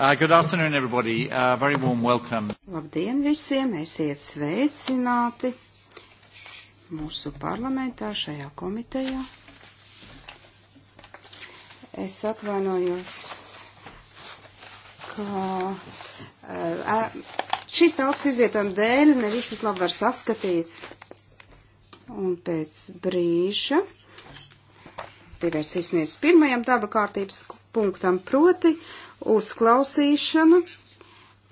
Uh, good afternoon, everybody. Uh, very warm welcome. Labdien visiem, esiet sveicināti mūsu parlamentā šajā komitejā. Es atvainojos, ka uh, uh šīs telpas izvietojuma dēļ ne visus labi var saskatīt. Un pēc brīža pievērsīsimies pirmajam darba kārtības punktam proti uzklausīšana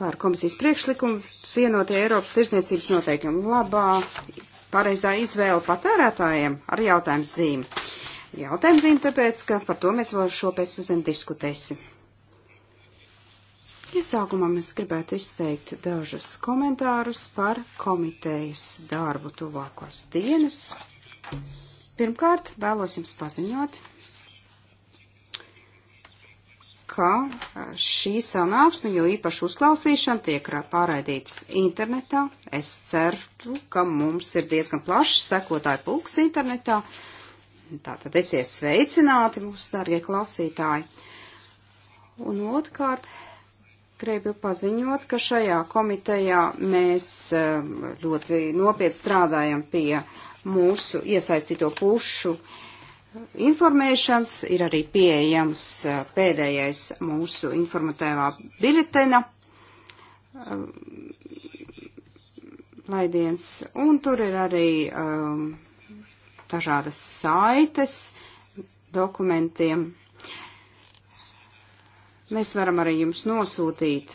par komisijas priekšlikumu vienotie Eiropas tirzniecības noteikumi labā pareizā izvēle patērētājiem ar jautājumu zīmi. Jautājumu zīmi tāpēc, ka par to mēs vēl šo pēcpusdienu diskutēsim. Iesākumā mēs gribētu izteikt dažus komentārus par komitejas darbu tuvākos dienas. Pirmkārt, vēlos jums paziņot, ka e, šī sanāksme, jo īpaši uzklausīšana, tiek pārraidītas internetā. Es ceru, ka mums ir diezgan plašs sekotāju pulks internetā. Tātad esiet sveicināti, mūsu dārgie klausītāji. Un otrkārt, gribu paziņot, ka šajā komitejā mēs e, ļoti nopietni strādājam pie mūsu iesaistīto pušu uh, informēšanas, ir arī pieejams pēdējais mūsu informatīvā biļetena laidiens, un tur ir arī um, dažādas saites dokumentiem. Mēs varam arī jums nosūtīt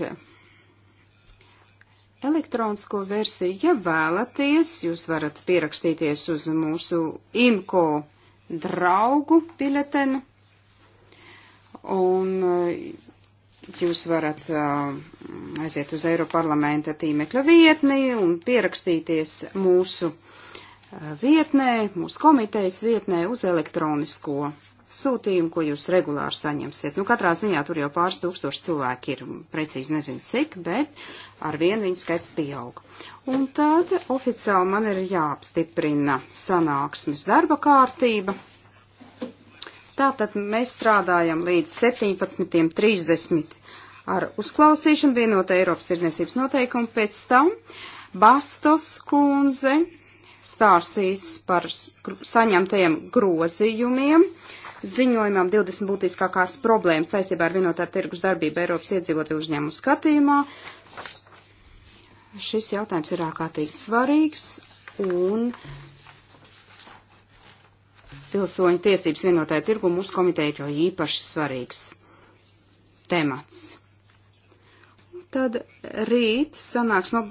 elektronisko versiju. Ja vēlaties, jūs varat pierakstīties uz mūsu IMCO draugu biļetenu. Un eh, jūs varat eh, aiziet uz Eiroparlamenta tīmekļa vietni un pierakstīties mūsu eh, vietnē, mūsu komitejas vietnē uz elektronisko sūtījumu, ko jūs regulāri saņemsiet. Nu, katrā ziņā tur jau pāris tūkstoši cilvēki ir, precīzi nezinu cik, bet ar vienu viņu skaits pieaug. Un tad oficiāli man ir jāapstiprina sanāksmes darba kārtība. Tātad mēs strādājam līdz 17.30 ar uzklausīšanu vienota Eiropas tirdzniecības noteikuma. Pēc tam Bastos kundze stāstīs par saņemtajiem grozījumiem ziņojumam 20 būtiskākās problēmas saistībā ar vienotā tirgus darbību Eiropas iedzīvotu uzņēmumu skatījumā. Šis jautājums ir ārkārtīgi svarīgs un pilsoņu tiesības vienotāja tirgu mūsu komiteja jau īpaši svarīgs temats. Tad rīt sanāksme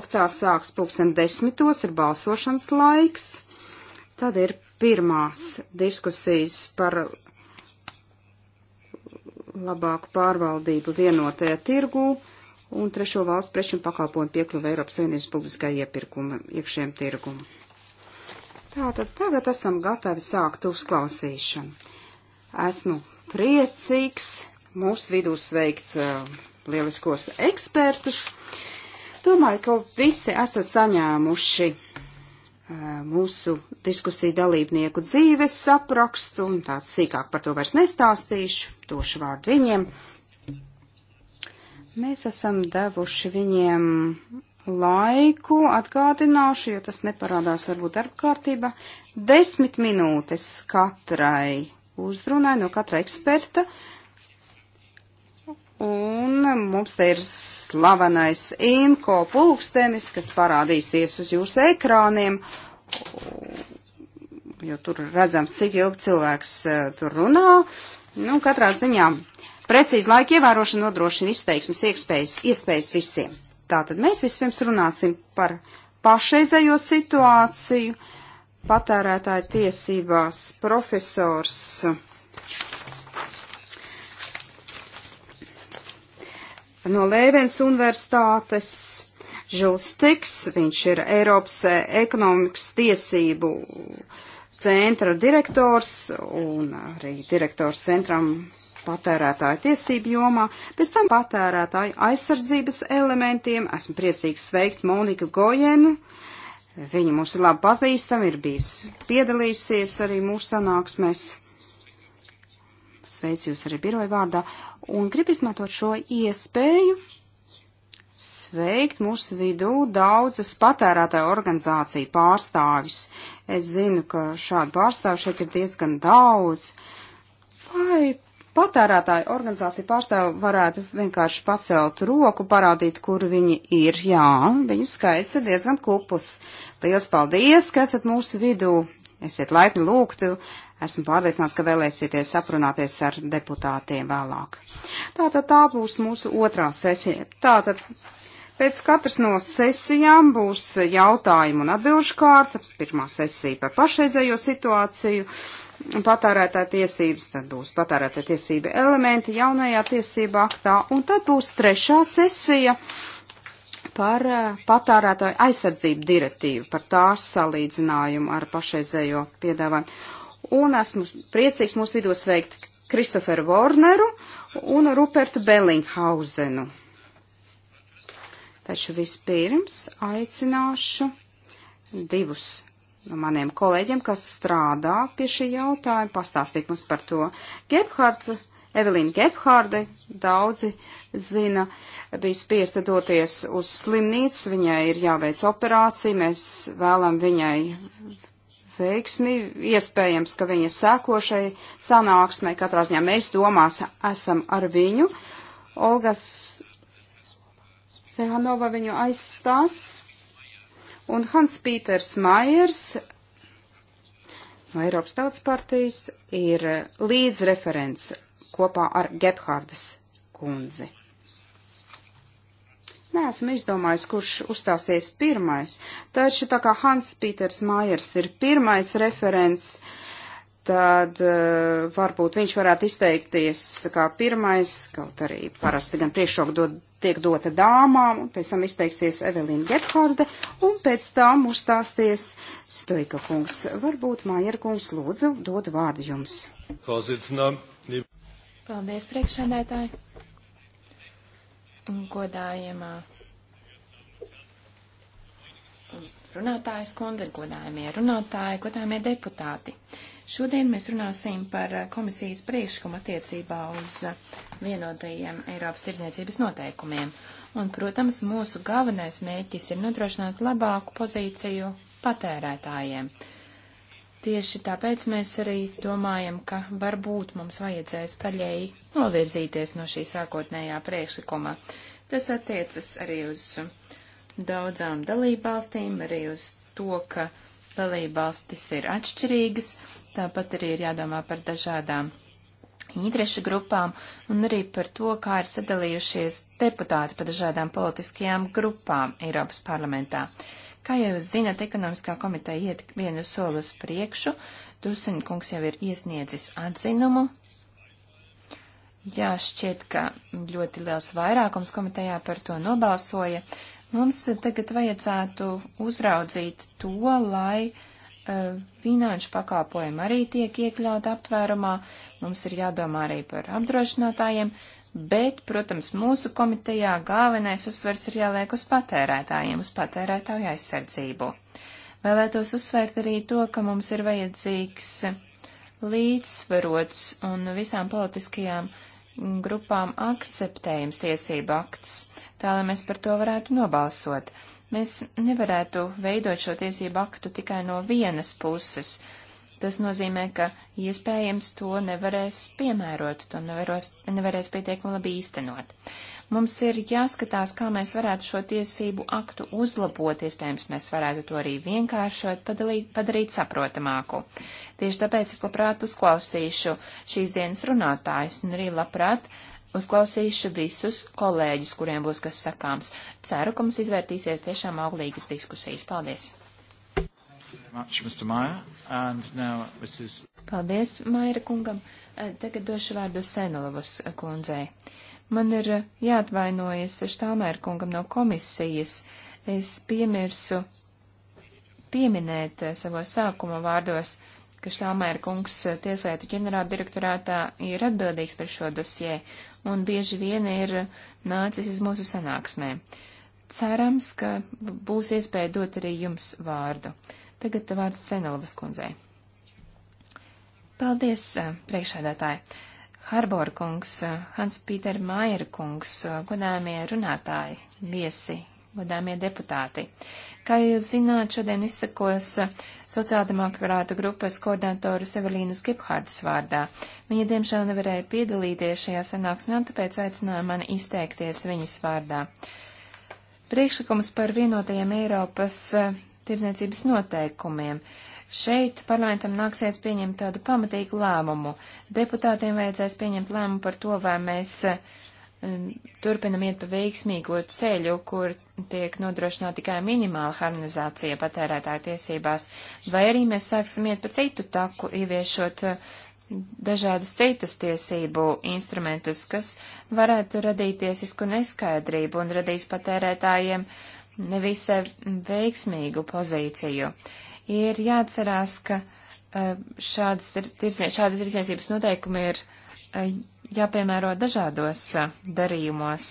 oficiāli sāks pulksten desmitos, ir balsošanas laiks. Tad ir pirmās diskusijas par labāku pārvaldību vienotajā tirgū un trešo valstu preču un pakalpojumu piekļuvu Eiropas Savienības publiskā iepirkuma iekšējiem tirgumu. Tātad tagad esam gatavi sākt uzklausīšanu. Esmu priecīgs mūsu vidū sveikt uh, lieliskos ekspertus. Domāju, ka visi esat saņēmuši eh, mūsu diskusiju dalībnieku dzīves saprakstu, un tāds sīkāk par to vairs nestāstīšu, došu vārdu viņiem. Mēs esam devuši viņiem laiku, atgādināšu, jo tas neparādās varbūt darbkārtībā, desmit minūtes katrai uzrunai no katra eksperta. Un mums te ir slavenais imko pulkstenis, kas parādīsies uz jūsu ekrāniem, jo tur redzams, cik ilgi cilvēks eh, tur runā. Nu, katrā ziņā Precīzi laika ievērošana nodrošina izteiksmes iespējas, iespējas visiem. Tātad mēs vispirms runāsim par pašreizējo situāciju. Patērētāja tiesībās profesors no Lēvens universitātes Žils Tiks, viņš ir Eiropas ekonomikas tiesību centra direktors un arī direktors centram patērētāju tiesību jomā, pēc tam patērētāju aizsardzības elementiem. Esmu priecīgs sveikt Moniku Gojenu. Viņa mums ir labi pazīstama, ir bijusi piedalījusies arī mūsu sanāksmēs. Sveicu jūs arī biroja vārdā un gribu izmantot šo iespēju sveikt mūsu vidū daudzas patērētāju organizāciju pārstāvis. Es zinu, ka šādu pārstāvu šeit ir diezgan daudz. Uh, patērētāju organizāciju pārstāvi varētu vienkārši pacelt roku, parādīt, kur viņi ir. Jā, viņu skaits ir diezgan kupus. Lielas paldies, ka esat mūsu vidū. Esiet laipni lūgti. Esmu pārliecināts, ka vēlēsieties aprunāties ar deputātiem vēlāk. Tātad tā būs mūsu otrā sesija. Tātad pēc katras no sesijām būs jautājumu un atbilžu kārta. Pirmā sesija par pašreizējo situāciju patērētā tiesības, tad būs patērētā tiesība elementi jaunajā tiesība aktā, un tad būs trešā sesija par eh, patērētāju aizsardzību direktīvu, par tās salīdzinājumu ar pašreizējo piedāvājumu. Un esmu priecīgs mūsu vidū sveikt Kristoferu Vorneru un Rupertu Bellinghausenu. Taču vispirms aicināšu divus no maniem kolēģiem, kas strādā pie šī jautājuma, pastāstīt mums par to. Gebhard, Evelīna Gebharde, daudzi zina, bija spiesta doties uz slimnīcu, viņai ir jāveic operācija, mēs vēlam viņai veiksmi, iespējams, ka viņa sēkošai sanāksmē, katrā ziņā mēs domās esam ar viņu. Olgas Sehanova viņu aizstās Un Hans Pīters Maiers no Eiropas Tautas partijas ir līdzreferents kopā ar Gebhārdas kundzi. Neesmu izdomājis, kurš uzstāsies pirmais, taču tā kā Hans Pīters Maiers ir pirmais referents, tad uh, varbūt viņš varētu izteikties kā pirmais, kaut arī parasti gan priekšroku dod tiek dota dāmām, pēc tam izteiksies Evelīna Gepharde, un pēc tam uzstāsties Stoika kungs. Varbūt Mājera kungs lūdzu dod vārdu jums. Paldies, priekšsēdētāji. Godājumā runātājas kundze, godājumie runātāji, godājumie deputāti. Uh, Šodien mēs runāsim par eh, komisijas priekšlikumu attiecībā uz eh, vienotajiem Eiropas tirdzniecības noteikumiem. Un, protams, mūsu galvenais mērķis ir nodrošināt labāku pozīciju patērētājiem. Tieši tāpēc mēs arī domājam, ka varbūt mums vajadzēs taļēji novirzīties no šī sākotnējā priekšlikuma. Tas attiecas arī uz daudzām dalībvalstīm, arī uz to, ka dalībvalstis ir atšķirīgas, Tāpat arī ir jādomā par dažādām īdrešu grupām un arī par to, kā ir sadalījušies deputāti pa dažādām politiskajām grupām Eiropas parlamentā. Kā jau jūs zinat, ekonomiskā komiteja iet vienu soli uz priekšu, Tusenkungs jau ir iesniedzis atzinumu. Jā, šķiet, ka ļoti liels vairākums komitejā par to nobalsoja. Mums tagad vajadzētu uzraudzīt to, lai uh, Eh, finanšu pakāpojumi arī tiek iekļauti aptvērumā, mums ir jādomā arī par apdrošinātājiem, bet, protams, mūsu komitejā galvenais uzsvers ir jāliek uz patērētājiem, uz patērētāju aizsardzību. Vēlētos uzsvērt arī to, ka mums ir vajadzīgs līdzsvarots un visām politiskajām grupām akceptējums tiesību akts, tā lai mēs par to varētu nobalsot. Mēs nevarētu veidot šo tiesību aktu tikai no vienas puses. Tas nozīmē, ka iespējams to nevarēs piemērot, to nevaros, nevarēs pietiekami labi īstenot. Mums ir jāskatās, kā mēs varētu šo tiesību aktu uzlabot, iespējams, mēs varētu to arī vienkāršot, padalīt, padarīt saprotamāku. Tieši tāpēc es labprāt uzklausīšu šīs dienas runātājus un arī labprāt uh, Uzklausīšu visus kolēģus, kuriem būs kas sakāms. Ceru, ka mums izvērtīsies tiešām auglīgas diskusijas. Paldies! Much, Mayer, Mrs... Paldies, Maira kungam. Eh, tagad došu vārdu Senelovas kundzei. Man ir eh, jāatvainojas Štāmēra kungam no komisijas. Es piemirsu pieminēt eh, savos sākuma vārdos, ka Štāmēra kungs tieslietu ģenerāla direktorātā ir atbildīgs par šo dosie, un bieži vien ir nācis uz mūsu sanāksmēm. Cerams, ka būs iespēja dot arī jums vārdu. Tagad vārds Senelavas kundzei. Paldies, priekšādātāji! Harbor kungs, Hans Pīter Maier kungs, godāmie runātāji, viesi, godāmie deputāti. Kā jūs zināt, šodien izsakos sociāldemokrātu grupas koordinatoras Evelīnas Gebhārdas vārdā. Viņa diemžēl nevarēja piedalīties šajā sanāksmē un tāpēc aicināja mani izteikties viņas vārdā. Priekšlikums par vienotajiem Eiropas eh, tirdzniecības noteikumiem. Šeit parlamentam nāksies pieņemt tādu pamatīgu lēmumu. Deputātiem vajadzēs pieņemt lēmumu par to, vai mēs uh, turpinam iet pa veiksmīgo ceļu, kur tiek nodrošināta tikai minimāla harmonizācija patērētāju tiesībās, vai arī mēs sāksim iet pa citu taku, ieviešot eh, dažādus citus tiesību instrumentus, kas varētu radīt tiesisku neskaidrību un radīs patērētājiem nevisai veiksmīgu pozīciju. Ir jāatcerās, ka eh, šādas, šāda tirdzniecības noteikumi ir eh, jāpiemēro dažādos darījumos,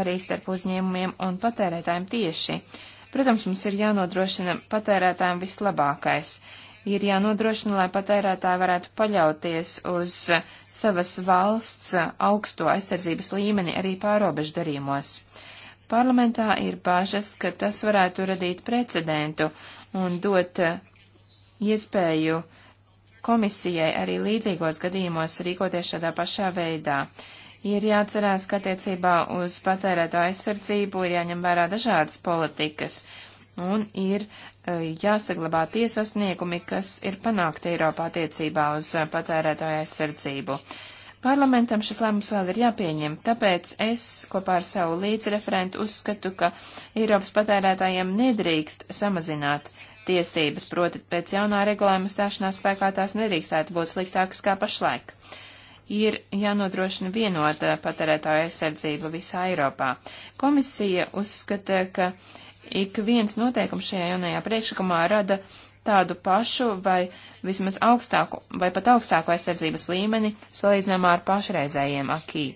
arī starp uzņēmumiem un patērētājiem tieši. Protams, mums ir jānodrošina patērētājiem vislabākais. Ir jānodrošina, lai patērētāji varētu paļauties uz savas valsts augsto aizsardzības līmeni arī pārobežu darījumos. Parlamentā ir bāžas, ka tas varētu radīt precedentu un dot iespēju uh, komisijai arī līdzīgos gadījumos rīkoties šādā pašā veidā. Ir jāatcerās, ka attiecībā uz patērēto aizsardzību ir jāņem vērā dažādas politikas un ir eh, jāsaglabā tie sasniegumi, kas ir panākti Eiropā attiecībā uz eh, patērētāju aizsardzību. Parlamentam šis lēmums vēl ir jāpieņem, tāpēc es kopā ar savu līdzreferentu uzskatu, ka Eiropas patērētājiem nedrīkst samazināt tiesības, proti pēc jaunā regulējuma stāšanās spēkā tās nedrīkstētu būt sliktākas kā pašlaik. Ir jānodrošina vienota patērētāja aizsardzība visā Eiropā. Komisija uzskata, ka ik viens noteikums šajā jaunajā priekšlikumā rada tādu pašu vai vismaz augstāku vai pat augstāku aizsardzības līmeni salīdzinājumā ar pašreizējiem akī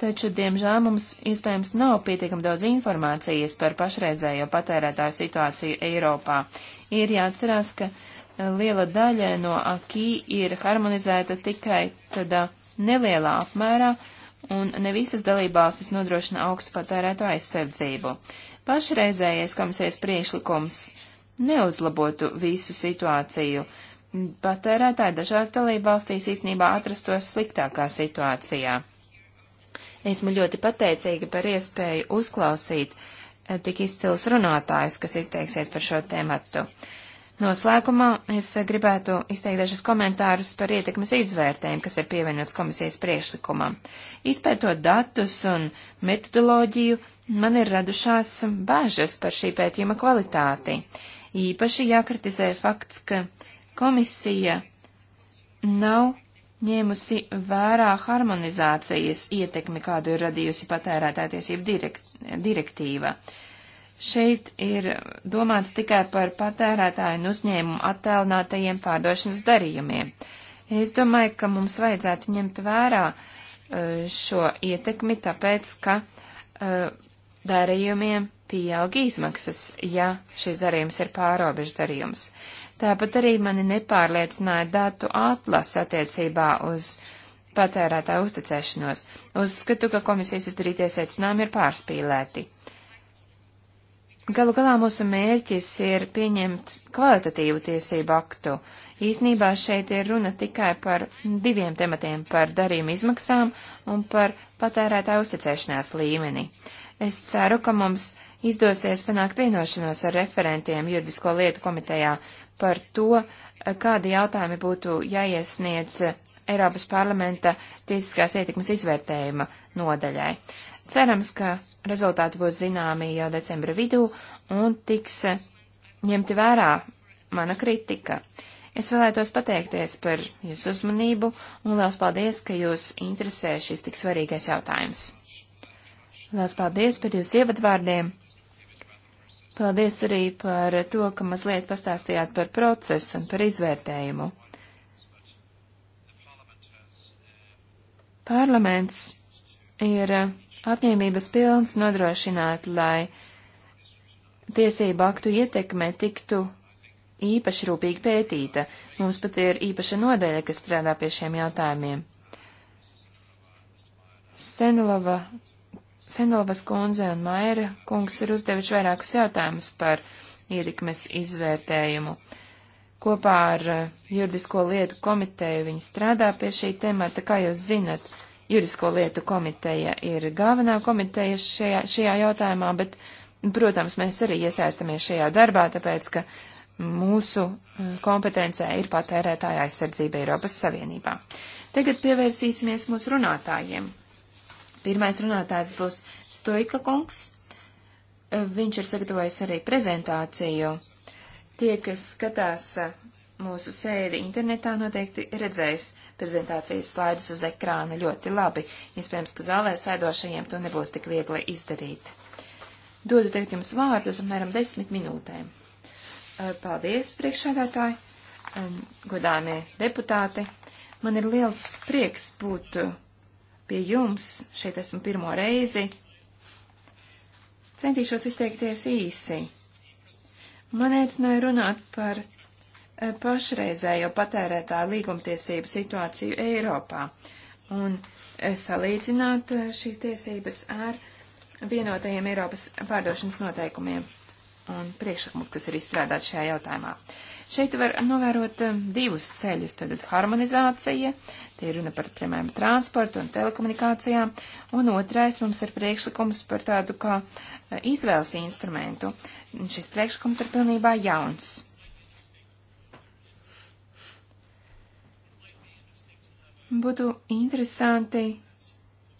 taču, diemžēl, mums iespējams nav pietiekam daudz informācijas par pašreizējo patērētāju situāciju Eiropā. Ir jāatcerās, ka e, liela daļa no akī ir harmonizēta tikai tādā nelielā apmērā, un ne visas dalībvalstis nodrošina augstu patērēto aizsardzību. Pašreizējais komisijas priekšlikums neuzlabotu visu situāciju. Patērētāji dažās dalībvalstīs īstenībā atrastos sliktākā situācijā. Esmu ļoti pateicīga par iespēju uzklausīt eh, tik izcilus runātājus, kas izteiksies par šo tēmatu. Noslēgumā es gribētu izteikt dažus komentārus par ietekmes izvērtējumu, kas ir pievienots komisijas priekšlikumam. Izpētot datus un metodoloģiju, man ir radušās bāžas par šī pētījuma kvalitāti. Īpaši jākritizē fakts, ka komisija nav ņēmusi vērā harmonizācijas ietekmi, kādu ir radījusi patērētājtiesību direkt, direktīva. Šeit ir domāts tikai par patērētāju un uzņēmumu attēlinātajiem pārdošanas darījumiem. Es domāju, ka mums vajadzētu ņemt vērā e, šo ietekmi, tāpēc, ka e, darījumiem pieaug izmaksas, ja šis darījums ir pārobežu darījums. Tāpat arī mani nepārliecināja datu atlas attiecībā uz patērētāju uzticēšanos. Uzskatu, ka komisijas atturīties secinājumi ir pārspīlēti. Galu galā mūsu mērķis ir pieņemt kvalitatīvu tiesību aktu. Īsnībā šeit ir runa tikai par diviem tematiem - par darījuma izmaksām un par patērētāju uzticēšanās līmeni. Es ceru, ka mums izdosies panākt vienošanos ar referentiem juridisko lietu komitejā par to, kādi jautājumi būtu jāiesniedz Eiropas parlamenta tiesiskās ietekmes izvērtējuma nodaļai. Cerams, ka rezultāti būs zināmi jau decembra vidū un tiks ņemti vērā mana kritika. Es vēlētos pateikties par jūsu uzmanību un liels paldies, ka jūs interesē šis tik svarīgais jautājums. Liels paldies par jūsu ievadvārdiem! Paldies arī par to, ka mazliet pastāstījāt par procesu un par izvērtējumu. Parlaments ir apņēmības pilns nodrošināt, lai tiesību aktu ietekme tiktu īpaši rūpīgi pētīta. Mums pat ir īpaša nodeļa, kas strādā pie šiem jautājumiem. Senlova Senlovas kundze un Maira kungs ir uzdevuši vairākus jautājumus par ietekmes izvērtējumu. Kopā ar eh, juridisko lietu komiteju viņi strādā pie šī temata, kā jūs zinat. Juridisko lietu komiteja ir galvenā komiteja šajā, šajā jautājumā, bet, protams, mēs arī iesaistamies šajā darbā, tāpēc, ka mūsu eh, kompetencē ir patērētāja aizsardzība Eiropas Savienībā. Tagad pievērsīsimies mūsu runātājiem. Pirmais runātājs būs Stoika kungs. Viņš ir sagatavojis arī prezentāciju. Tie, kas skatās mūsu sēdi internetā, noteikti redzēs prezentācijas slaidus uz ekrāna ļoti labi. Iespējams, ka zālē sēdošajiem to nebūs tik viegli izdarīt. Dodu teikt jums vārdus apmēram desmit minūtēm. Paldies, priekšsēdētāji, godāmie deputāti. Man ir liels prieks būt pie jums. Šeit esmu pirmo reizi. Centīšos izteikties īsi. Man aicināja runāt par e, pašreizējo patērētāju līgumtiesību situāciju Eiropā un e, salīdzināt e, šīs tiesības ar vienotajiem Eiropas pārdošanas noteikumiem un priekšlikumu, kas ir izstrādāti šajā jautājumā. Šeit var novērot um, divus ceļus. Tātad harmonizācija, tie ir runa par, piemēram, transportu un telekomunikācijām, un otrais mums ir priekšlikums par tādu kā uh, izvēles instrumentu. Un šis priekšlikums ir pilnībā jauns. Būtu interesanti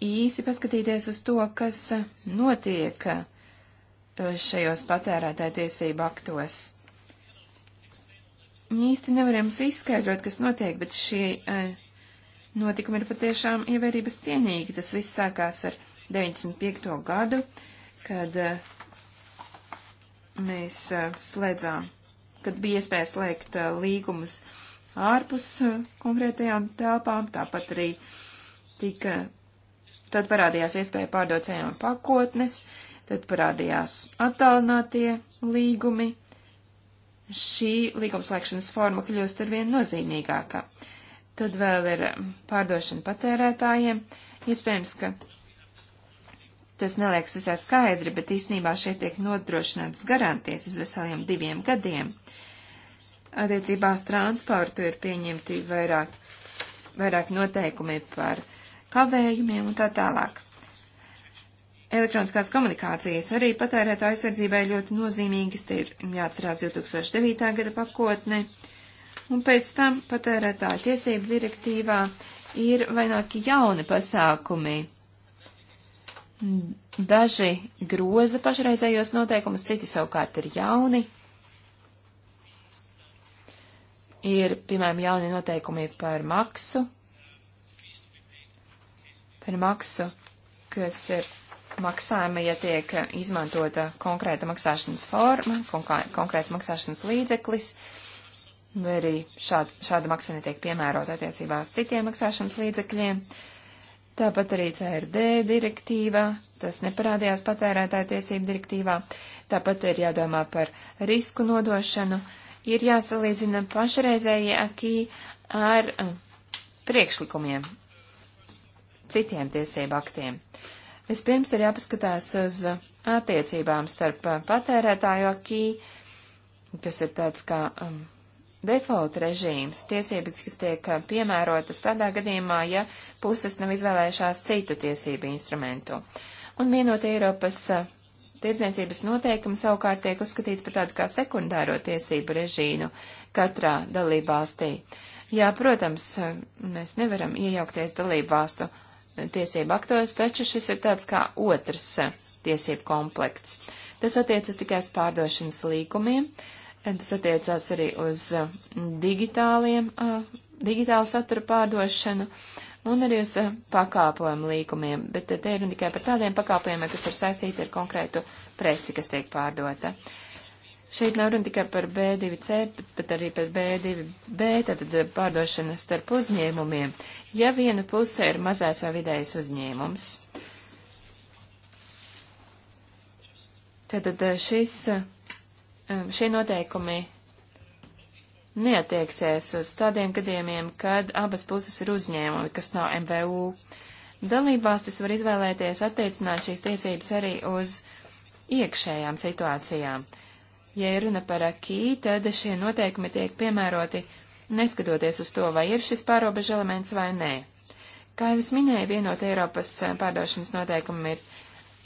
īsi paskatīties uz to, kas uh, notiek uh, šajos patērētāja tiesību aktos. Īsti nevar jums izskaidrot, kas notiek, bet šie eh, notikumi ir patiešām ievērības cienīgi. Tas viss sākās ar 95. gadu, kad eh, mēs eh, slēdzām, kad bija iespēja slēgt līgumus ārpus konkrētajām telpām, tāpat arī tika, tad parādījās iespēja pārdot ceļām pakotnes, Tad parādījās attālinātie līgumi. Šī līgumslēgšanas forma kļūst arvien nozīmīgāka. Tad vēl ir pārdošana patērētājiem. Iespējams, ka tas neliekas visai skaidri, bet īsnībā šeit tiek nodrošinātas garantijas uz veseliem diviem gadiem. Attiecībā uz transportu ir pieņemti vairāk, vairāk noteikumi par kavējumiem un tā tālāk. Elektroniskās komunikācijas arī patērētā aizsardzībai ļoti nozīmīgas, te ir jāatcerās 2009. gada pakotne, un pēc tam patērētā tiesību direktīvā ir vaināki jauni pasākumi. Daži groza pašreizējos noteikumus, citi savukārt ir jauni. Ir, piemēram, jauni noteikumi par maksu, par maksu, kas ir maksājuma, ja tiek izmantota konkrēta maksāšanas forma, konkrēts maksāšanas līdzeklis, vai arī šād, šāda maksa netiek piemērota attiecībā uz citiem maksāšanas līdzekļiem. Tāpat arī CRD direktīvā, tas neparādījās patērētāju tiesību direktīvā, tāpat ir jādomā par risku nodošanu, ir jāsalīdzina pašreizējie akī ar eh, priekšlikumiem, citiem tiesību aktiem. Uh, Vispirms ir jāpaskatās uz attiecībām starp uh, patērētāju akī, kas ir tāds kā um, default režīms, tiesības, kas tiek uh, piemērotas tādā gadījumā, ja puses nav izvēlējušās citu tiesību instrumentu. Un vienot Eiropas uh, tirdzniecības noteikumi savukārt tiek uzskatīts par tādu kā sekundāro tiesību režīmu katrā dalībvalstī. Jā, protams, mēs nevaram iejaukties dalībvalstu tiesību aktos, taču šis ir tāds kā otrs eh, tiesību komplekts. Tas attiecas tikai uz pārdošanas līgumiem, eh, tas attiecās arī uz eh, digitāliem, digitālu satura pārdošanu un arī uz pakāpojumu līgumiem, bet te ir tikai par tādiem pakāpojumiem, kas ir saistīti ar konkrētu preci, kas tiek pārdota. Uh, Šeit nav runa tikai par B2C, bet, bet arī par B2B, tātad pārdošana starp uzņēmumiem. Ja viena puse ir mazais vai vidējais uzņēmums, tātad šis, šie noteikumi neatieksies uz tādiem gadījumiem, kad abas puses ir uzņēmumi, kas nav MVU. Dalībvalstis var izvēlēties attiecināt šīs tiesības arī uz iekšējām situācijām. Uh, Ja ir runa par akī, tad šie noteikumi tiek piemēroti neskatoties uz to, vai ir šis pārobežu elements vai nē. Kā jau es minēju, vienot Eiropas pārdošanas noteikumi ir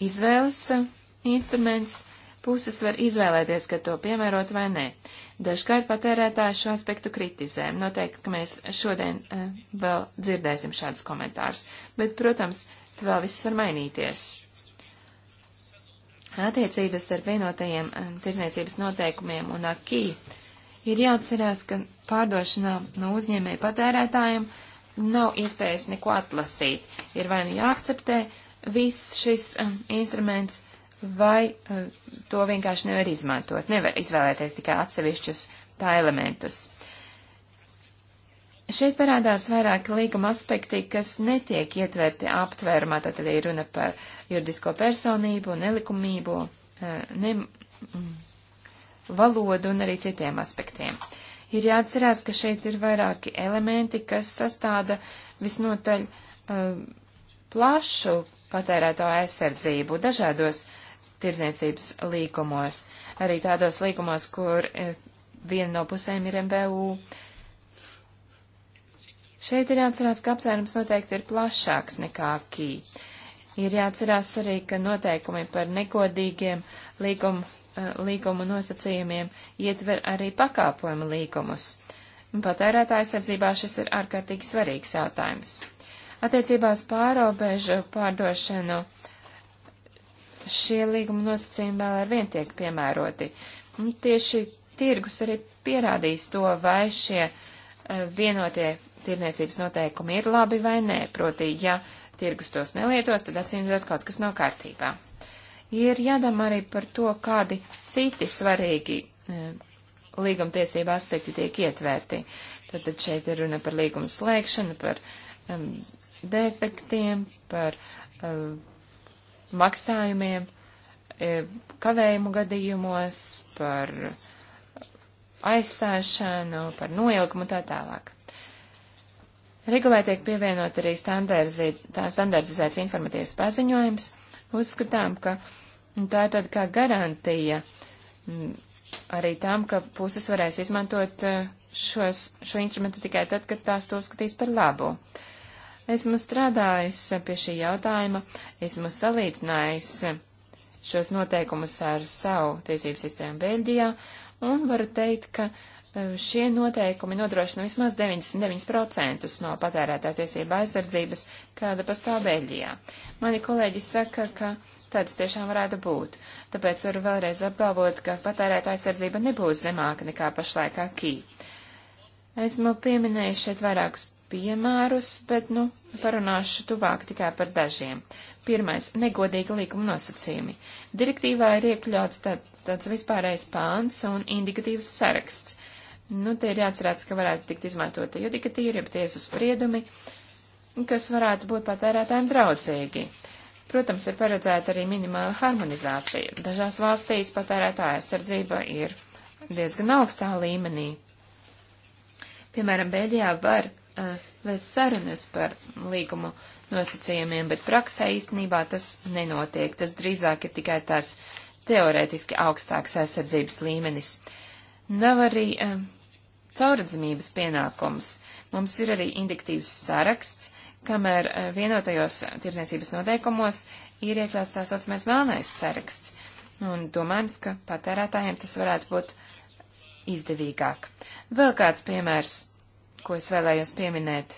izvēles instruments, puses var izvēlēties, ka to piemērot vai nē. Dažkārt patērētāji šo aspektu kritizē. Noteikti, ka mēs šodien uh, vēl dzirdēsim šādus komentārus, bet, protams, vēl viss var mainīties attiecības ar vienotajiem eh, tirzniecības noteikumiem un akī, ir jāatcerās, ka pārdošanā no uzņēmēja patērētājiem nav iespējas neko atlasīt. Ir vai nu jāakceptē viss šis um, instruments, vai um, to vienkārši nevar izmantot. Nevar izvēlēties tikai atsevišķus tā elementus. Uh, Šeit parādās vairāki līguma aspekti, kas netiek ietverti aptvērumā, tad ir runa par juridisko personību, nelikumību, eh, ne, mm, valodu un arī citiem aspektiem. Ir jāatcerās, ka šeit ir vairāki elementi, kas sastāda visnotaļ eh, plašu patērētāju aizsardzību dažādos tirdzniecības līgumos, arī tādos līgumos, kur eh, viena no pusēm ir MBU. Šeit ir jāatcerās, ka aptvērums noteikti ir plašāks nekā kī. Ir jāatcerās arī, ka noteikumi par negodīgiem līgumu, eh, līgumu nosacījumiem ietver arī pakāpojumu līgumus. Patērētāja aizsardzībā šis ir ārkārtīgi svarīgs jautājums. Attiecībā uz pārobežu pārdošanu šie līguma nosacījumi vēl ar vien tiek piemēroti. Un tieši tirgus arī pierādīs to, vai šie eh, vienotie tirniecības noteikumi ir labi vai nē, proti, ja tirgus tos nelietos, tad atsimzot kaut kas nav kārtībā. Ir jādomā arī par to, kādi citi svarīgi e, līgumtiesība aspekti tiek ietvērti. Tad, tad šeit ir runa par līgumu slēgšanu, par um, e, defektiem, par um, e, maksājumiem, e, kavējumu gadījumos, par e, aizstāšanu, par noilgumu tā tālāk. Regulē tiek pievienot arī standartizēts informatīvs paziņojums. Uzskatām, ka nu, tā ir tāda kā garantija mm, arī tam, ka puses varēs izmantot eh, šos, šo instrumentu tikai tad, kad tās to skatīs par labu. Esmu strādājis pie šī jautājuma, esmu salīdzinājis šos noteikumus ar savu tiesību sistēmu Beļģijā un varu teikt, ka uh, Eh, šie noteikumi nodrošina vismaz 99% no patērētāja tiesība aizsardzības, kāda pastāv Beļģijā. Mani kolēģi saka, ka tāds tiešām varētu būt, tāpēc varu vēlreiz apgalvot, ka patērētāja aizsardzība nebūs zemāka nekā pašlaik akī. Esmu pieminējis šeit vairākus piemērus, bet, nu, parunāšu tuvāk tikai par dažiem. Pirmais - negodīga līkuma nosacījumi. Direktīvā ir iekļauts tā, tāds vispārējais pāns un indikatīvs saraksts nu, te ir jāatcerās, ka varētu tikt izmantota judikatīra, jeb tiesu spriedumi, kas varētu būt patērētājiem draudzīgi. Protams, ir paredzēta arī minimāla harmonizācija. Dažās valstīs patērētāja aizsardzība ir diezgan augstā līmenī. Piemēram, Bēļģijā var uh, eh, vēst sarunas par līgumu nosacījumiem, bet praksē īstenībā tas nenotiek. Tas drīzāk ir tikai tāds teorētiski augstāks aizsardzības līmenis. Uh, Nav arī um, eh, caurredzamības pienākums. Mums ir arī indiktīvs saraksts, kamēr uh, vienotajos tirdzniecības noteikumos ir iekļauts tā saucamais melnais saraksts. Un domājams, ka patērētājiem tas varētu būt izdevīgāk. Vēl kāds piemērs, ko es vēlējos pieminēt,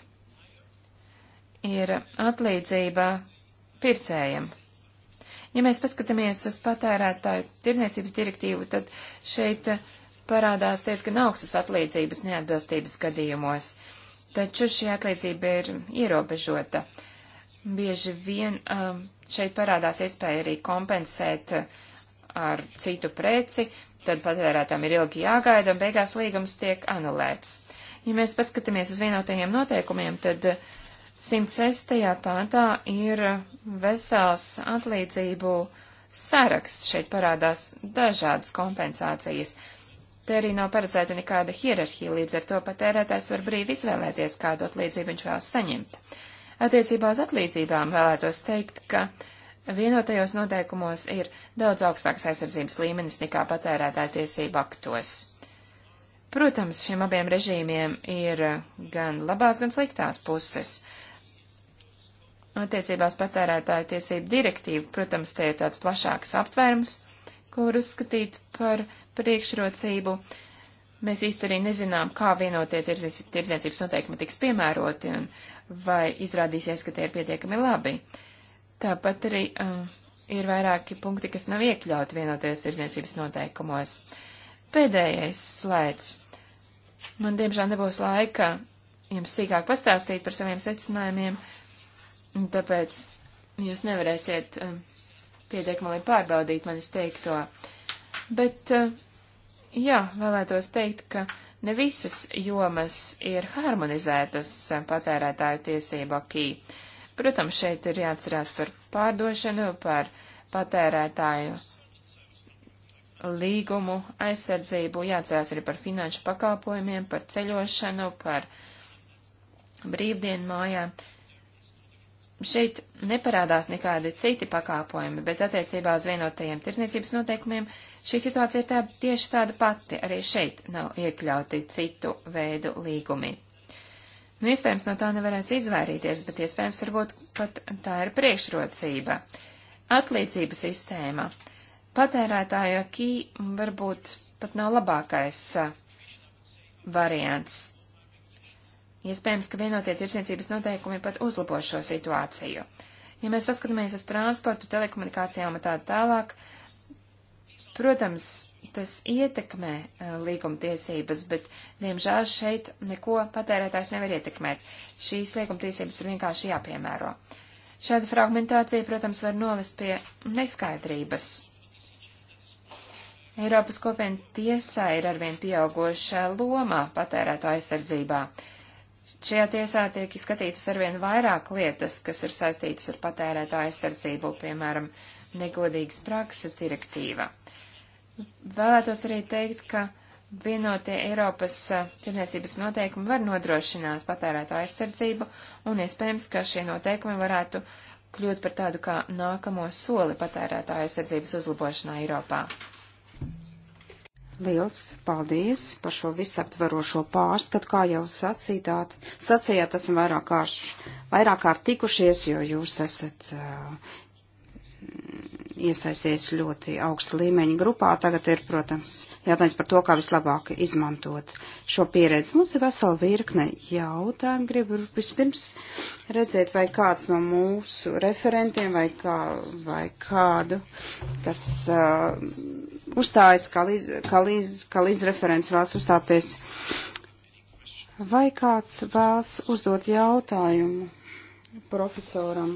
ir atlīdzība pircējiem. Ja mēs paskatāmies uz patērētāju tirdzniecības direktīvu, tad šeit uh, parādās diezgan augstas atlīdzības neatbilstības gadījumos, taču šī atlīdzība ir ierobežota. Bieži vien um, šeit parādās iespēja arī kompensēt uh, ar citu preci, tad patērētām ir ilgi jāgaida un beigās līgums tiek anulēts. Ja mēs paskatāmies uz vienotajiem noteikumiem, tad 106. pāntā ir vesels atlīdzību saraksts. Šeit parādās dažādas kompensācijas. Te arī nav paredzēta nekāda hierarhija, līdz ar to patērētājs var brīvi izvēlēties, kādu atlīdzību viņš vēlas saņemt. Attiecībā uz atlīdzībām vēlētos teikt, ka vienotajos noteikumos ir daudz augstāks aizsardzības līmenis nekā patērētāja tiesība aktos. Protams, šiem abiem režīmiem ir gan labās, gan sliktās puses. Attiecībās patērētāju tiesību direktīvu, protams, tie ir tāds plašāks aptvērums, kur uzskatīt par priekšrocību. Mēs īsti arī nezinām, kā vienotie tirdzniecības noteikumi tiks piemēroti un vai izrādīsies, ka tie ir pietiekami labi. Tāpat arī uh, ir vairāki punkti, kas nav iekļauti vienotajos tirdzniecības noteikumos. Pēdējais slaids. Man diemžēl nebūs laika jums sīkāk pastāstīt par saviem secinājumiem, tāpēc jūs nevarēsiet uh, um, pietiekamai pārbaudīt manis teikto. Bet uh, Jā, vēlētos teikt, ka ne visas jomas ir harmonizētas patērētāju tiesību akī. Protams, šeit ir jāatcerās par pārdošanu, par patērētāju līgumu aizsardzību, jāatcerās arī par finanšu pakalpojumiem, par ceļošanu, par brīvdienu mājām. Uh, šeit neparādās nekādi citi pakāpojumi, bet attiecībā uz vienotajiem tirsniecības noteikumiem šī situācija ir tāda, tieši tāda pati. Arī šeit nav iekļauti citu veidu līgumi. Nu, iespējams, no tā nevarēs izvairīties, bet iespējams, varbūt pat tā ir priekšrocība. Atlīdzība sistēma. Patērētāju akī varbūt pat nav labākais uh, variants Iespējams, ka vienotie tirdzniecības noteikumi pat uzlabo šo situāciju. Ja mēs paskatāmies uz transportu, telekomunikācijām un tā tālāk, protams, tas ietekmē eh, līgumtiesības, bet, diemžēl, šeit neko patērētājs nevar ietekmēt. Šīs līgumtiesības ir vienkārši jāpiemēro. Šāda fragmentācija, protams, var novest pie neskaidrības. Eiropas kopiena tiesā ir arvien pieaugoša loma patērēto aizsardzībā. Šajā tiesā tiek izskatītas arvien vairāk lietas, kas ir saistītas ar patērētāju aizsardzību, piemēram, negodīgas prakses direktīva. Vēlētos arī teikt, ka vienotie Eiropas tirdzniecības noteikumi var nodrošināt patērētāju aizsardzību, un iespējams, ka šie noteikumi varētu kļūt par tādu kā nākamo soli patērētāju aizsardzības uzlabošanā Eiropā. Liels paldies par šo visaptverošo pārskatu, kā jau sacītāt. Sacījāt, esam vairāk kārt, vairāk kārt tikušies, jo jūs esat uh, iesaisties ļoti augsta līmeņa grupā. Tagad ir, protams, jautājums par to, kā vislabāk izmantot šo pieredzi. Mums ir vesela virkne jautājumu. Gribu vispirms redzēt, vai kāds no mūsu referentiem vai, kā, vai kādu, kas uh, uzstājas, kā līdz, kā līdz, kā līdz referents vēlas uzstāties. Vai kāds vēlas uzdot jautājumu profesoram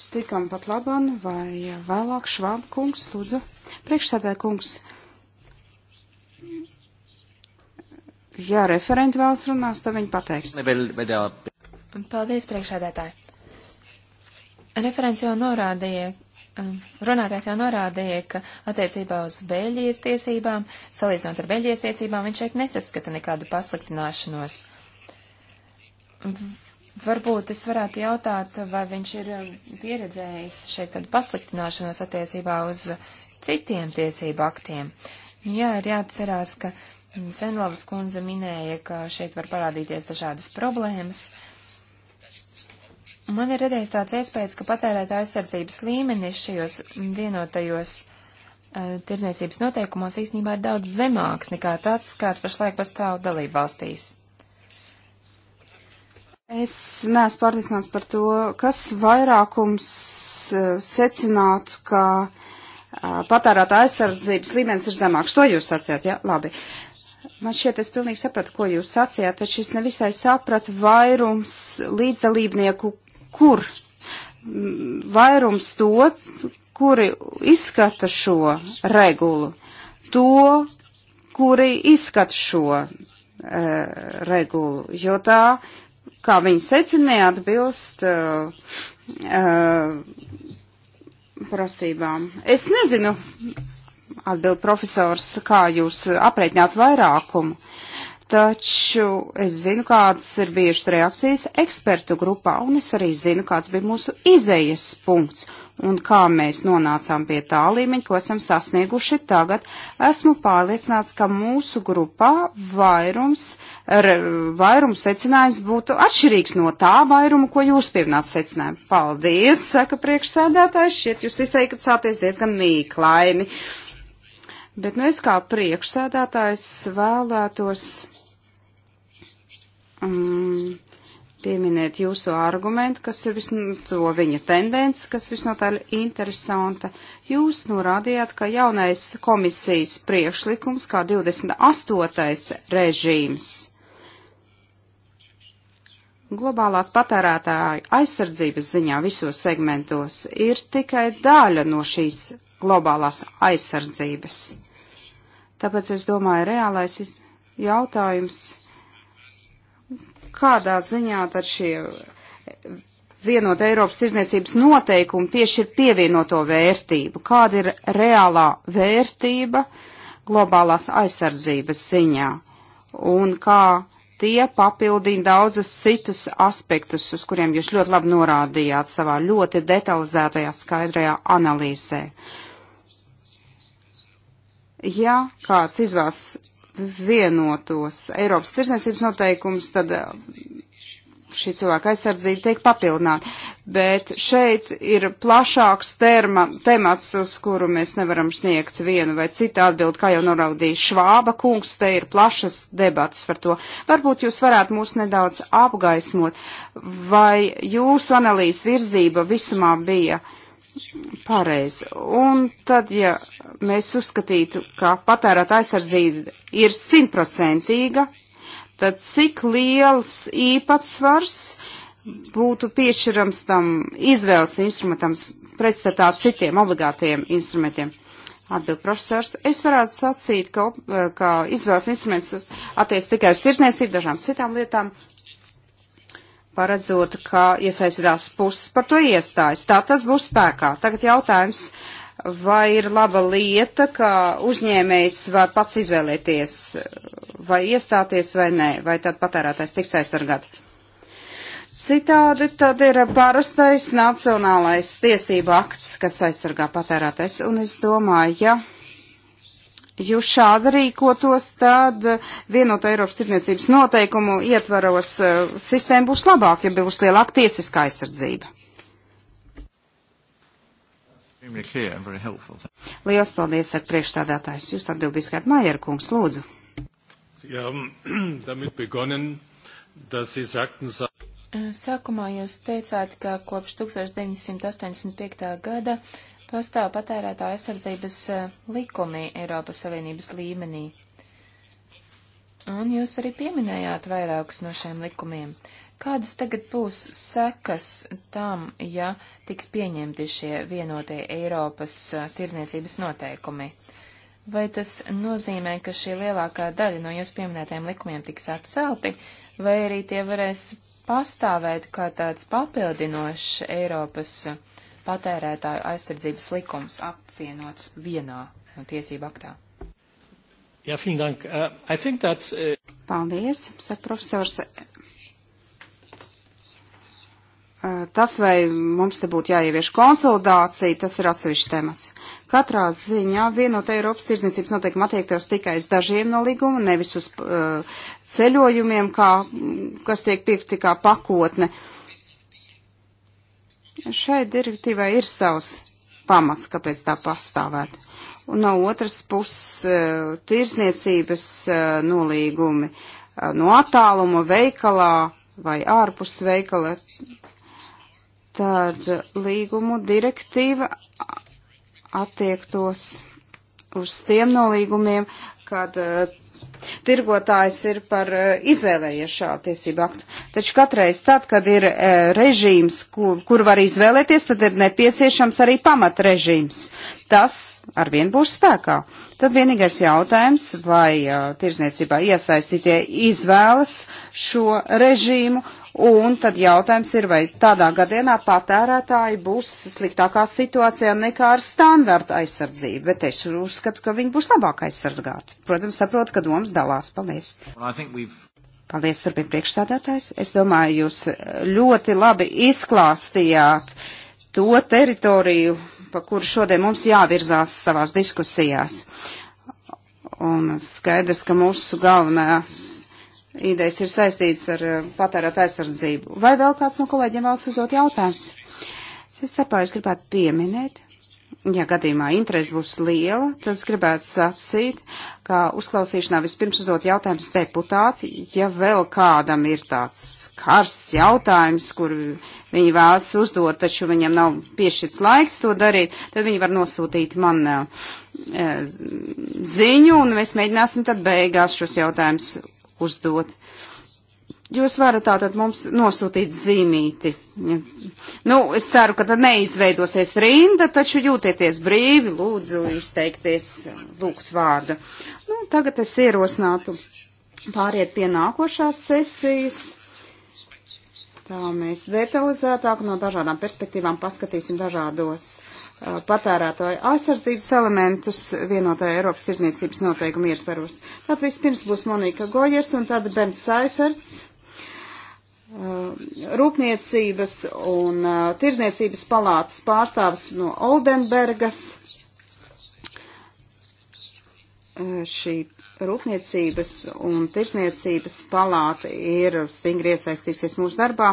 Stikam pat laban vai vēlāk Švāba kungs, lūdzu? Priekšsēdē kungs. Ja referenti vēlas runās, tad viņi pateiks. Paldies, priekšsēdētāji. Referents jau norādīja, Um, runātājs jau norādīja, ka attiecībā uz Beļģijas tiesībām, salīdzinot ar Beļģijas tiesībām, viņš šeit nesaskata nekādu pasliktināšanos. Varbūt es varētu jautāt, vai viņš ir um, pieredzējis šeit kādu pasliktināšanos attiecībā uz citiem tiesību aktiem. Jā, ir jāatcerās, ka mm, Senlovas kundze minēja, ka šeit var parādīties dažādas problēmas. Uh, Man ir radies tāds iespējas, ka patērētāja aizsardzības līmenis šajos vienotajos uh, tirdzniecības noteikumos īstenībā ir daudz zemāks nekā tas, kāds pašlaik pastāv dalību valstīs. Es neesmu pārliecināts par to, kas vairākums eh, secinātu, ka eh, patērētā aizsardzības līmenis ir zemāks. To jūs sacījāt, jā, ja? labi. Man šķiet, es pilnīgi sapratu, ko jūs sacījāt, taču es nevisai sapratu vairums līdzdalībnieku kur vairums to, kuri izskata šo regulu, to, kuri izskata šo e, regulu, jo tā, kā viņi secināja, atbilst uh, uh, prasībām. Es nezinu, atbild profesors, kā jūs aprēķināt vairākumu, Taču es zinu, kādas ir bijušas reakcijas ekspertu grupā, un es arī zinu, kāds bija mūsu izējas punkts un kā mēs nonācām pie tā līmeņa, ko esam sasnieguši tagad. Esmu pārliecināts, ka mūsu grupā vairums, vairums secinājums būtu atšķirīgs no tā vairuma, ko jūs pieminat secinājumu. Paldies, saka priekšsēdētājs, šķiet jūs izteikacāties diezgan mīklaini. Bet nu es kā priekšsēdētājs vēlētos um, pieminēt jūsu argumentu, kas ir visno, to viņa tendence, kas visnotaļ interesanta. Jūs norādījāt, ka jaunais komisijas priekšlikums, kā 28. režīms, globālās patērētāju aizsardzības ziņā visos segmentos ir tikai daļa no šīs globālās aizsardzības. Tāpēc es domāju, reālais jautājums kādā ziņā tad šie vienot Eiropas tirzniecības noteikumi piešķir pievienoto vērtību? Kāda ir reālā vērtība globālās aizsardzības ziņā? Un kā tie papildina daudzas citus aspektus, uz kuriem jūs ļoti labi norādījāt savā ļoti detalizētajā skaidrajā analīzē. Ja kāds izvēlas vienotos Eiropas tirsniecības noteikumus, tad eh, šī cilvēka aizsardzība tiek papildināta. Bet šeit ir plašāks terma, temats, uz kuru mēs nevaram sniegt vienu vai citu atbildi, kā jau noraudīja Švāba kungs, te ir plašas debatas par to. Varbūt jūs varētu mūs nedaudz apgaismot, vai jūsu analīzes virzība visumā bija uh, pareizi. Un tad, ja mēs uzskatītu, ka patērēt aizsardzība ir simtprocentīga, tad cik liels īpatsvars būtu piešķirams tam izvēles instrumentam pretstatā citiem obligātajiem instrumentiem? Atbild profesors, es varētu sacīt, ka, ka izvēles instruments attiec tikai uz tirsniecību, dažām citām lietām, paredzot, ka iesaistītās puses par to iestājas. Tā tas būs spēkā. Tagad jautājums, vai ir laba lieta, ka uzņēmējs var pats izvēlēties, vai iestāties vai nē, vai tad patērētājs tiks aizsargāt. Citādi tad ir parastais nacionālais tiesība akts, kas aizsargā patērētājs, un es domāju, ja Jo šādi rīkotos, tad vienotā Eiropas tirdzniecības noteikumu ietvaros eh, sistēma būs labāka, ja būs lielāka tiesiskā aizsardzība. Lielas paldies, saka priekšstādātājs. Jūs atbildīs kā Majer kungs, lūdzu. Sākumā jūs teicāt, ka kopš 1985. gada Pastāv patērētā aizsardzības eh, likumi Eiropas Savienības līmenī. Un jūs arī pieminējāt vairākus no šiem likumiem. Kādas tagad būs sekas tam, ja tiks pieņemti šie vienotie Eiropas eh, tirzniecības noteikumi? Vai tas nozīmē, ka šī lielākā daļa no jūs pieminētajiem likumiem tiks atcelti, vai arī tie varēs pastāvēt kā tāds papildinošs Eiropas uh, patērētāju aizsardzības likums apvienots vienā tiesību aktā. Jā, ja, dank. Uh, I think that's, uh... Paldies, saka profesors. Uh, tas, vai mums te būtu jāievieš konsolidācija, tas ir atsevišķs temats. Katrā ziņā vienotā Eiropas tirdzniecības noteikuma attiektos tikai uz dažiem no līguma, nevis uz uh, ceļojumiem, kā, kas tiek pirkti kā pakotne. Uh, Šai direktīvai ir savs pamats, kāpēc tā pastāvētu. Un no otras puses, e, tirsniecības e, nolīgumi e, no attāluma veikalā vai ārpus veikala, tad līgumu direktīva attiektos uz tiem nolīgumiem, kad tirgotājs ir par e, izvēlējies šādu tiesību aktu. Taču katreiz tad, kad ir e, režīms, kur, kur var izvēlēties, tad ir nepieciešams arī pamatrežīms. Tas arvien būs spēkā. Tad vienīgais jautājums, vai uh, tirzniecībā iesaistītie izvēlas šo režīmu, un tad jautājums ir, vai tādā gadienā patērētāji būs sliktākā situācijā nekā ar standarta aizsardzību, bet es uzskatu, ka viņi būs labāk aizsargāti. Protams, saprotu, ka domas dalās. Paldies! Paldies, turpin priekšstādātājs. Es domāju, jūs ļoti labi izklāstījāt to teritoriju, pa kuru šodien mums jāvirzās savās diskusijās. Un skaidrs, ka mūsu galvenās idejas ir saistītas ar eh, patērēt aizsardzību. Vai vēl kāds no kolēģiem vēlas uzdot jautājums? Es starpā es gribētu pieminēt, ja gadījumā interesi būs liela, tad es gribētu sacīt, ka uzklausīšanā vispirms uzdot jautājums deputāti, ja vēl kādam ir tāds karsts jautājums, kur viņi vēlas uzdot, taču viņam nav piešķirts laiks to darīt, tad viņi var nosūtīt man e, ziņu, un mēs mēģināsim tad beigās šos jautājumus uzdot. Jūs varat tātad mums nosūtīt zīmīti. Nu, es ceru, ka tad neizveidosies rinda, taču jūtieties brīvi, lūdzu izteikties, lūgt vārdu. Nu, tagad es ierosinātu pāriet pie nākošās sesijas. Tā mēs detalizētāk no dažādām perspektīvām paskatīsim dažādos uh, patērētāju aizsardzības elementus vienotajā Eiropas tirdzniecības noteikuma ietveros. Tad vispirms būs Monika Gojers un tad Bens Seiferts Uh, rūpniecības un uh, Tirzniecības palātas pārstāvis no Oldenbergas. Uh, šī Rūpniecības un Tirzniecības palāta ir stingri iesaistījusies mūsu darbā,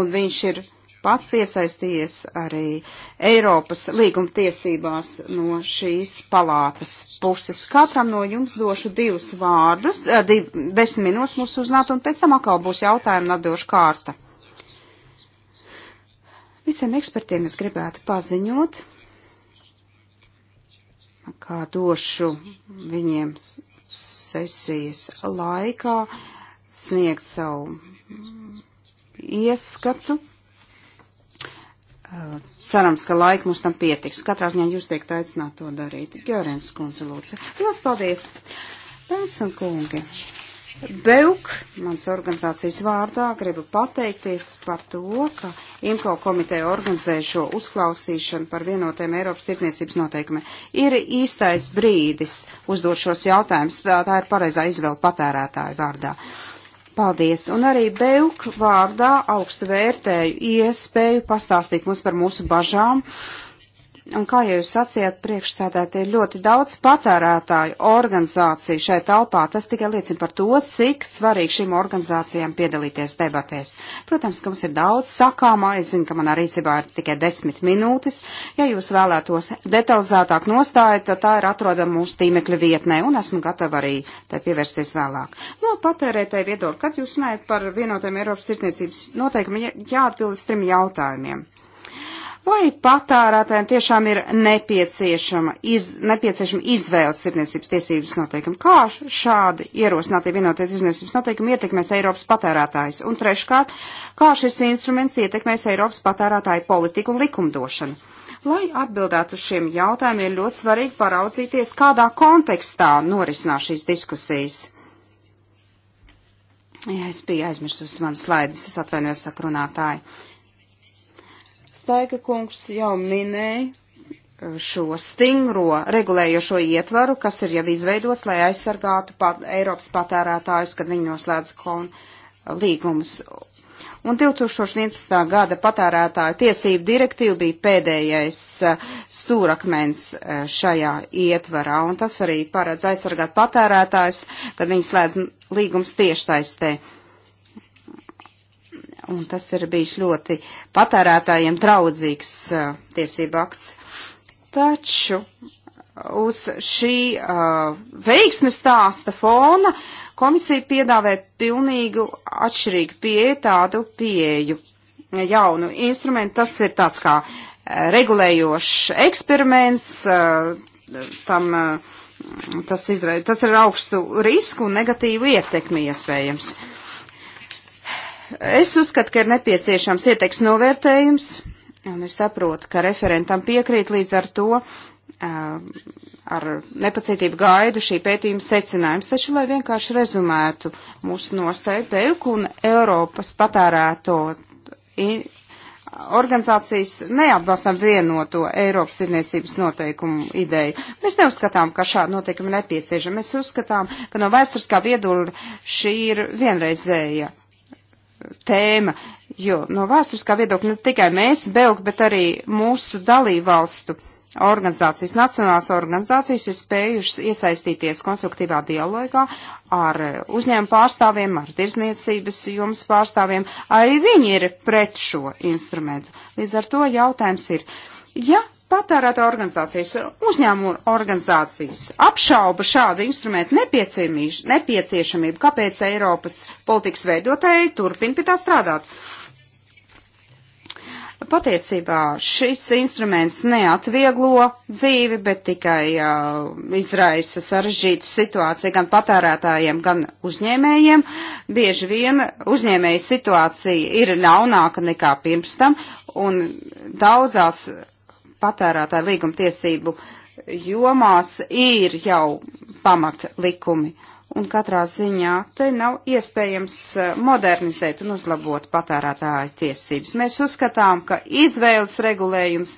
un viņš ir uh, pats iesaistījies arī Eiropas līguma tiesībās no šīs palātas puses. Katram no jums došu divus vārdus, eh, div, desmit minūtes mūsu uznāt, un pēc tam atkal būs jautājumu un atbilžu kārta. Visiem ekspertiem es gribētu paziņot, kā došu viņiem sesijas laikā sniegt savu ieskatu cerams, ka laika mums tam pietiks. Katrā ziņā jūs teikt aicināt to darīt. Gjorens kundze, lūdzu. Lielas paldies! Dāmas un kungi! Beuk, mans organizācijas vārdā, gribu pateikties par to, ka IMCO komiteja organizē šo uzklausīšanu par vienotiem Eiropas tirdzniecības noteikumiem. Ir īstais brīdis uzdot šos jautājumus, tā, tā ir pareizā izvēle patērētāju vārdā. Uh, Paldies! Un arī Beuk vārdā augstu vērtēju iespēju pastāstīt mums par mūsu bažām Un kā jau jūs sacījāt, priekšsēdētāji ir ļoti daudz patērētāju organizāciju šai talpā. Tas tikai liecina par to, cik svarīgi šīm organizācijām piedalīties debatēs. Protams, ka mums ir daudz sakāmā. Es zinu, ka manā rīcībā ir tikai desmit minūtes. Ja jūs vēlētos detalizētāk nostāju, tad tā ir atrodama mūsu tīmekļa vietnē, un esmu gatava arī tai pievērsties vēlāk. No patērētāju viedokļa, kad jūs runājat par vienotiem Eiropas tirtniecības noteikumiem, jāatbild uz trim jautājumiem vai patērētājiem tiešām ir nepieciešama, iz, nepieciešama izvēles tirniecības tiesības noteikumi. Kā šādi ierosinātie vienotie tirniecības noteikumi ietekmēs Eiropas patērētājs? Un treškārt, kā šis instruments ietekmēs Eiropas patērētāju politiku un likumdošanu? Lai atbildētu uz šiem jautājumiem, ir ļoti svarīgi paraudzīties, kādā kontekstā norisinās šīs diskusijas. Jā, es biju aizmirsus manas slaidas, es atvainojos sakrunātāju. Uh, Staiga kungs jau minēja uh, šo stingro regulējošo ietvaru, kas ir jau izveidots, lai aizsargātu pat Eiropas patērētājus, kad viņi noslēdz kon uh, līgumus. Un 2011. gada patērētāju tiesību direktīva bija pēdējais uh, stūrakmens šajā ietvarā, un tas arī paredz aizsargāt patērētājus, kad viņi slēdz līgums tiešsaistē un tas ir bijis ļoti patērētājiem draudzīgs uh, tiesību akts. Taču uz šī uh, veiksmes stāsta fona komisija piedāvē pilnīgu atšķirīgu pieeju, tādu pieeju jaunu instrumentu. Tas ir tāds kā uh, regulējošs eksperiments, uh, tam. Uh, Tas, izra... tas ir augstu risku un negatīvu ietekmi iespējams. Uh, Es uzskatu, ka ir nepieciešams ieteiks novērtējums, un es saprotu, ka referentam piekrīt līdz ar to. Ar nepacietību gaidu šī pētījuma secinājums, taču, lai vienkārši rezumētu mūsu nostāju pēku un Eiropas patērēto organizācijas neatbalstam vienoto Eiropas tirniecības noteikumu ideju. Mēs neuzskatām, ka šāda noteikuma nepieciešama. Mēs uzskatām, ka no vēsturiskā viedokļa šī ir vienreizēja tēma, jo no vēsturiskā viedokļa ne tikai mēs, Belgi, bet arī mūsu dalībvalstu organizācijas, nacionālās organizācijas ir spējušas iesaistīties konstruktīvā dialogā ar uzņēmu pārstāvjiem, ar tirzniecības jums pārstāvjiem. Arī viņi ir pret šo instrumentu. Līdz ar to jautājums ir, ja patērēta organizācijas un uzņēmuma organizācijas apšauba šādu instrumentu nepieciešamību, kāpēc Eiropas politikas veidotāji turpina pie tā strādāt. Patiesībā šis instruments neatvieglo dzīvi, bet tikai uh, izraisa sarežģītu situāciju gan patērētājiem, gan uzņēmējiem. Bieži vien uzņēmēja situācija ir ļaunāka nekā pirms tam, un daudzās patērētāju līgumtiesību jomās ir jau pamata likumi. Un katrā ziņā te nav iespējams eh, modernizēt un uzlabot patērētāju tiesības. Mēs uzskatām, ka izvēles regulējums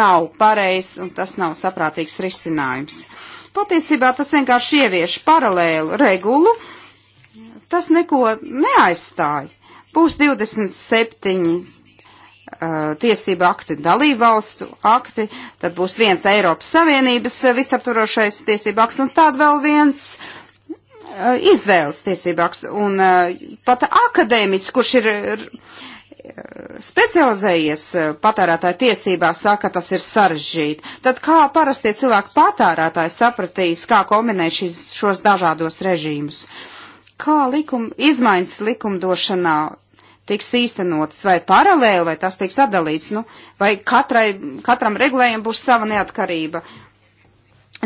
nav pareizs un tas nav saprātīgs risinājums. Patiesībā tas vienkārši ievieš paralēlu regulu, tas neko neaizstāja. Būs 27 Uh, tiesību akti un dalību valstu akti, tad būs viens Eiropas Savienības uh, visaptvarošais tiesību akts un tad vēl viens uh, izvēles tiesību akts. Un pat akadēmiķis, kurš ir specializējies patērētāju tiesībās, saka, tas ir sarežģīti. Tad kā parastie cilvēki patērētāji sapratīs, kā kombinēt šis, šos dažādos režīmus? Kā likuma, izmaiņas likumdošanā tiks īstenotas, vai paralēli, vai tas tiks atdalīts, nu, vai katrai, katram regulējumam būs sava neatkarība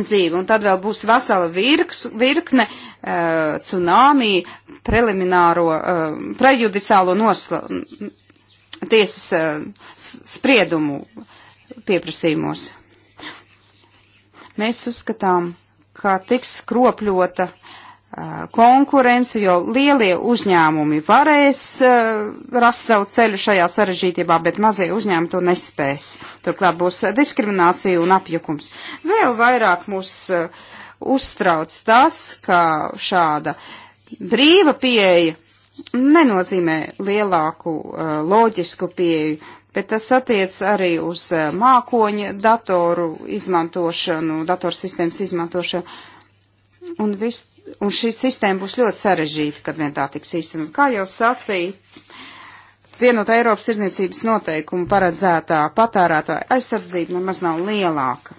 dzīve, un tad vēl būs vesela virks, virkne uh, eh, tsunami prelimināro, uh, prejudiciālo nosla, tiesas uh, spriedumu pieprasījumos. Mēs uzskatām, ka tiks kropļota uh, konkurence, jo lielie uzņēmumi varēs uh, rast savu ceļu šajā sarežģītībā, bet mazie uzņēmumi to nespēs. Turklāt būs diskriminācija un apjukums. Vēl vairāk mūs uh, uztrauc tas, ka šāda brīva pieeja nenozīmē lielāku uh, loģisku pieeju, bet tas attiec arī uz mākoņa datoru izmantošanu, datorsistēmas izmantošanu Un, vis, un šī sistēma būs ļoti sarežģīta, kad vien tā tiks īstenot. Kā jau sacīja, vienot Eiropas tirdzniecības noteikumu paredzētā patērētāja aizsardzība nemaz nav lielāka.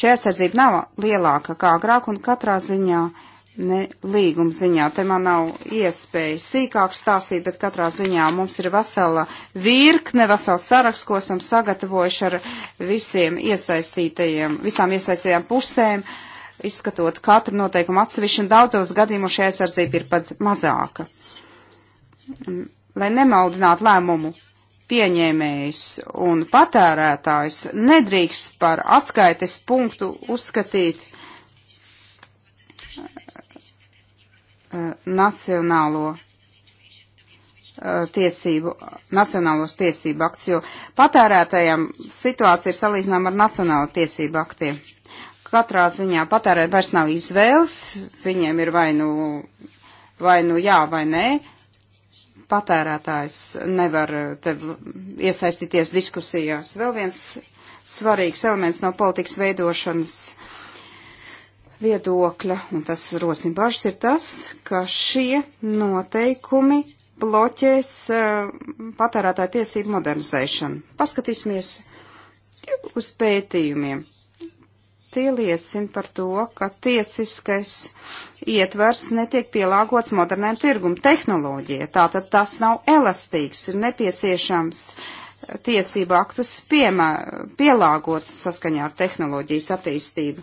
Šī aizsardzība nav lielāka kā agrāk un katrā ziņā ne līguma ziņā. Te man nav iespēja sīkāk stāstīt, bet katrā ziņā mums ir vesela virkne, vesels saraksts, ko esam sagatavojuši ar visiem iesaistītajiem, visām iesaistītajām pusēm. Uh, izskatot katru noteikumu atsevišķi, un daudzos gadījumos šī aizsardzība ir pat mazāka. Lai nemaldinātu lēmumu pieņēmējs un patērētājs, nedrīkst par atskaites punktu uzskatīt uh, nacionālo uh, tiesību, nacionālos tiesību akts, jo patērētajam situācija ir salīdzināma ar nacionālo tiesību aktiem. Katrā ziņā patērēt vairs nav izvēles, viņiem ir vai nu, vai nu jā vai nē. Patērētājs nevar iesaistīties diskusijās. Vēl viens svarīgs elements no politikas veidošanas viedokļa, un tas rosina bažas, ir tas, ka šie noteikumi bloķēs uh, eh, patērētāju tiesību modernizēšanu. Paskatīsimies uz pētījumiem. Tie liecina par to, ka tiesiskais ietvers netiek pielāgots modernēm tirgum tehnoloģijai. Tātad tas nav elastīgs, ir nepieciešams tiesību aktus piemē, pielāgot saskaņā ar tehnoloģijas attīstību.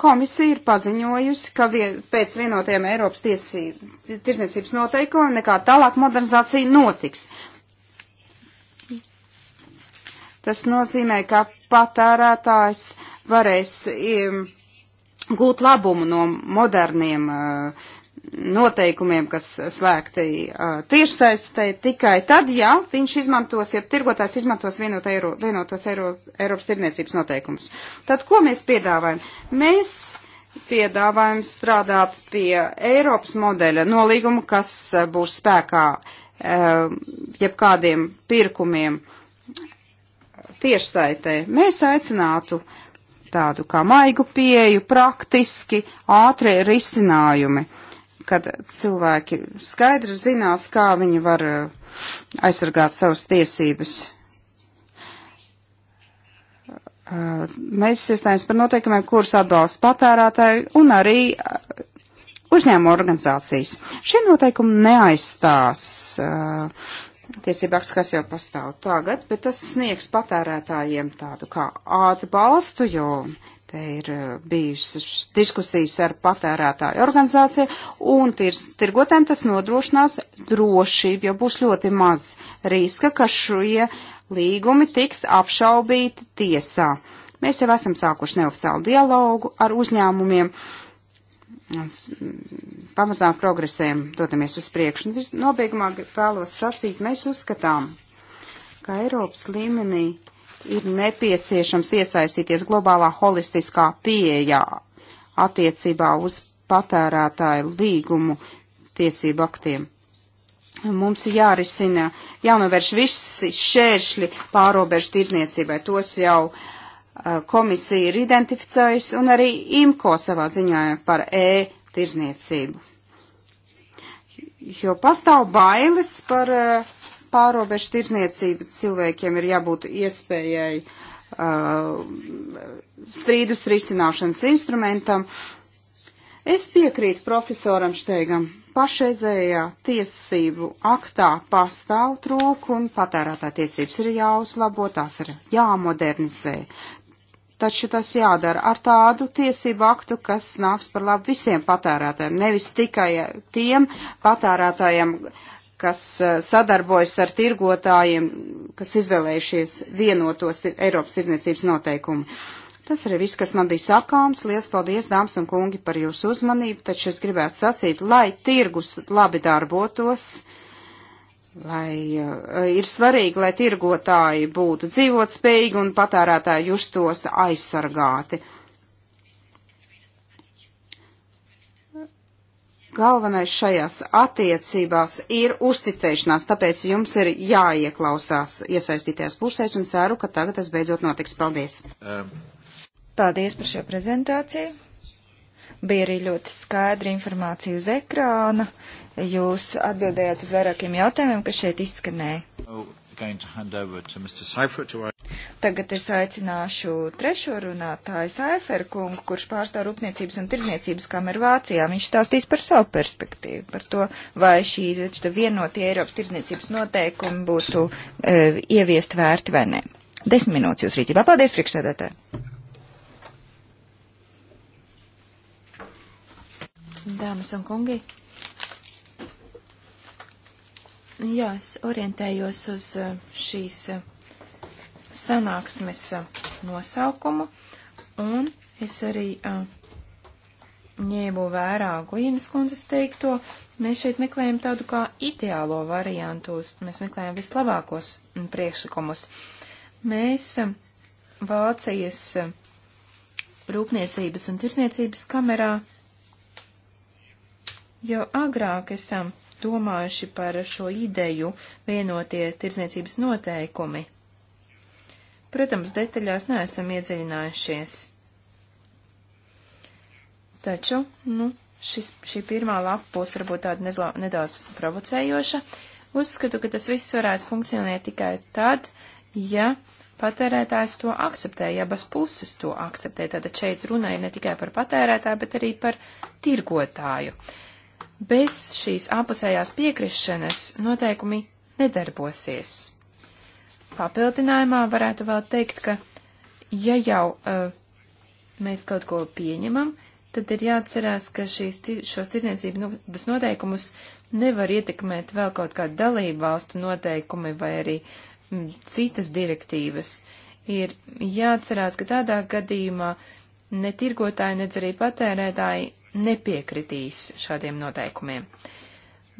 Komisija ir paziņojusi, ka vien, pēc vienotajiem Eiropas tiesību, tirsniecības noteikumiem nekā tālāk modernizācija notiks. Tas nozīmē, ka patērētājs varēs um, gūt labumu no moderniem uh, noteikumiem, kas slēgti uh, tiešsaistē tikai tad, ja viņš izmantos, ja tirgotājs izmantos vienot eiro, vienotos eiro, Eiropas tirniecības noteikumus. Tad ko mēs piedāvājam? Mēs piedāvājam strādāt pie Eiropas modeļa nolīguma, kas uh, būs spēkā jebkādiem pirkumiem tiešsaitē. Mēs aicinātu tādu kā maigu pieju, praktiski, ātrie risinājumi, kad cilvēki skaidri zinās, kā viņi var eh, aizsargāt savas tiesības. Eh, mēs iestājamies par noteikumiem, kurus atbalsta patērētāji un arī eh, uzņēmuma organizācijas. Šie noteikumi neaizstās uh, tiesībāks, kas jau pastāv tagad, bet tas sniegs patērētājiem tādu kā atbalstu, jo te ir eh, bijušas diskusijas ar patērētāju organizāciju, un tir, tirgotēm tas nodrošinās drošību, jo būs ļoti maz riska, ka šie līgumi tiks apšaubīti tiesā. Mēs jau esam sākuši neoficiālu dialogu ar uzņēmumiem. Uh, pamazām progresējam, dodamies uz priekšu. Un visnobeigumā vēlos sacīt, mēs uzskatām, ka Eiropas līmenī ir nepieciešams iesaistīties globālā holistiskā pieejā attiecībā uz patērētāju līgumu tiesību aktiem. Mums ir jārisina, jānovērš visi šēršļi pārobežu tirdzniecībai. Tos jau uh, komisija ir identificējusi un arī IMCO savā ziņā par e-tirzniecību. Jo pastāv bailes par pārobežu tirzniecību, cilvēkiem ir jābūt iespējai uh, strīdus risināšanas instrumentam. Es piekrītu profesoram Šteigam, pašreizējā tiesību aktā pastāv trūkumi, patērētā tiesības ir jāuzlabo, tās ir jāmodernizē taču tas jādara ar tādu tiesību aktu, kas nāks par labu visiem patērētājiem, nevis tikai tiem patērētājiem, kas eh, sadarbojas ar tirgotājiem, kas izvēlējušies vienotos Eiropas tirdzniecības noteikumu. Tas arī viss, kas man bija sakāms. Lielas paldies, dāmas un kungi, par jūsu uzmanību, taču es gribētu sacīt, lai tirgus labi darbotos lai uh, ir svarīgi, lai tirgotāji būtu dzīvotspējīgi un patērētāji justos aizsargāti. Galvenais šajās attiecībās ir uzticēšanās, tāpēc jums ir jāieklausās iesaistītajās pusēs un ceru, ka tagad tas beidzot notiks. Paldies! Um. Paldies par šo prezentāciju! Bija arī ļoti skaidra informācija uz ekrāna. Uh, Jūs atbildējāt uz vairākiem jautājumiem, kas šeit izskanēja. Oh, Tagad es aicināšu trešo runātāju Saiferu kungu, kurš pārstāv rūpniecības un tirdzniecības kameru Vācijā. Viņš stāstīs par savu perspektīvu, par to, vai šī vienotie Eiropas tirdzniecības noteikumi būtu e, ieviest vērti vai nē. Desmit minūtes jūs rīcībā. Paldies, priekšsēdētāji! Dāmas un kungi! Jā, es orientējos uz eh, šīs eh, sanāksmes eh, nosaukumu, un es arī ņēmu vērā Guīnas kundzes teikto. Mēs šeit meklējam tādu kā ideālo variantu, mēs meklējam vislabākos mm, priekšlikumus. Mēs Vācijas Rūpniecības un Tirzniecības kamerā jau agrāk esam domājuši par šo ideju vienotie tirdzniecības noteikumi? Protams, detaļās neesam iedziļinājušies. Taču, nu, šis, šī pirmā lapa būs varbūt tāda nezla, nedaudz provocējoša. Uzskatu, ka tas viss varētu funkcionēt tikai tad, ja patērētājs to akceptē, ja abas puses to akceptē. Tātad šeit runa ir ne tikai par patērētāju, bet arī par tirgotāju. Uh, Bez šīs apusējās piekrišanas noteikumi nedarbosies. Papildinājumā varētu vēl teikt, ka ja jau uh, mēs kaut ko pieņemam, tad ir jāatcerās, ka šīs, šos tirdzniecības noteikumus nevar ietekmēt vēl kaut kāda dalība valstu noteikumi vai arī m, mm, citas direktīvas. Ir jāatcerās, ka tādā gadījumā ne tirgotāji, ne arī patērētāji nepiekritīs šādiem noteikumiem.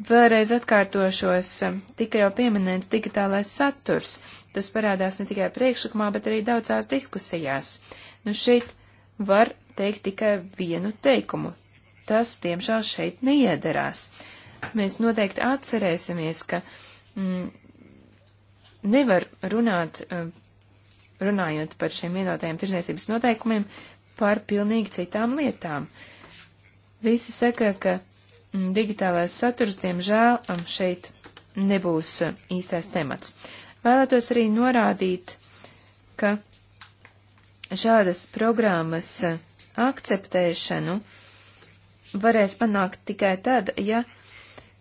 Vēlreiz atkārtošos, tika jau pieminēts digitālais saturs. Tas parādās ne tikai priekšlikumā, bet arī daudzās diskusijās. Nu šeit var teikt tikai vienu teikumu. Tas, diemžēl, šeit neiederās. Mēs noteikti atcerēsimies, ka mm, nevar runāt, mm, runājot par šiem vienotajiem tirzniecības noteikumiem, par pilnīgi citām lietām. Uh, Visi saka, ka mm, digitālais saturs, diemžēl, um, šeit nebūs uh, īstais temats. Vēlētos arī norādīt, ka šādas programmas uh, akceptēšanu varēs panākt tikai tad, ja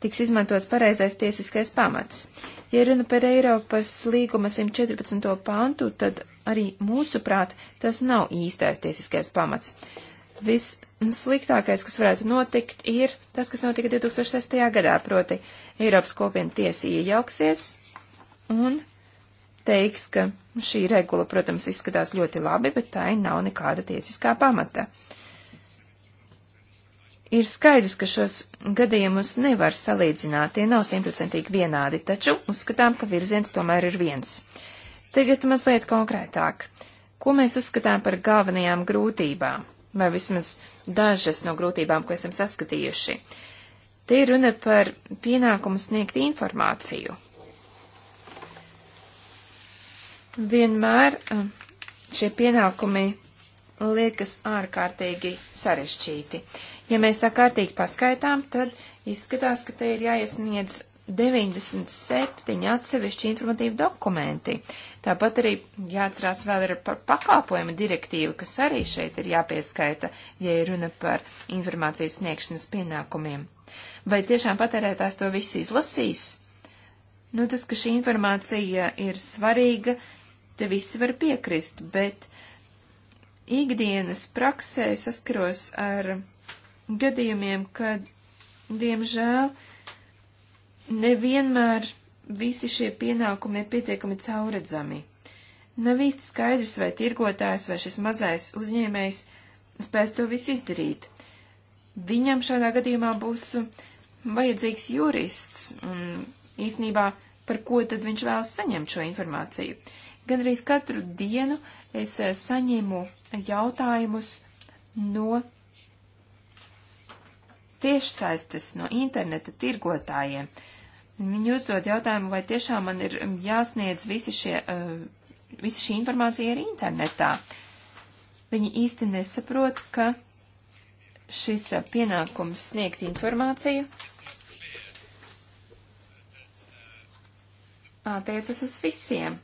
tiks izmantots pareizais tiesiskais pamats. Ja runa par Eiropas līguma 114. pantu, tad arī mūsuprāt tas nav īstais tiesiskais pamats. Vissliktākais, kas varētu notikt, ir tas, kas notika 2006. gadā, proti Eiropas kopiena tiesa iejauksies un teiks, ka šī regula, protams, izskatās ļoti labi, bet tai nav nekāda tiesiskā pamata. Ir skaidrs, ka šos gadījumus nevar salīdzināt, tie nav simtprocentīgi vienādi, taču uzskatām, ka virziens tomēr ir viens. Tagad mazliet konkrētāk. Ko mēs uzskatām par galvenajām grūtībām? vai vismaz dažas no grūtībām, ko esam saskatījuši. Te ir runa par pienākumu sniegt informāciju. Vienmēr eh, šie pienākumi liekas ārkārtīgi sarežģīti. Ja mēs tā kārtīgi paskaitām, tad izskatās, ka te ir jāiesniedz 97 atsevišķi informatīvi dokumenti. Tāpat arī jāatcerās vēl ir par pakāpojuma direktīvu, kas arī šeit ir jāpieskaita, ja ir runa par informācijas sniegšanas pienākumiem. Vai tiešām patērētājs to visu izlasīs? Nu, tas, ka šī informācija ir svarīga, te visi var piekrist, bet ikdienas praksē saskaros ar gadījumiem, kad, diemžēl, nevienmēr visi šie pienākumi ir pietiekami cauredzami. Nav īsti skaidrs, vai tirgotājs vai šis mazais uzņēmējs spēs to visu izdarīt. Viņam šādā gadījumā būs vajadzīgs jurists, un īsnībā par ko tad viņš vēlas saņemt šo informāciju. Gan arī katru dienu es saņemu jautājumus no tiešsaistes no interneta tirgotājiem. Viņi uzdod jautājumu, vai tiešām man ir jāsniedz visi šie, uh, eh, visa šī informācija ir internetā. Viņi īsti nesaprot, ka šis uh, pienākums sniegt informāciju attiecas uz visiem.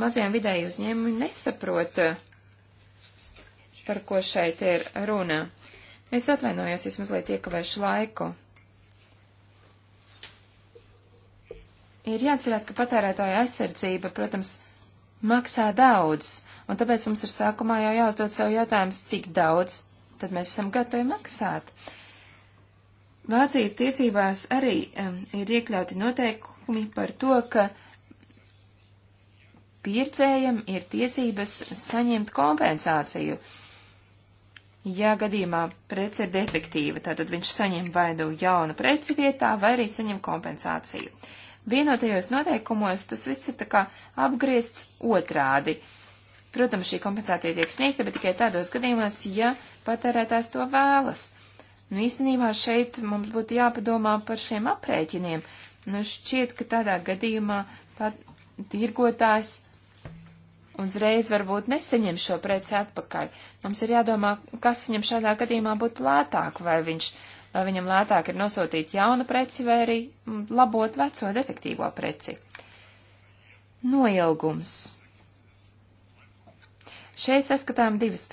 Mazajam vidēji uzņēmumi nesaprot, eh, par ko šeit ir runa. Es atvainojos, es mazliet iekavēšu laiku. Ir jāatcerās, ka patērētāja aizsardzība, protams, maksā daudz, un tāpēc mums ir sākumā jau jāuzdod sev jautājums, cik daudz tad mēs esam gatavi maksāt. Vācijas tiesībās arī um, ir iekļauti noteikumi par to, ka pircējam ir tiesības saņemt kompensāciju. Uh, ja gadījumā prece ir defektīva, tātad viņš saņem vai nu jaunu preci vietā, vai arī saņem kompensāciju. Vienotajos noteikumos tas viss ir tā kā apgriezts otrādi. Protams, šī kompensācija tiek sniegta, bet tikai tādos gadījumos, ja patērētājs to vēlas. Nu, īstenībā šeit mums būtu jāpadomā par šiem aprēķiniem. Nu, šķiet, ka tādā gadījumā pat tirgotājs uzreiz varbūt nesaņem šo preci atpakaļ. Mums ir jādomā, kas viņam šādā gadījumā būtu lētāk, vai, viņš, vai viņam lētāk ir nosūtīt jaunu preci vai arī labot veco defektīvo preci. Noilgums. Šeit saskatām divas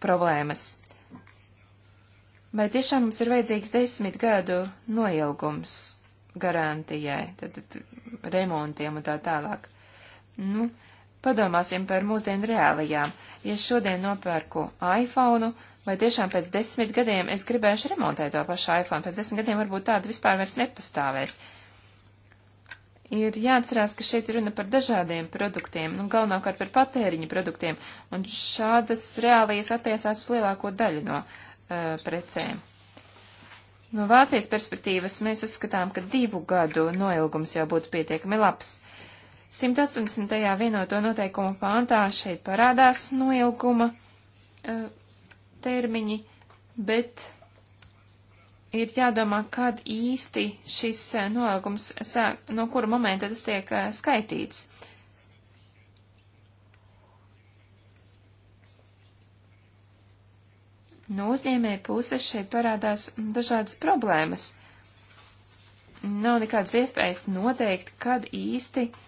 problēmas. Vai tiešām mums ir vajadzīgs desmit gadu noilgums garantijai, tad, tad remontiem un tā tālāk? Nu, uh, Padomāsim par mūsdienu reālijām. Ja šodien nopērku iPhone, vai tiešām pēc desmit gadiem es gribēšu remontēt to pašu iPhone, pēc desmit gadiem varbūt tāda vispār vairs nepastāvēs. Ir jāatcerās, ka šeit ir runa par dažādiem produktiem, nu galvenokārt par patēriņa produktiem, un šādas reālijas attiecās uz lielāko daļu no uh, precēm. No Vācijas perspektīvas mēs uzskatām, ka divu gadu noilgums jau būtu pietiekami labs. Uh, 180. vienoto noteikumu pāntā šeit parādās noilguma uh, termiņi, bet ir jādomā, kad īsti šis e, noilgums, sāk, no kura momenta tas tiek uh, skaitīts. No uzņēmēja puses šeit parādās dažādas problēmas. Nav nekādas iespējas noteikt, kad īsti uh,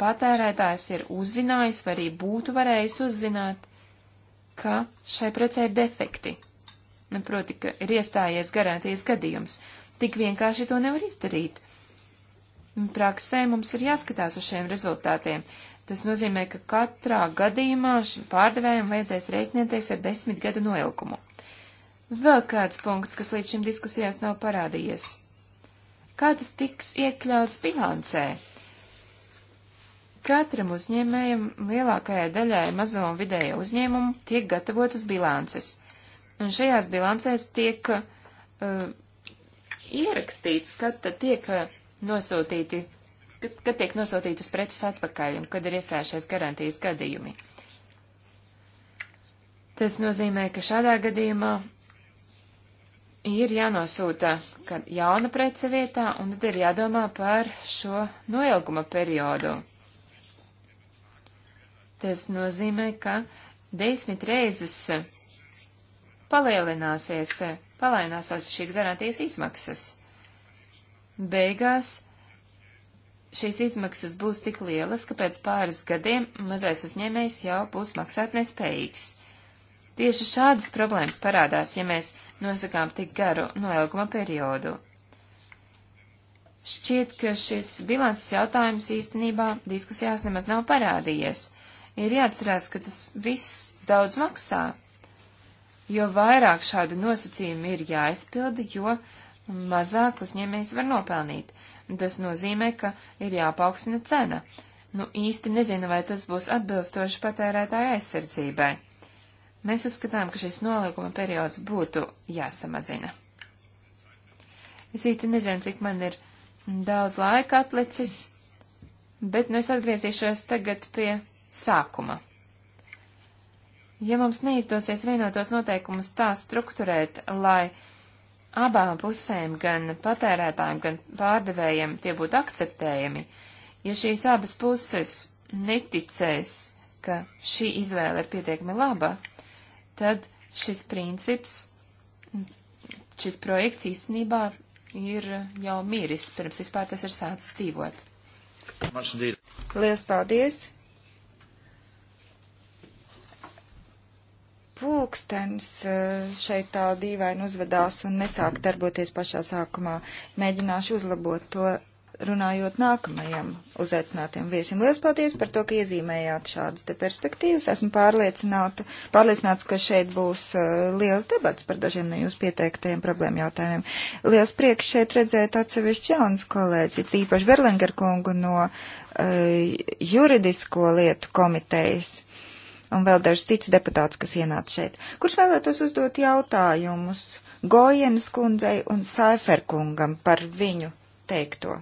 patērētājs ir uzzinājis, vai arī būtu varējis uzzināt, ka šai precē ir defekti. Nu, proti, ka ir iestājies garantijas gadījums. Tik vienkārši to nevar izdarīt. Praksē mums ir jāskatās uz šiem rezultātiem. Tas nozīmē, ka katrā gadījumā šim pārdevējam vajadzēs rēķināties ar desmit gadu noilgumu. Vēl kāds punkts, kas līdz šim diskusijās nav parādījies. Kā tas tiks iekļauts bilancē? Katram uzņēmējam, lielākajai daļai mazo un vidēju uzņēmumu, tiek gatavotas bilances. Un šajās bilancēs tiek uh, ierakstīts, kad tiek uh, nosūtīti, kad, kad tiek nosūtītas preces atpakaļ un kad ir iestājušies garantijas gadījumi. Tas nozīmē, ka šādā gadījumā ir jānosūta jauna prece vietā, un tad ir jādomā par šo noilguma periodu, Tas nozīmē, ka desmit reizes palielināsies, palaināsies šīs garantijas izmaksas. Beigās šīs izmaksas būs tik lielas, ka pēc pāris gadiem mazais uzņēmējs jau būs maksāt nespējīgs. Tieši šādas problēmas parādās, ja mēs nosakām tik garu noilguma periodu. Šķiet, ka šis bilances jautājums īstenībā diskusijās nemaz nav parādījies ir jāatcerās, ka tas viss daudz maksā. Jo vairāk šādu nosacījumu ir jāizpilda, jo mazāk uzņēmējs var nopelnīt. Tas nozīmē, ka ir jāpaukstina cena. Nu īsti nezinu, vai tas būs atbilstoši patērētāja aizsardzībai. Mēs uzskatām, ka šis nolīguma periods būtu jāsamazina. Es īsti nezinu, cik man ir daudz laika atlicis, bet nu es atgriezīšos tagad pie sākuma. Ja mums neizdosies vienotos noteikumus tā strukturēt, lai abām pusēm, gan patērētājiem, gan pārdevējiem, tie būtu akceptējami, ja šīs abas puses neticēs, ka šī izvēle ir pietiekami laba, tad šis princips, šis projekts īstenībā ir jau miris, pirms vispār tas ir sācis dzīvot. Liels paldies! pulkstens eh, šeit tā dīvaini uzvedās un nesāk darboties pašā sākumā. Mēģināšu uzlabot to runājot nākamajam uzaicinātiem viesim. Lielas paldies par to, ka iezīmējāt šādas te perspektīvas. Esmu pārliecināta, pārliecināts, ka šeit būs eh, liels debats par dažiem no jūsu pieteiktajiem problēmu jautājumiem. Liels prieks šeit redzēt atsevišķi jaunas kolēģis, īpaši Berlinger kungu no uh, juridisko lietu komitejas un vēl dažs cits deputāts, kas ienāca šeit. Kurš vēlētos uzdot jautājumus Gojenas kundzei un Saiferkungam par viņu teikto?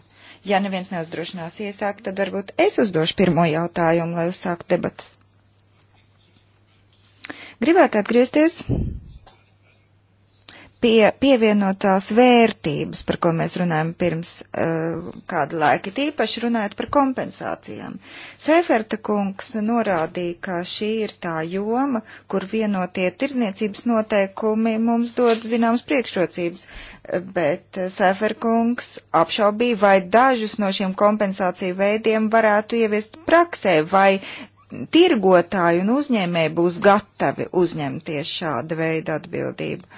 Ja neviens neuzdrošinās iesākt, tad varbūt es uzdošu pirmo jautājumu, lai uzsāktu debatas. Gribētu atgriezties pie pievienotās vērtības, par ko mēs runājam pirms uh, kāda laika, tīpaši runājot par kompensācijām. Seferta kungs norādīja, ka šī ir tā joma, kur vienotie tirzniecības noteikumi mums dod zināmas priekšrocības, eh, bet Seferta kungs apšaubīja, vai dažus no šiem kompensāciju veidiem varētu ieviest praksē, vai tirgotāji un uzņēmēji būs gatavi uzņemties šāda veida atbildību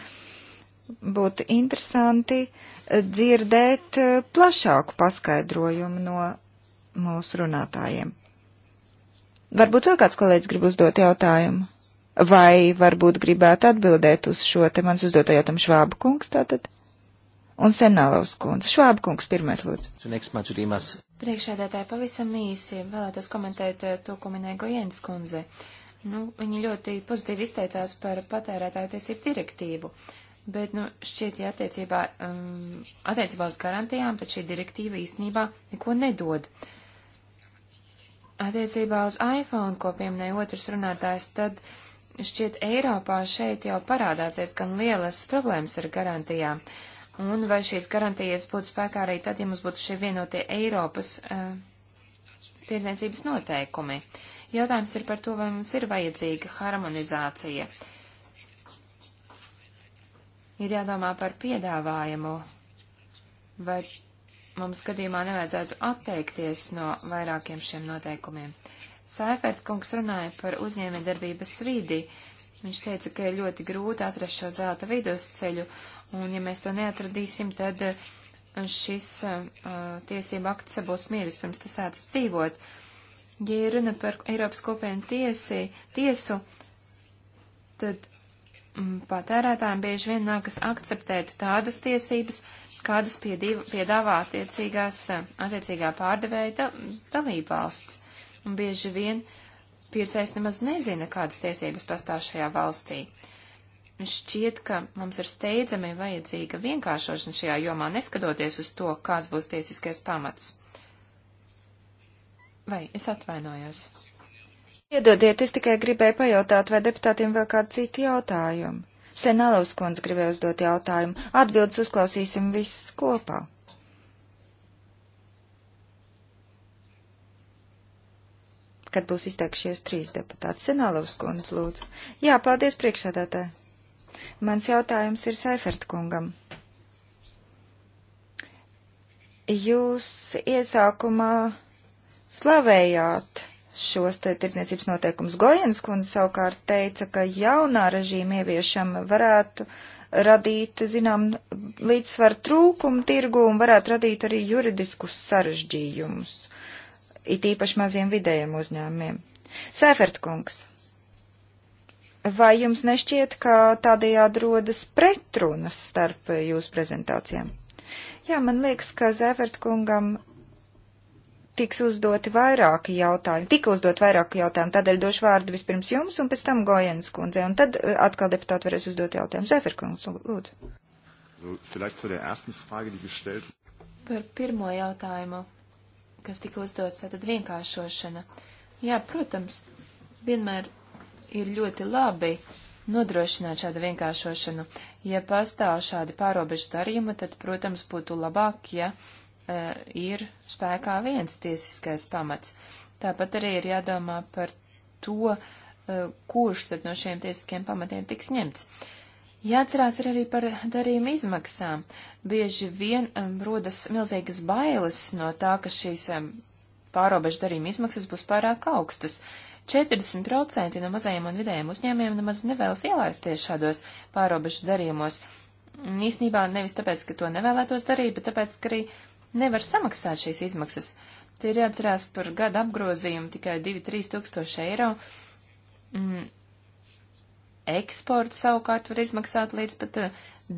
būtu interesanti eh, dzirdēt eh, plašāku paskaidrojumu no mūsu runātājiem. Varbūt vēl kāds kolēģis grib uzdot jautājumu, vai varbūt gribētu atbildēt uz šo te mans uzdoto jautājumu Švāba kungs tātad? Un Senālovs kundze. Švāba kungs pirmais lūdzu. Priekšēdētāji pavisam īsi vēlētos komentēt eh, to, ko minēja Gojens kundze. Nu, viņa ļoti pozitīvi izteicās par patērētāju tiesību direktīvu. Uh, Bet, nu, šķiet, ja attiecībā, um, attiecībā uz garantijām, tad šī direktīva īstenībā neko nedod. Attiecībā uz iPhone, ko pieminēja otrs runātājs, tad šķiet Eiropā šeit jau parādāsies gan lielas problēmas ar garantijām. Un vai šīs garantijas būtu spēkā arī tad, ja mums būtu šie vienotie Eiropas uh, tirdzniecības noteikumi? Jautājums ir par to, vai mums ir vajadzīga harmonizācija. Uh, Ir jādomā par piedāvājumu, vai mums gadījumā nevajadzētu atteikties no vairākiem šiem noteikumiem. Saifert kungs runāja par uzņēmējdarbības vidi. Viņš teica, ka ir ļoti grūti atrast šo zelta vidusceļu, un ja mēs to neatradīsim, tad uh, šis uh, uh, tiesība akts būs miris, pirms tas sāc dzīvot. Ja runa par Eiropas kopienu tiesi, tiesu, tad Mm, patērētājiem bieži vien nākas akceptēt tādas tiesības, kādas piedīva, piedāvā attiecīgās, attiecīgā pārdevēja da, dalībvalsts. Un bieži vien pircējs nemaz nezina, kādas tiesības pastāv šajā valstī. Šķiet, ka mums ir steidzami vajadzīga vienkāršošana šajā jomā, neskatoties uz to, kāds būs tiesiskais pamats. Vai es atvainojos? Iedodiet, es tikai gribēju pajautāt, vai deputātiem vēl kādi citi jautājumi. Senālovs kundze gribēja uzdot jautājumu. Atbildes uzklausīsim viss kopā. Kad būs izteikšies trīs deputāti. Senālovs kundze, lūdzu. Jā, paldies priekšsādātē. Mans jautājums ir Seifert kungam. Jūs iesākumā slavējāt šos te tirdzniecības noteikumus. Gojens kundze savukārt teica, ka jaunā režīma ieviešana varētu radīt, zinām, līdzsvaru trūkumu tirgu un varētu radīt arī juridiskus sarežģījumus, it īpaši maziem vidējiem uzņēmumiem. Sēfert kungs, vai jums nešķiet, ka tādējādi rodas pretrunas starp jūsu prezentācijām? Jā, man liekas, ka Zēvert kungam tiks uzdoti vairāki jautājumi, tika uzdot vairāki jautājumi, tādēļ došu vārdu vispirms jums un pēc tam Gojenas kundzei, un tad eh, atkal deputāti varēs uzdot jautājumu. Zeferkungs, lūdzu. Par pirmo jautājumu, kas tika uzdots, tātad vienkāršošana. Jā, protams, vienmēr ir ļoti labi nodrošināt šādu vienkāršošanu. Ja pastāv šādi pārobežu darījumi, tad, protams, būtu labāk, ja Eh, ir spēkā viens tiesiskais pamats. Tāpat arī ir jādomā par to, eh, kurš tad no šiem tiesiskiem pamatiem tiks ņemts. Jāatcerās arī par darījuma izmaksām. Bieži vien um, rodas milzīgas bailes no tā, ka šīs um, pārobežu darījuma izmaksas būs pārāk augstas. 40% no mazajiem un vidējiem uzņēmiem nemaz nevēlas ielaisties šādos pārobežu darījumos. Īsnībā nevis tāpēc, ka to nevēlētos darīt, bet tāpēc, ka arī nevar samaksāt šīs izmaksas. Tie ir jāatcerās par gada apgrozījumu tikai 2-3 tūkstoši eiro. Mm. Eksports savukārt var izmaksāt līdz pat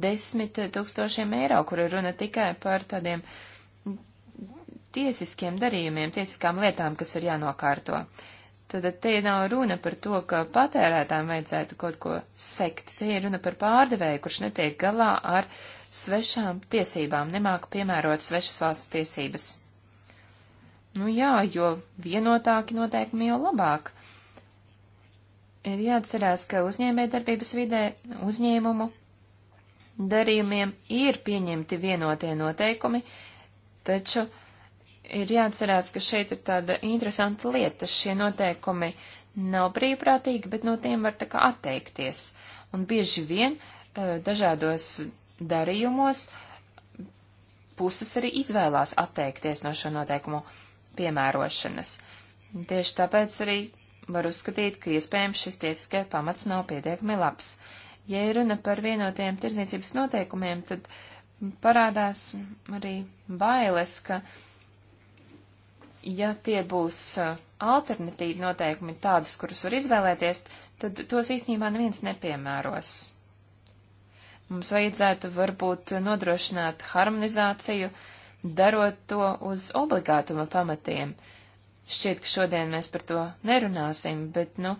10 eh, tūkstošiem eiro, kur ir runa tikai par tādiem tiesiskiem darījumiem, tiesiskām lietām, kas ir jānokārto. Tad te nav runa par to, ka patērētām vajadzētu kaut ko sekt. Te ir runa par pārdevēju, kurš netiek galā ar uh, svešām tiesībām, nemāku piemērot svešas valsts tiesības. Nu jā, jo vienotāki noteikumi jau labāk. Ir jāatcerās, ka uzņēmējdarbības vidē uzņēmumu darījumiem ir pieņemti vienotie noteikumi, taču ir jāatcerās, ka šeit ir tāda interesanta lieta. Šie noteikumi nav brīvprātīgi, bet no tiem var tā kā atteikties. Un bieži vien eh, dažādos darījumos puses arī izvēlās atteikties no šo noteikumu piemērošanas. Tieši tāpēc arī var uzskatīt, ka iespējams šis tiesiskais pamats nav pietiekami labs. Ja runa par vienotiem tirdzniecības noteikumiem, tad parādās arī bailes, ka ja tie būs uh, alternatīvi noteikumi tādus, kurus var izvēlēties, tad tos īstenībā neviens nepiemēros. Mums vajadzētu varbūt nodrošināt harmonizāciju, darot to uz obligātuma pamatiem. Šķiet, ka šodien mēs par to nerunāsim, bet, nu,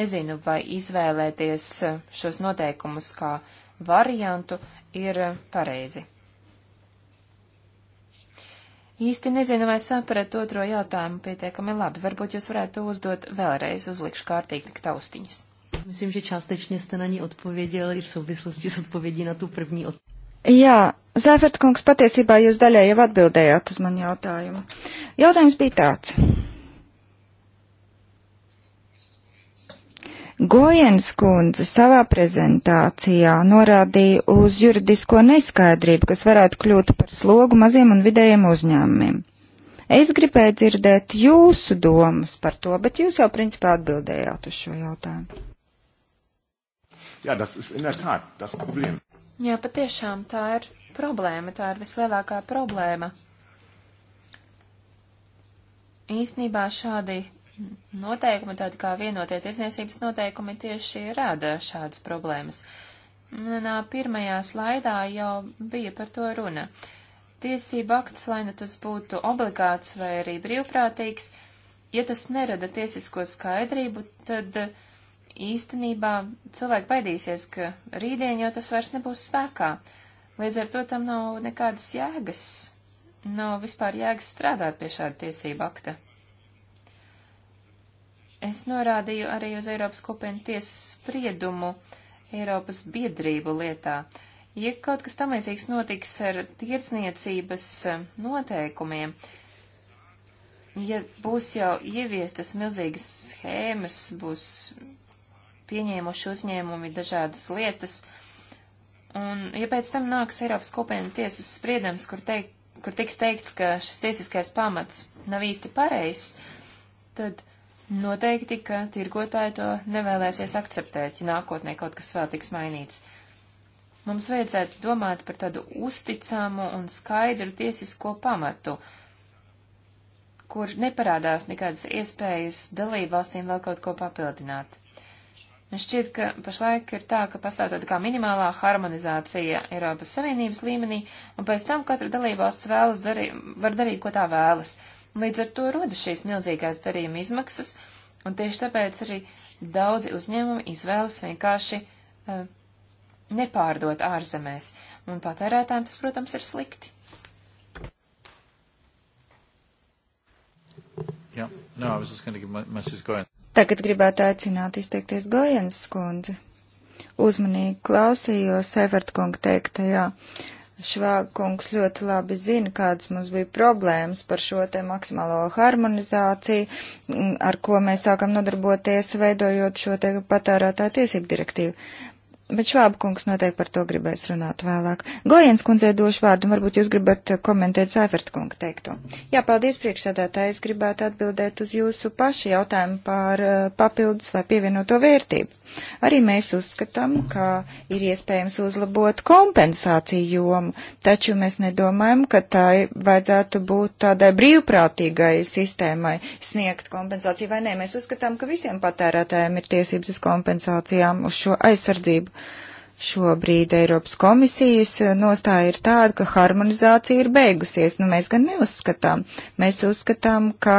nezinu, vai izvēlēties eh, šos noteikumus kā variantu ir eh, pareizi. Īsti nezinu, vai sapratu otro jautājumu pietiekami labi. Varbūt jūs varētu uzdot vēlreiz, uzlikšu kārtīgi tik taustiņas. Myslím, že částečně jste na ní odpověděl i v souvislosti s odpovědí na tu první odpověď. Jā, Zēfertkungs, patiesībā jūs daļai jau atbildējāt uz manu jautājumu. Jautājums bija tāds. Gojens kundze savā prezentācijā norādīja uz juridisko neskaidrību, kas varētu kļūt par slogu maziem un vidējiem uzņēmumiem. Es gribēju dzirdēt jūsu domas par to, bet jūs jau principā atbildējāt uz šo jautājumu. Jā, tas ir in der Tat, tas problēma. Jā, patiešām tā ir problēma, tā ir vislielākā problēma. Īsnībā šādi noteikumi, tādi kā vienotie tirsniecības noteikumi, tieši rada šādas problēmas. Nā, pirmajā slaidā jau bija par to runa. Tiesība akts, lai nu tas būtu obligāts vai arī brīvprātīgs, ja tas nerada tiesisko skaidrību, tad uh, īstenībā cilvēki baidīsies, ka rītdien jau tas vairs nebūs spēkā. Līdz ar to tam nav nekādas jēgas, nav vispār jēgas strādāt pie šāda tiesība akta. Es norādīju arī uz Eiropas kopienu tiesas spriedumu Eiropas biedrību lietā. Ja kaut kas tam līdzīgs notiks ar tirdzniecības eh, noteikumiem, ja būs jau ieviestas milzīgas schēmas, būs pieņēmuši uzņēmumi dažādas lietas, un ja pēc tam nāks Eiropas kopienu tiesas spriedums, kur, teik, kur tiks teikts, ka šis tiesiskais pamats nav īsti pareizs, tad noteikti, ka tirgotāji to nevēlēsies akceptēt, ja nākotnē kaut kas vēl tiks mainīts. Mums vajadzētu domāt par tādu uzticamu un skaidru tiesisko pamatu, kur neparādās nekādas iespējas dalībvalstīm vēl kaut ko papildināt. Man šķiet, ka pašlaik ir tā, ka pastāv tāda kā minimālā harmonizācija Eiropas Savienības līmenī, un pēc tam katra dalībvalsts vēlas darīt, var darīt, ko tā vēlas. Līdz ar to rodas šīs milzīgās darījuma izmaksas, un tieši tāpēc arī daudzi uzņēmumi izvēlas vienkārši uh, nepārdot ārzemēs, un patērētājiem tas, protams, ir slikti. Yeah. No, I was just going to give my message going. Tagad gribētu aicināt izteikties Gojens skundzi. Uzmanīgi klausījos Severtkunga teiktajā. Švāgkungs ļoti labi zina, kādas mums bija problēmas par šo te maksimālo harmonizāciju, mm, ar ko mēs sākam nodarboties, veidojot šo te patērētāju tiesību direktīvu bet Švāba kungs noteikti par to gribēs runāt vēlāk. Gojens kundzei došu vārdu, un varbūt jūs gribat komentēt Zaiferta kunga teikto. Jā, paldies priekšsēdētāji, es gribētu atbildēt uz jūsu pašu jautājumu par eh, papildus vai pievienoto vērtību. Arī mēs uzskatām, ka ir iespējams uzlabot kompensāciju jomu, taču mēs nedomājam, ka tai vajadzētu būt tādai brīvprātīgai sistēmai sniegt kompensāciju vai nē. Mēs uzskatām, ka visiem patērētājiem ir tiesības uz kompensācijām, uz šo aizsardzību. Šobrīd Eiropas komisijas eh, nostāja ir tāda, ka harmonizācija ir beigusies. Nu, mēs gan neuzskatām. Mēs uzskatām, ka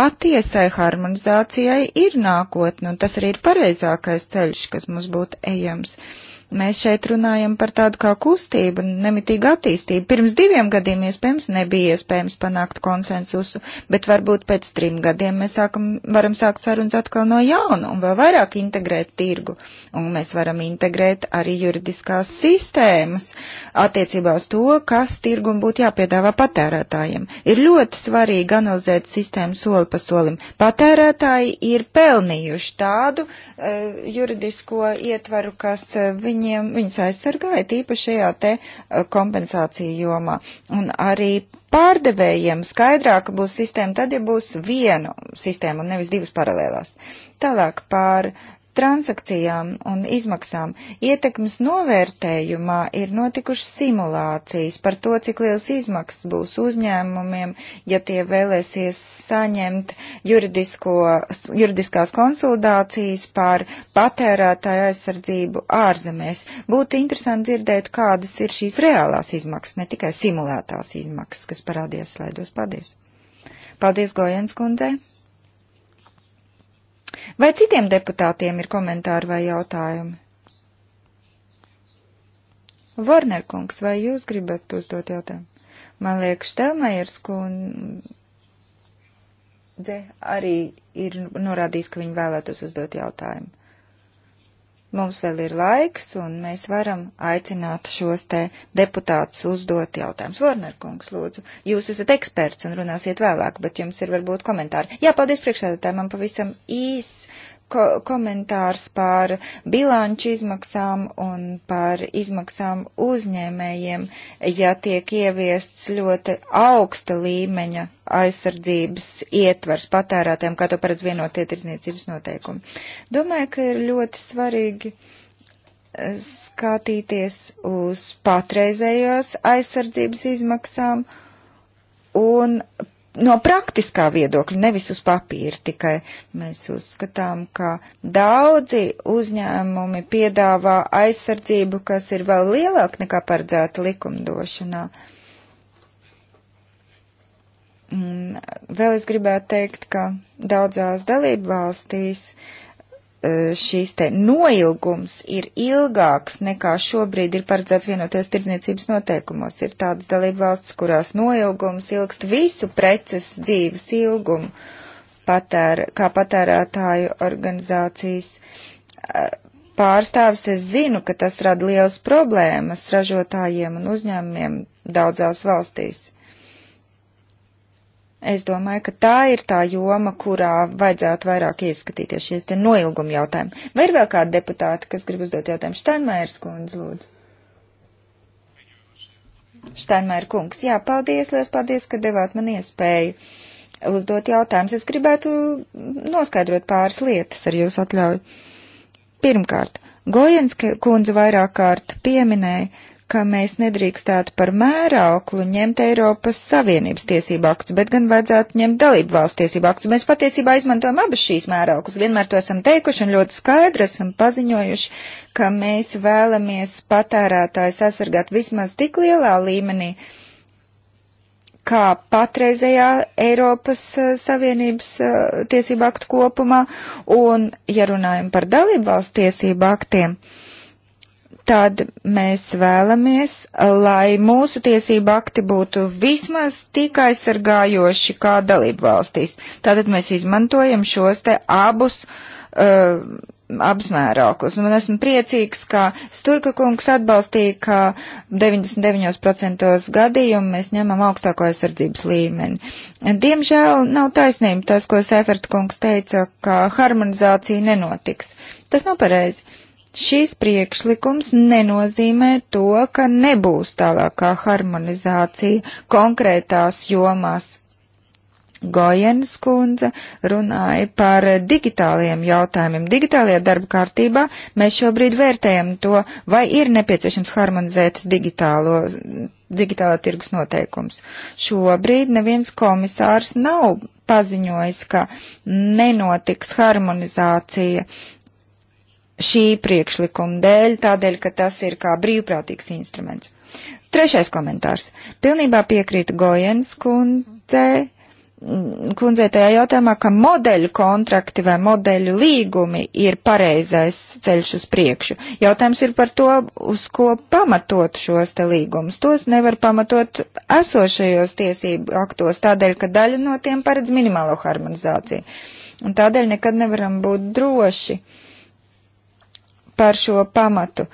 patiesai harmonizācijai ir nākotne, un tas arī ir pareizākais ceļš, kas mums būtu ejams. Uh, Mēs šeit runājam par tādu kā kustību, nemitīgu attīstību. Pirms diviem gadiem iespējams nebija iespējams panākt konsensusu, bet varbūt pēc trim gadiem mēs sākam, varam sākt sarunas atkal no jauna un vēl vairāk integrēt tirgu. Un mēs varam integrēt arī juridiskās sistēmas attiecībā uz to, kas tirgum būtu jāpiedāvā patērētājiem. Ir ļoti svarīgi analizēt sistēmu soli pa solim. Patērētāji ir pelnījuši tādu uh, juridisko ietvaru, kas uh, eh, viņu viņiem, viņus aizsargāja tīpaši šajā te eh, kompensāciju jomā. Un arī pārdevējiem skaidrāka būs sistēma tad, ja būs viena sistēma un nevis divas paralēlās. Tālāk par uh, transakcijām un izmaksām. Ietekmes novērtējumā ir notikušas simulācijas par to, cik liels izmaksas būs uzņēmumiem, ja tie vēlēsies saņemt juridiskās konsultācijas par patērētāju aizsardzību ārzemēs. Būtu interesanti dzirdēt, kādas ir šīs reālās izmaksas, ne tikai simulētās izmaksas, kas parādījās slaidos. Paldies! Paldies, Gojens kundzei! Vai citiem deputātiem ir komentāri vai jautājumi? Vorner kungs, vai jūs gribat uzdot jautājumu? Man liekas, Štelmajers kundze arī ir norādījis, ka viņi vēlētos uzdot jautājumu. Mums vēl ir laiks, un mēs varam aicināt šos te deputātus uzdot jautājumus. Vorner kungs, lūdzu, jūs esat eksperts un runāsiet vēlāk, bet jums ir varbūt komentāri. Jā, paldies priekšsēdētāji, man pavisam īs ko komentārs par bilanču izmaksām un par izmaksām uzņēmējiem, ja tiek ieviests ļoti augsta līmeņa aizsardzības ietvers patērētēm, kā to paredz vienotie tirdzniecības noteikumi. Domāju, ka ir ļoti svarīgi eh, skatīties uz patreizējos aizsardzības izmaksām un no praktiskā viedokļa, nevis uz papīra tikai. Mēs uzskatām, ka daudzi uzņēmumi piedāvā aizsardzību, kas ir vēl lielāka nekā paredzēta likumdošanā. Vēl es gribētu teikt, ka daudzās dalību valstīs uh, Eh, šīs te noilgums ir ilgāks nekā šobrīd ir paredzēts vienoties tirdzniecības noteikumos. Ir tādas dalība valsts, kurās noilgums ilgst visu preces dzīves ilgumu, patēr, kā patērētāju organizācijas eh, pārstāvis. Es zinu, ka tas rada lielas problēmas ražotājiem un uzņēmumiem daudzās valstīs. Es domāju, ka tā ir tā joma, kurā vajadzētu vairāk ieskatīties šie te noilguma jautājumi. Vai ir vēl kādi deputāti, kas grib uzdot jautājumu? Štainmairs kundze, lūdzu. Štainmair kungs, jā, paldies, liels paldies, ka devāt man iespēju uzdot jautājumus. Es gribētu noskaidrot pāris lietas ar jūsu atļauju. Pirmkārt, Gojens kundze vairāk kārt pieminēja, ka mēs nedrīkstētu par mērauklu ņemt Eiropas Savienības tiesību aktus, bet gan vajadzētu ņemt dalību valsts tiesību aktus. Mēs patiesībā izmantojam abas šīs mērauklas. Vienmēr to esam teikuši un ļoti skaidri esam paziņojuši, ka mēs vēlamies patērētājs aizsargāt vismaz tik lielā līmenī, kā patreizējā Eiropas eh, Savienības eh, tiesību aktu kopumā, un, ja runājam par dalībvalsts tiesību aktiem, uh, tad mēs vēlamies, lai mūsu tiesība akti būtu vismaz tik aizsargājoši kā dalību valstīs. Tātad mēs izmantojam šos te abus. Uh, abas mēroklis. Un esmu priecīgs, ka Stūka kungs atbalstīja, ka 99% gadījumu mēs ņemam augstāko aizsardzības līmeni. Diemžēl nav taisnība tas, ko Seferta kungs teica, ka harmonizācija nenotiks. Tas nav pareizi. Šīs priekšlikums nenozīmē to, ka nebūs tālākā harmonizācija konkrētās jomās. Gojenas kundze runāja par digitāliem jautājumiem. Digitālajā darba kārtībā mēs šobrīd vērtējam to, vai ir nepieciešams harmonizēt digitālo digitālā tirgus noteikums. Šobrīd neviens komisārs nav paziņojis, ka nenotiks harmonizācija šī priekšlikuma dēļ, tādēļ, ka tas ir kā brīvprātīgs instruments. Trešais komentārs. Pilnībā piekrīta Gojens kundzei mm, kundzei tajā jautājumā, ka modeļu kontrakti vai modeļu līgumi ir pareizais ceļš uz priekšu. Jautājums ir par to, uz ko pamatot šos te līgumus. Tos nevar pamatot esošajos tiesību aktos, tādēļ, ka daļa no tiem paredz minimālo harmonizāciju. Un tādēļ nekad nevaram būt droši. Uh, par šo pamatu.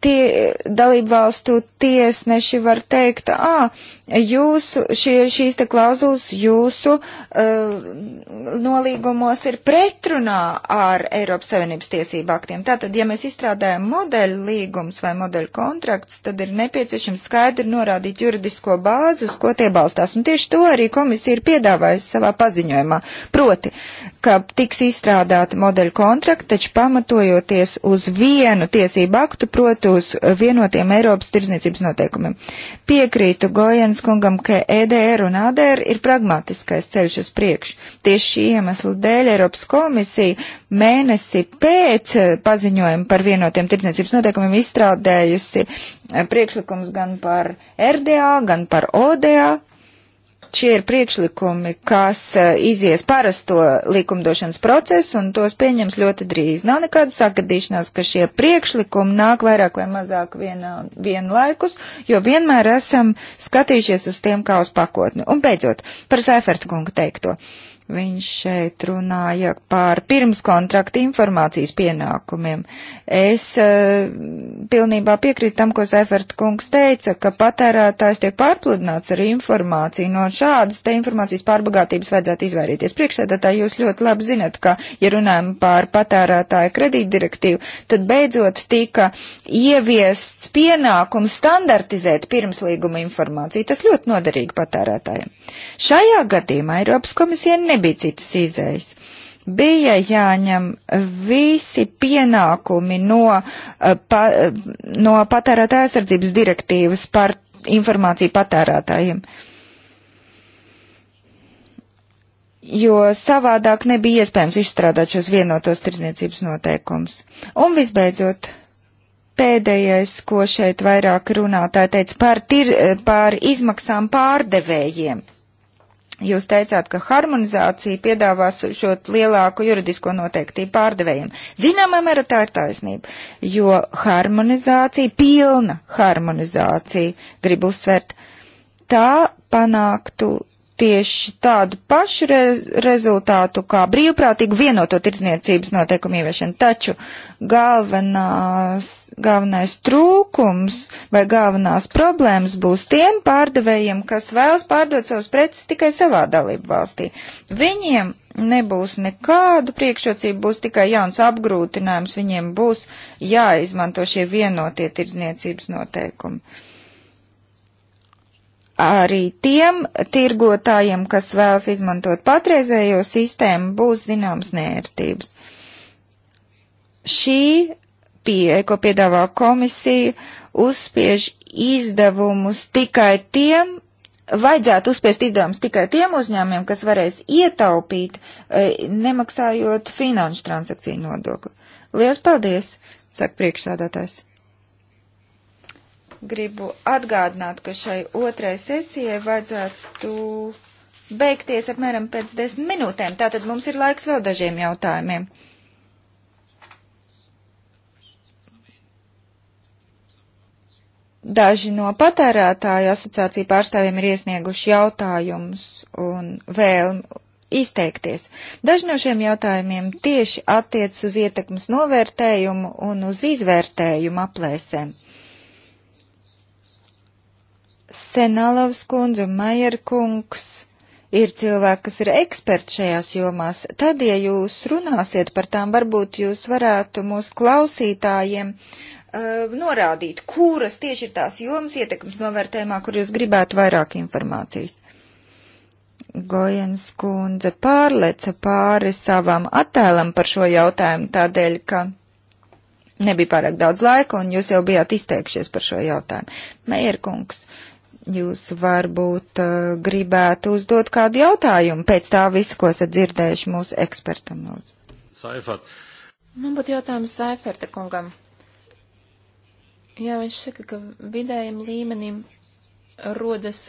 Tie dalībvalstu tiesneši var teikt, ā, Jūsu, šie, šīs te klauzulas jūsu uh, nolīgumos ir pretrunā ar Eiropas Savienības tiesību aktiem. Tātad, ja mēs izstrādājam modeļu līgums vai modeļu kontrakts, tad ir nepieciešams skaidri norādīt juridisko bāzi, uz ko tie balstās. Un tieši to arī komisija ir piedāvājusi savā paziņojumā. Proti, ka tiks izstrādāta modeļu kontrakta, taču pamatojoties uz vienu tiesību aktu, proti uz vienotiem Eiropas tirdzniecības noteikumiem. Piekrītu Gojens Valentīns kungam, ka EDR un ADR ir pragmatiskais ceļš uz priekšu. Tieši šī iemesla dēļ Eiropas komisija mēnesi pēc eh, paziņojuma par vienotiem tirdzniecības noteikumiem izstrādējusi eh, priekšlikums gan par RDA, gan par ODA Šie ir priekšlikumi, kas eh, izies parasto likumdošanas procesu un tos pieņems ļoti drīz. Nav nekāda sagadīšanās, ka šie priekšlikumi nāk vairāk vai mazāk vienā, vienlaikus, jo vienmēr esam skatījušies uz tiem kā uz pakotni. Un beidzot, par Seiferta kunga teikto. Uh, Viņš šeit runāja par pirmskontrakta informācijas pienākumiem. Es uh, pilnībā piekrītu tam, ko Zefert kungs teica, ka patērētājs tiek pārpludināts ar informāciju. No šādas te informācijas pārbagātības vajadzētu izvairīties. Priekšsēdētāji, jūs ļoti labi zinat, ka, ja runājam par patērētāju kredītdirektīvu, tad beidzot tika ieviests pienākums standartizēt pirmslīguma informāciju. Tas ļoti noderīgi patērētājiem. Šajā gadījumā Eiropas komisija ne nebija citas izējas. Bija jāņem visi pienākumi no, eh, pa, eh, no patērētāja aizsardzības direktīvas par informāciju patērētājiem. jo savādāk nebija iespējams izstrādāt šos vienotos tirdzniecības noteikumus. Un visbeidzot, pēdējais, ko šeit vairāk runātāji teica par, tir, eh, par izmaksām pārdevējiem Jūs teicāt, ka harmonizācija piedāvās šo lielāku juridisko noteiktību pārdevējiem. Zināmā mērā tā ir taisnība, jo harmonizācija, pilna harmonizācija, gribu uzsvert, tā panāktu tieši tādu pašu rez rezultātu kā brīvprātīgu vienoto tirdzniecības noteikumu ieviešana. Taču galvenās, galvenais trūkums vai galvenās problēmas būs tiem pārdevējiem, kas vēlas pārdot savus preces tikai savā dalību valstī. Viņiem nebūs nekādu priekšrocību, būs tikai jauns apgrūtinājums, viņiem būs jāizmanto šie vienotie tirdzniecības noteikumi arī tiem tirgotājiem, kas vēlas izmantot patreizējo sistēmu, būs zināmas nērtības. Šī pieeja, ko piedāvā komisija, uzspiež izdevumus tikai tiem, vajadzētu uzspiest izdevumus tikai tiem uzņēmiem, kas varēs ietaupīt, eh, nemaksājot finanšu transakciju nodokli. Lielas paldies, saka priekšsādātājs. Gribu atgādināt, ka šai otrai sesijai vajadzētu beigties apmēram pēc desmit minūtēm. Tātad mums ir laiks vēl dažiem jautājumiem. Daži no patērētāju asociāciju pārstāvjiem ir iesnieguši jautājumus un vēlmi izteikties. Daži no šiem jautājumiem tieši attiec uz ietekmes novērtējumu un uz izvērtējumu aplēsēm. Senalovs kundze un Majer kungs ir cilvēki, kas ir eksperti šajās jomās. Tad, ja jūs runāsiet par tām, varbūt jūs varētu mūsu klausītājiem uh, norādīt, kuras tieši ir tās jomas ietekmes novērtējumā, kur jūs gribētu vairāk informācijas. Gojens kundze pārleca pāri savam attēlam par šo jautājumu tādēļ, ka nebija pārāk daudz laika un jūs jau bijāt izteikšies par šo jautājumu. Meierkungs. Uh, Jūs varbūt uh, gribētu uzdot kādu jautājumu pēc tā visu, ko esat dzirdējuši mūsu ekspertam. Saifert. Man būtu jautājums Saiferta kungam. Jā, viņš saka, ka vidējiem līmenim rodas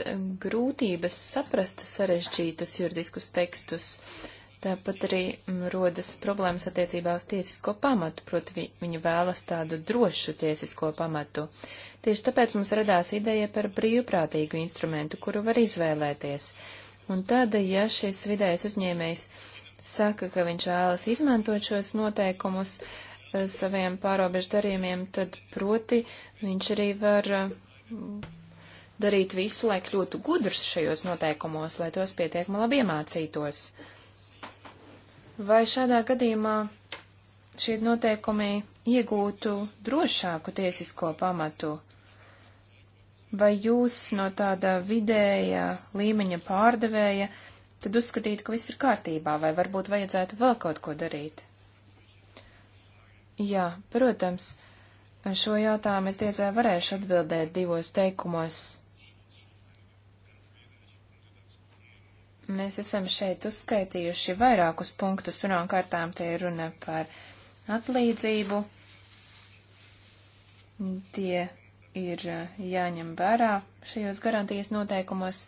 grūtības saprast sarežģītus juridiskus tekstus. Uh, Tāpat arī mm, rodas problēmas attiecībā uz tiesisko pamatu, proti vi, viņi vēlas tādu drošu tiesisko pamatu. Tieši tāpēc mums radās ideja par brīvprātīgu instrumentu, kuru var izvēlēties. Un tad, ja šis vidējais uzņēmējs saka, ka viņš vēlas izmantot šos noteikumus eh, saviem pārobežu darījumiem, tad proti viņš arī var eh, darīt visu, lai kļūtu gudrs šajos noteikumos, lai tos pietiekami labi iemācītos. Vai šādā gadījumā šie noteikumi iegūtu drošāku tiesisko pamatu? Vai jūs no tāda vidēja līmeņa pārdevēja tad uzskatītu, ka viss ir kārtībā, vai varbūt vajadzētu vēl kaut ko darīt? Jā, protams, šo jautājumu es diez vai varēšu atbildēt divos teikumos. Mēs esam šeit uzskaitījuši vairākus punktus. Pirmām kārtām te ir runa par atlīdzību. Tie ir eh, jāņem vērā šajos garantijas noteikumos,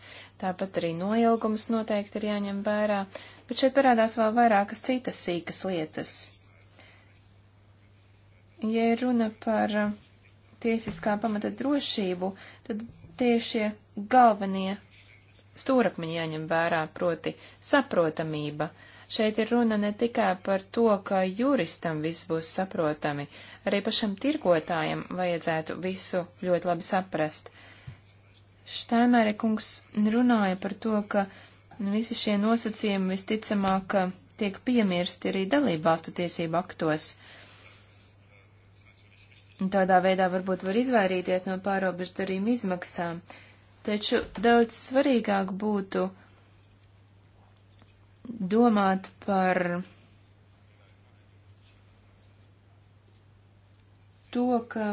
tāpat arī noilgums noteikti ir jāņem vērā, bet šeit parādās vēl vairākas citas sīkas lietas. Ja runa par eh, tiesiskā pamata drošību, tad tiešie galvenie stūrakmeņi jāņem vērā, proti saprotamība. Šeit ir runa ne tikai par to, ka juristam viss būs saprotami, arī pašam tirgotājam vajadzētu visu ļoti labi saprast. Štēmēra kungs runāja par to, ka visi šie nosacījumi visticamāk tiek piemirsti arī dalībvalstu tiesību aktos. Tādā veidā varbūt var izvairīties no pārobežu darījuma izmaksām. Uh, Taču daudz svarīgāk būtu domāt par to, ka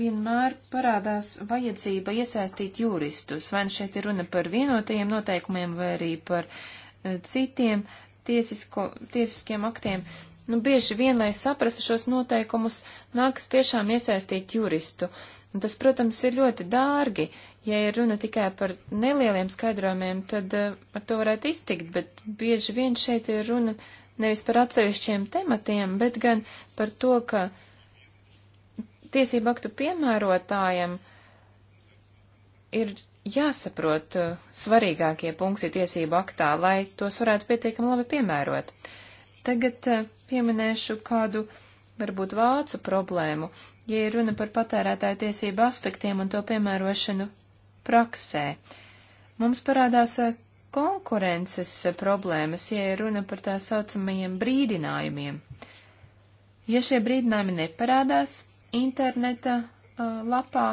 vienmēr parādās vajadzība iesaistīt juristus. Vai nu šeit ir runa par vienotajiem noteikumiem vai arī par e, citiem tiesisko, tiesiskiem aktiem. Nu, bieži vien, lai saprastu šos noteikumus, nākas tiešām iesaistīt juristu. Un tas, protams, ir ļoti dārgi, Ja ir runa tikai par nelieliem skaidrojumiem, tad eh, ar to varētu iztikt, bet bieži vien šeit ir runa nevis par atsevišķiem tematiem, bet gan par to, ka tiesību aktu piemērotājam ir jāsaprot eh, svarīgākie punkti tiesību aktā, lai tos varētu pietiekami labi piemērot. Tagad eh, pieminēšu kādu varbūt vācu problēmu, ja ir runa par patērētāju tiesību aspektiem un to piemērošanu praksē. Mums parādās eh, konkurences eh, problēmas, ja runa par tā saucamajiem brīdinājumiem. Ja šie brīdinājumi neparādās interneta uh, lapā,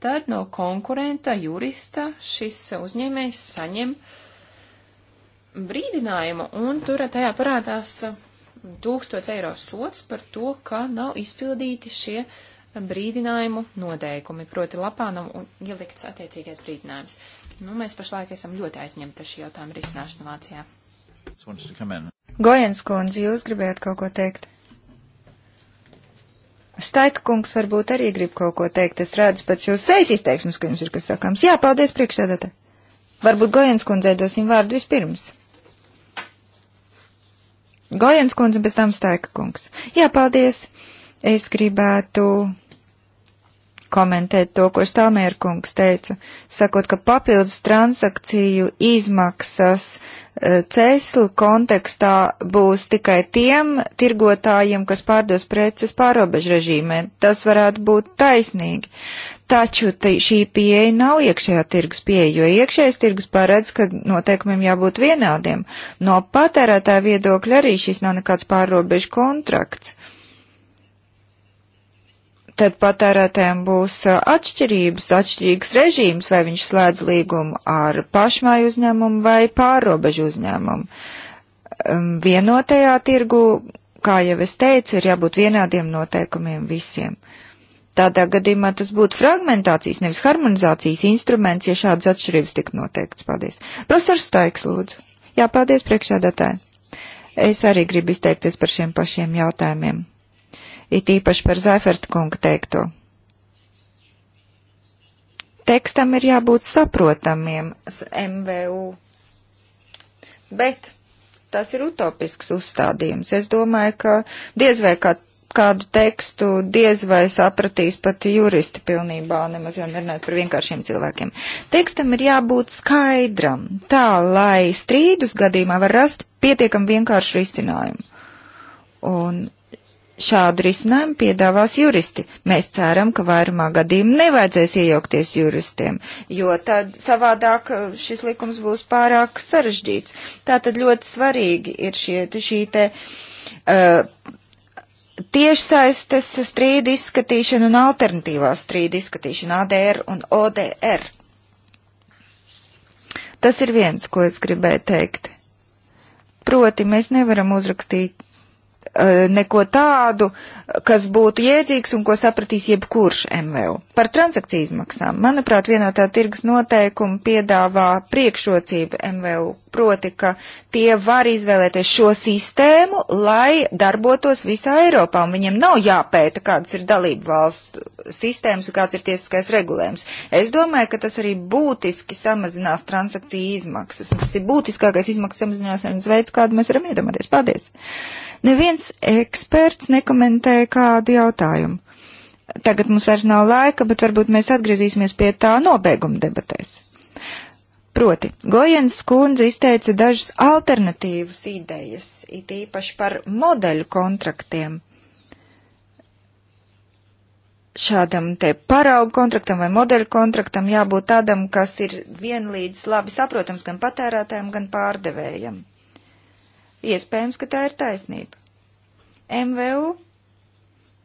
tad no konkurenta jurista šis uzņēmējs saņem brīdinājumu, un tur tajā parādās 1000 eiro sots par to, ka nav izpildīti šie uh, brīdinājumu noteikumi, proti lapā nav ielikts attiecīgais brīdinājums. Nu, mēs pašlaik esam ļoti aizņemti ar šī jautājuma risināšanu Vācijā. Gojens kundze, jūs gribējāt kaut ko teikt? Staika kungs varbūt arī grib kaut ko teikt. Es redzu pēc jūsu sejas izteiksmes, ka jums ir kas sakāms. Jā, paldies priekšsēdētē. Varbūt Gojens kundzei dosim vārdu vispirms. Gojens kundze, bez tam Staika kungs. Jā, paldies. Es gribētu komentēt to, ko Štāmērkungs teica, sakot, ka papildus transakciju izmaksas e, cēslu kontekstā būs tikai tiem tirgotājiem, kas pārdos preces pārobežu režīmē. Tas varētu būt taisnīgi. Taču šī pieeja nav iekšējā tirgus pieeja, jo iekšējais tirgus paredz, ka noteikumiem jābūt vienādiem. No patērētāja viedokļa arī šis nav nekāds pārobežu kontrakts tad patērētājiem būs atšķirības, atšķirīgs režīms, vai viņš slēdz līgumu ar pašmāju uzņēmumu vai pārrobežu uzņēmumu. Vienotajā tirgu, kā jau es teicu, ir jābūt vienādiem noteikumiem visiem. Tādā gadījumā tas būtu fragmentācijas, nevis harmonizācijas instruments, ja šādas atšķirības tik noteikts. Paldies. Profesors Staiks, lūdzu. Jā, paldies priekšādātāji. Es arī gribu izteikties par šiem pašiem jautājumiem it īpaši par Zaiferta kunga teikto. Tekstam ir jābūt saprotamiem MVU, bet tas ir utopisks uzstādījums. Es domāju, ka diez vai kā, kādu tekstu diez vai sapratīs pat juristi pilnībā, nemaz jau nerunājot par vienkāršiem cilvēkiem. Tekstam ir jābūt skaidram, tā lai strīdus gadījumā var rast pietiekam vienkāršu risinājumu. Un šādu risinājumu piedāvās juristi. Mēs ceram, ka vairumā gadījumu nevajadzēs iejaukties juristiem, jo tad savādāk uh, šis likums būs pārāk sarežģīts. Tātad ļoti svarīgi ir šie, šī te. Uh, Tiešsaistes strīdu izskatīšana un alternatīvā strīdu izskatīšana ADR un ODR. Tas ir viens, ko es gribēju teikt. Proti, mēs nevaram uzrakstīt Eh, neko tādu, kas būtu jēdzīgs un ko sapratīs jebkurš MVU. Par transakciju izmaksām. Manuprāt, vienotā tirgus noteikuma piedāvā priekšrocību MVU, proti, ka tie var izvēlēties šo sistēmu, lai darbotos visā Eiropā, un viņiem nav jāpēta, kādas ir dalību valstu sistēmas un kāds ir tiesiskais regulējums. Es domāju, ka tas arī būtiski samazinās transakciju izmaksas, un tas ir būtiskākais izmaksas samazināšanas veids, kādu mēs varam iedomāties. Paldies! Neviens eksperts nekomentē dzirdēju kādu jautājumu. Tagad mums vairs nav laika, bet varbūt mēs atgriezīsimies pie tā nobeiguma debatēs. Proti, Gojens kundze izteica dažas alternatīvas idejas, it īpaši par modeļu kontraktiem šādam te paraugu kontraktam vai modeļu kontraktam jābūt tādam, kas ir vienlīdz labi saprotams gan patērētājiem, gan pārdevējiem. Iespējams, ka tā ir taisnība. MVU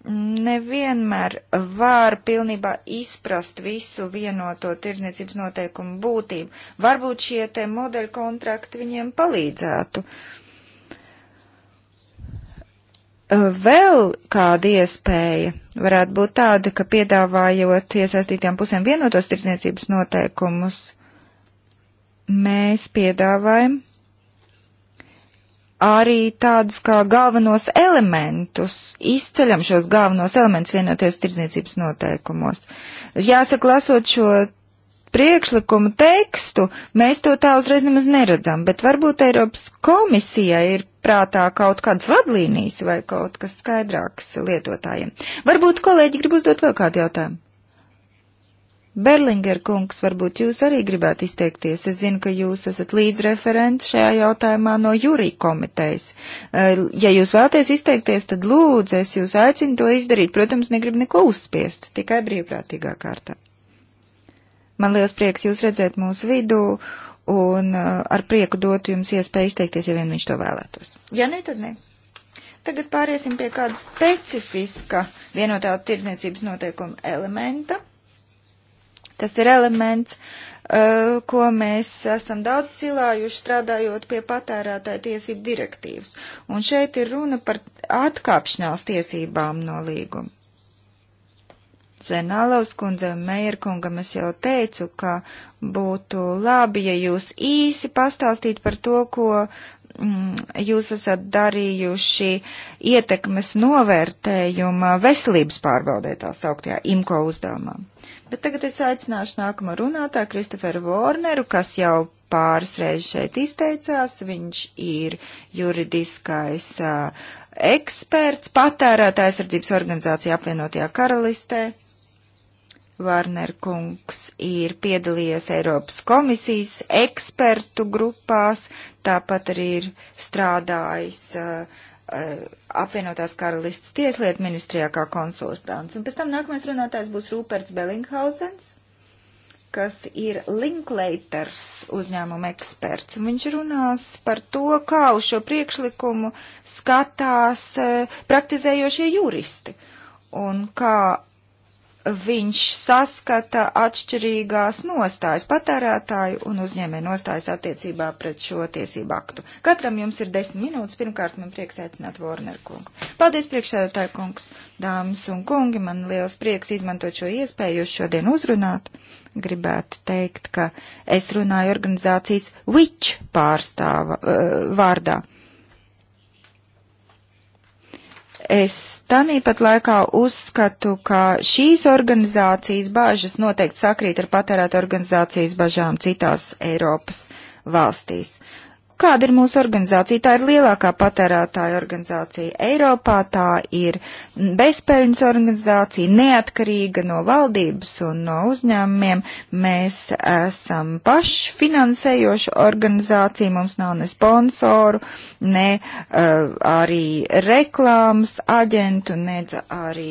nevienmēr var pilnībā izprast visu vienoto tirzniecības noteikumu būtību. Varbūt šie te modeļu kontrakti viņiem palīdzētu. Vēl kāda iespēja varētu būt tāda, ka piedāvājot iesaistītām pusēm vienotos tirdzniecības noteikumus, mēs piedāvājam arī tādus kā galvenos elementus, izceļam šos galvenos elementus vienoties tirdzniecības noteikumos. Jāsaka, lasot šo priekšlikumu tekstu, mēs to tā uzreiz nemaz neredzam, bet varbūt Eiropas komisija ir prātā kaut kādas vadlīnijas vai kaut kas skaidrāks lietotājiem. Varbūt kolēģi grib uzdot vēl kādu jautājumu. Berlinger kungs, varbūt jūs arī gribētu izteikties. Es zinu, ka jūs esat līdzreferents šajā jautājumā no jūrija komitejas. Ja jūs vēlaties izteikties, tad lūdzu, es jūs aicinu to izdarīt. Protams, negribu neko uzspiest, tikai brīvprātīgā kārtā. Man liels prieks jūs redzēt mūsu vidū un ar prieku dotu jums iespēju izteikties, ja vien viņš to vēlētos. Ja ne, tad ne. Tagad pāriesim pie kāda specifiska vienotā tirdzniecības noteikuma elementa Tas ir elements, uh, ko mēs esam daudz cilājuši strādājot pie patērētāja tiesību direktīvas. Un šeit ir runa par atkāpšanās tiesībām no līguma. Zenālaus kundze un Meierkungam es jau teicu, ka būtu labi, ja jūs īsi pastāstītu par to, ko Mm, jūs esat darījuši ietekmes novērtējuma veselības pārbaudē tā sauktajā IMCO uzdevumā. Bet tagad es aicināšu nākamo runātāju Kristoferu Vorneru, kas jau pāris reizes šeit izteicās. Viņš ir juridiskais uh, eksperts patērētājas sardzības organizācija apvienotajā karalistē. Vārner kungs ir piedalījies Eiropas komisijas ekspertu grupās, tāpat arī ir strādājis uh, uh apvienotās karalistas tieslietu ministrijā kā konsultants. Un pēc tam nākamais runātājs būs Rūperts Bellinghausens, kas ir Linklaters uzņēmuma eksperts. Un viņš runās par to, kā uz šo priekšlikumu skatās uh, praktizējošie juristi un kā viņš saskata atšķirīgās nostājas patērētāju un uzņēmēju nostājas attiecībā pret šo tiesību aktu. Katram jums ir desmit minūtes. Pirmkārt, man prieks aicināt Vorneru kungu. Paldies, priekšsēdētāju kungs, dāmas un kungi. Man liels prieks izmantot šo iespēju jūs šodien uzrunāt. Gribētu teikt, ka es runāju organizācijas Witch pārstāva uh, vārdā. Uh, Es tanīpat laikā uzskatu, ka šīs organizācijas bāžas noteikti sakrīt ar patērēta organizācijas bažām citās Eiropas valstīs. Kāda ir mūsu organizācija? Tā ir lielākā patērētāja organizācija Eiropā, tā ir bezpēļņas organizācija, neatkarīga no valdības un no uzņēmumiem. Mēs esam pašfinansējoša organizācija, mums nav ne sponsoru, ne uh, arī reklāmas aģentu, ne arī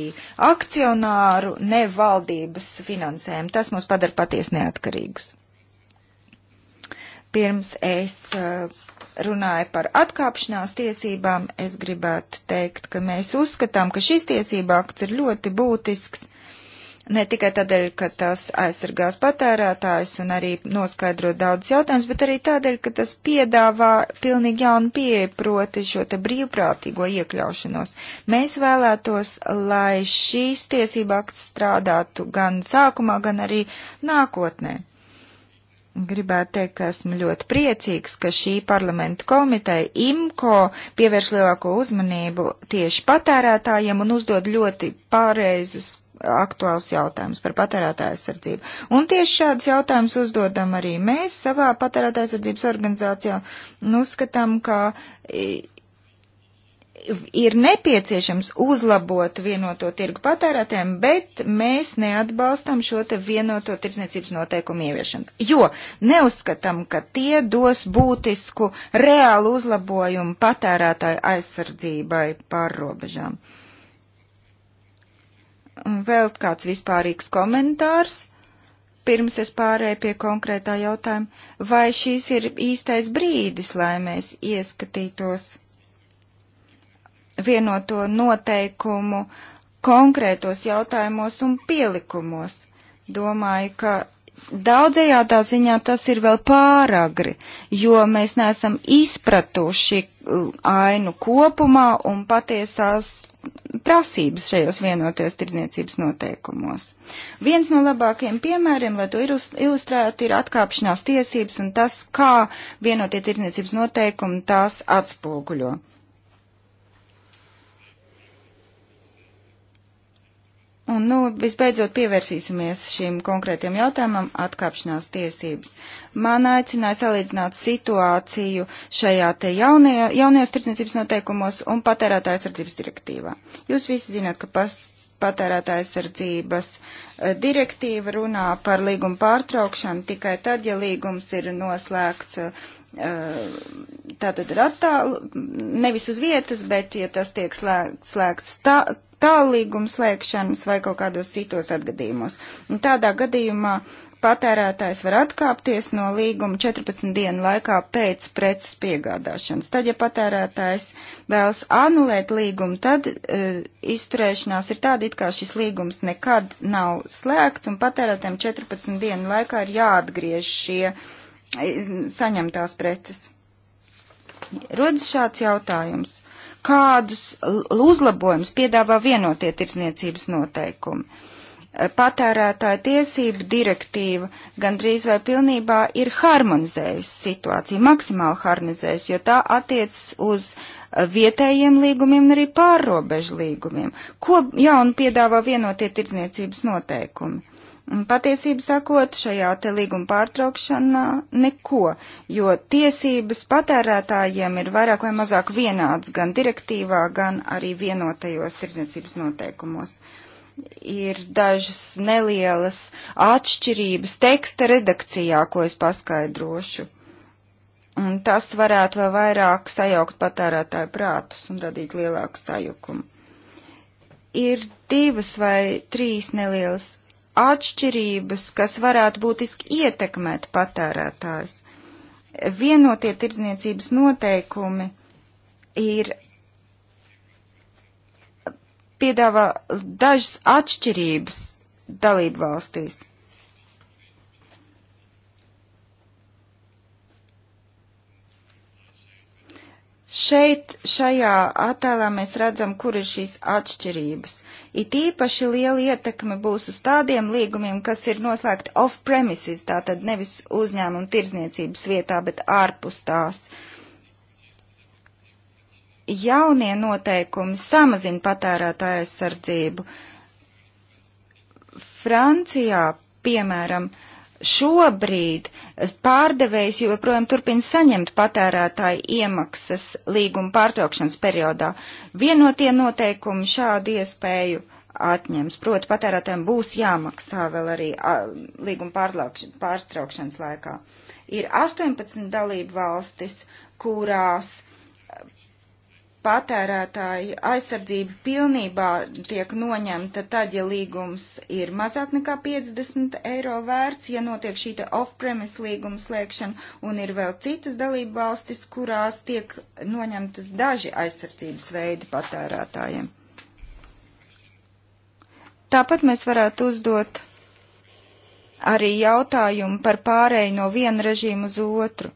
akcionāru, ne valdības finansējumu. Tas mūs padara patiesi neatkarīgus. Pirms es eh, runāju par atkāpšanās tiesībām, es gribētu teikt, ka mēs uzskatām, ka šis tiesība akts ir ļoti būtisks. Ne tikai tādēļ, ka tas aizsargās patērētājus un arī noskaidro daudz jautājumus, bet arī tādēļ, ka tas piedāvā pilnīgi jaunu pieeju proti šo te brīvprātīgo iekļaušanos. Mēs vēlētos, lai šīs tiesība akts strādātu gan sākumā, gan arī nākotnē. Gribētu teikt, ka esmu ļoti priecīgs, ka šī parlamenta komiteja IMCO pievērš lielāko uzmanību tieši patērētājiem un uzdod ļoti pārreizus aktuāls jautājums par patērētāju aizsardzību. Un tieši šādus jautājumus uzdodam arī mēs savā patērētāju aizsardzības organizācijā un nu, uzskatām, ka ir nepieciešams uzlabot vienoto tirgu patērētēm, bet mēs neatbalstam šo te vienoto tirdzniecības noteikumu ieviešanu, jo neuzskatām, ka tie dos būtisku reālu uzlabojumu patērētāju aizsardzībai pār robežām. Vēl kāds vispārīgs komentārs pirms es pārēju pie konkrētā jautājuma, vai šīs ir īstais brīdis, lai mēs ieskatītos vienoto noteikumu konkrētos jautājumos un pielikumos. Domāju, ka daudzajā tā ziņā tas ir vēl pāragri, jo mēs neesam izpratuši uh, ainu kopumā un patiesās prasības šajos vienotajos tirdzniecības noteikumos. Viens no labākajiem piemēriem, lai to ilustrētu, ir atkāpšanās tiesības un tas, kā vienotie tirdzniecības noteikumi tās atspoguļo. Un, nu, visbeidzot pievērsīsimies šim konkrētiem jautājumam - atkāpšanās tiesības. Man aicināja salīdzināt situāciju šajā te jaunie, jaunajos tirdzniecības noteikumos un patērētāja sardzības direktīvā. Jūs visi zināt, ka pas, patērētāja sardzības eh, direktīva runā par līgumu pārtraukšanu tikai tad, ja līgums ir noslēgts eh, tātad ir attālu, nevis uz vietas, bet ja tas tiek slēgts, slēgts tā, tālīguma slēgšanas vai kaut kādos citos atgadījumos. Un tādā gadījumā patērētājs var atkāpties no līguma 14 dienu laikā pēc preces piegādāšanas. Tad, ja patērētājs vēlas anulēt līgumu, tad e, izturēšanās ir tāda, it kā šis līgums nekad nav slēgts, un patērētājiem 14 dienu laikā ir jāatgriež šie e, saņemtās preces. Rodas šāds jautājums kādus uzlabojumus piedāvā vienotie tirdzniecības noteikumi. E, patērētāja tiesība direktīva gandrīz vai pilnībā ir harmonizējusi situāciju, maksimāli harmonizējusi, jo tā attiecas uz e, vietējiem līgumiem un arī pārrobežu līgumiem. Ko jaunu piedāvā vienotie tirdzniecības noteikumi? Patiesību sakot, šajā te līguma pārtraukšanā neko, jo tiesības patērētājiem ir vairāk vai mazāk vienāds gan direktīvā, gan arī vienotajos tirdzniecības noteikumos. Ir dažas nelielas atšķirības teksta redakcijā, ko es paskaidrošu. Un tas varētu vēl vairāk sajaukt patērētāju prātus un radīt lielāku sajukumu. Ir divas vai trīs nelielas atšķirības, kas varētu būtiski ietekmēt patērētājus. Vienotie tirdzniecības noteikumi ir piedāvā dažas atšķirības dalību valstīs. Šeit, šajā attēlā mēs redzam, kur ir šīs atšķirības. It īpaši liela ietekme būs uz tādiem līgumiem, kas ir noslēgti off-premises, tātad nevis uzņēmuma tirzniecības vietā, bet ārpus tās. Jaunie noteikumi samazina patērētāja aizsardzību. Francijā, piemēram, uh, Šobrīd pārdevējs joprojām turpina saņemt patērētāju iemaksas līguma pārtraukšanas periodā. Vienotie no noteikumi šādu iespēju atņems, proti patērētājiem būs jāmaksā vēl arī a, līguma pārtraukšanas laikā. Ir 18 dalību valstis, kurās patērētāju aizsardzība pilnībā tiek noņemta tad, ja līgums ir mazāk nekā 50 eiro vērts, ja notiek šī off-premise līguma slēgšana, un ir vēl citas dalība valstis, kurās tiek noņemtas daži aizsardzības veidi patērētājiem. Tāpat mēs varētu uzdot arī jautājumu par pārēju no viena režīma uz otru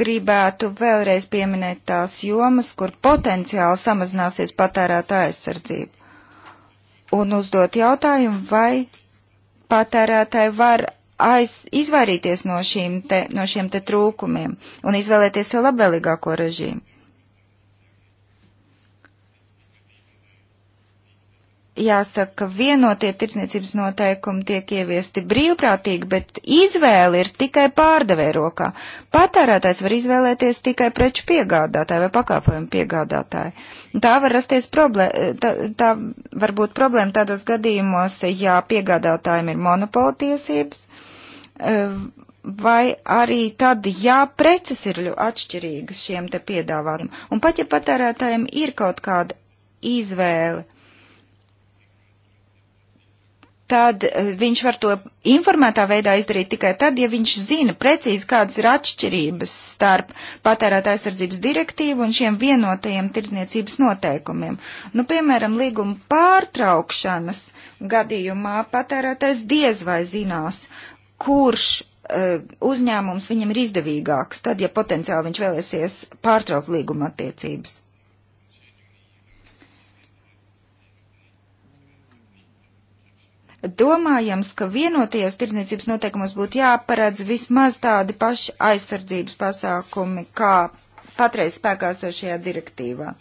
gribētu vēlreiz pieminēt tās jomas, kur potenciāli samazināsies patērēta aizsardzība. Un uzdot jautājumu, vai patērētāji var aiz, izvairīties no, šīm te, no šiem te trūkumiem un izvēlēties sev labvēlīgāko režīmu. jāsaka, vienotie tirdzniecības noteikumi tiek ieviesti brīvprātīgi, bet izvēle ir tikai pārdevēja rokā. Patērētājs var izvēlēties tikai preču piegādātāju vai pakalpojumu piegādātāju. Tā var rasties problēma, tā, tā var būt problēma tādos gadījumos, ja piegādātājiem ir monopola tiesības, e, vai arī tad, ja preces ir atšķirīgas šiem te piedāvājumiem, un pat ja patērētājiem ir kaut kāda izvēle, tad e, viņš var to informētā veidā izdarīt tikai tad, ja viņš zina precīzi, kādas ir atšķirības starp patērētā aizsardzības direktīvu un šiem vienotajiem tirdzniecības noteikumiem. Nu, piemēram, līguma pārtraukšanas gadījumā patērētais diez vai zinās, kurš uh, uzņēmums viņam ir izdevīgāks, tad, ja potenciāli viņš vēlēsies pārtraukt līguma attiecības. domājams, ka vienotajos tirdzniecības noteikumos būtu jāparedz vismaz tādi paši aizsardzības pasākumi, kā patreiz spēkā sošajā direktīvā.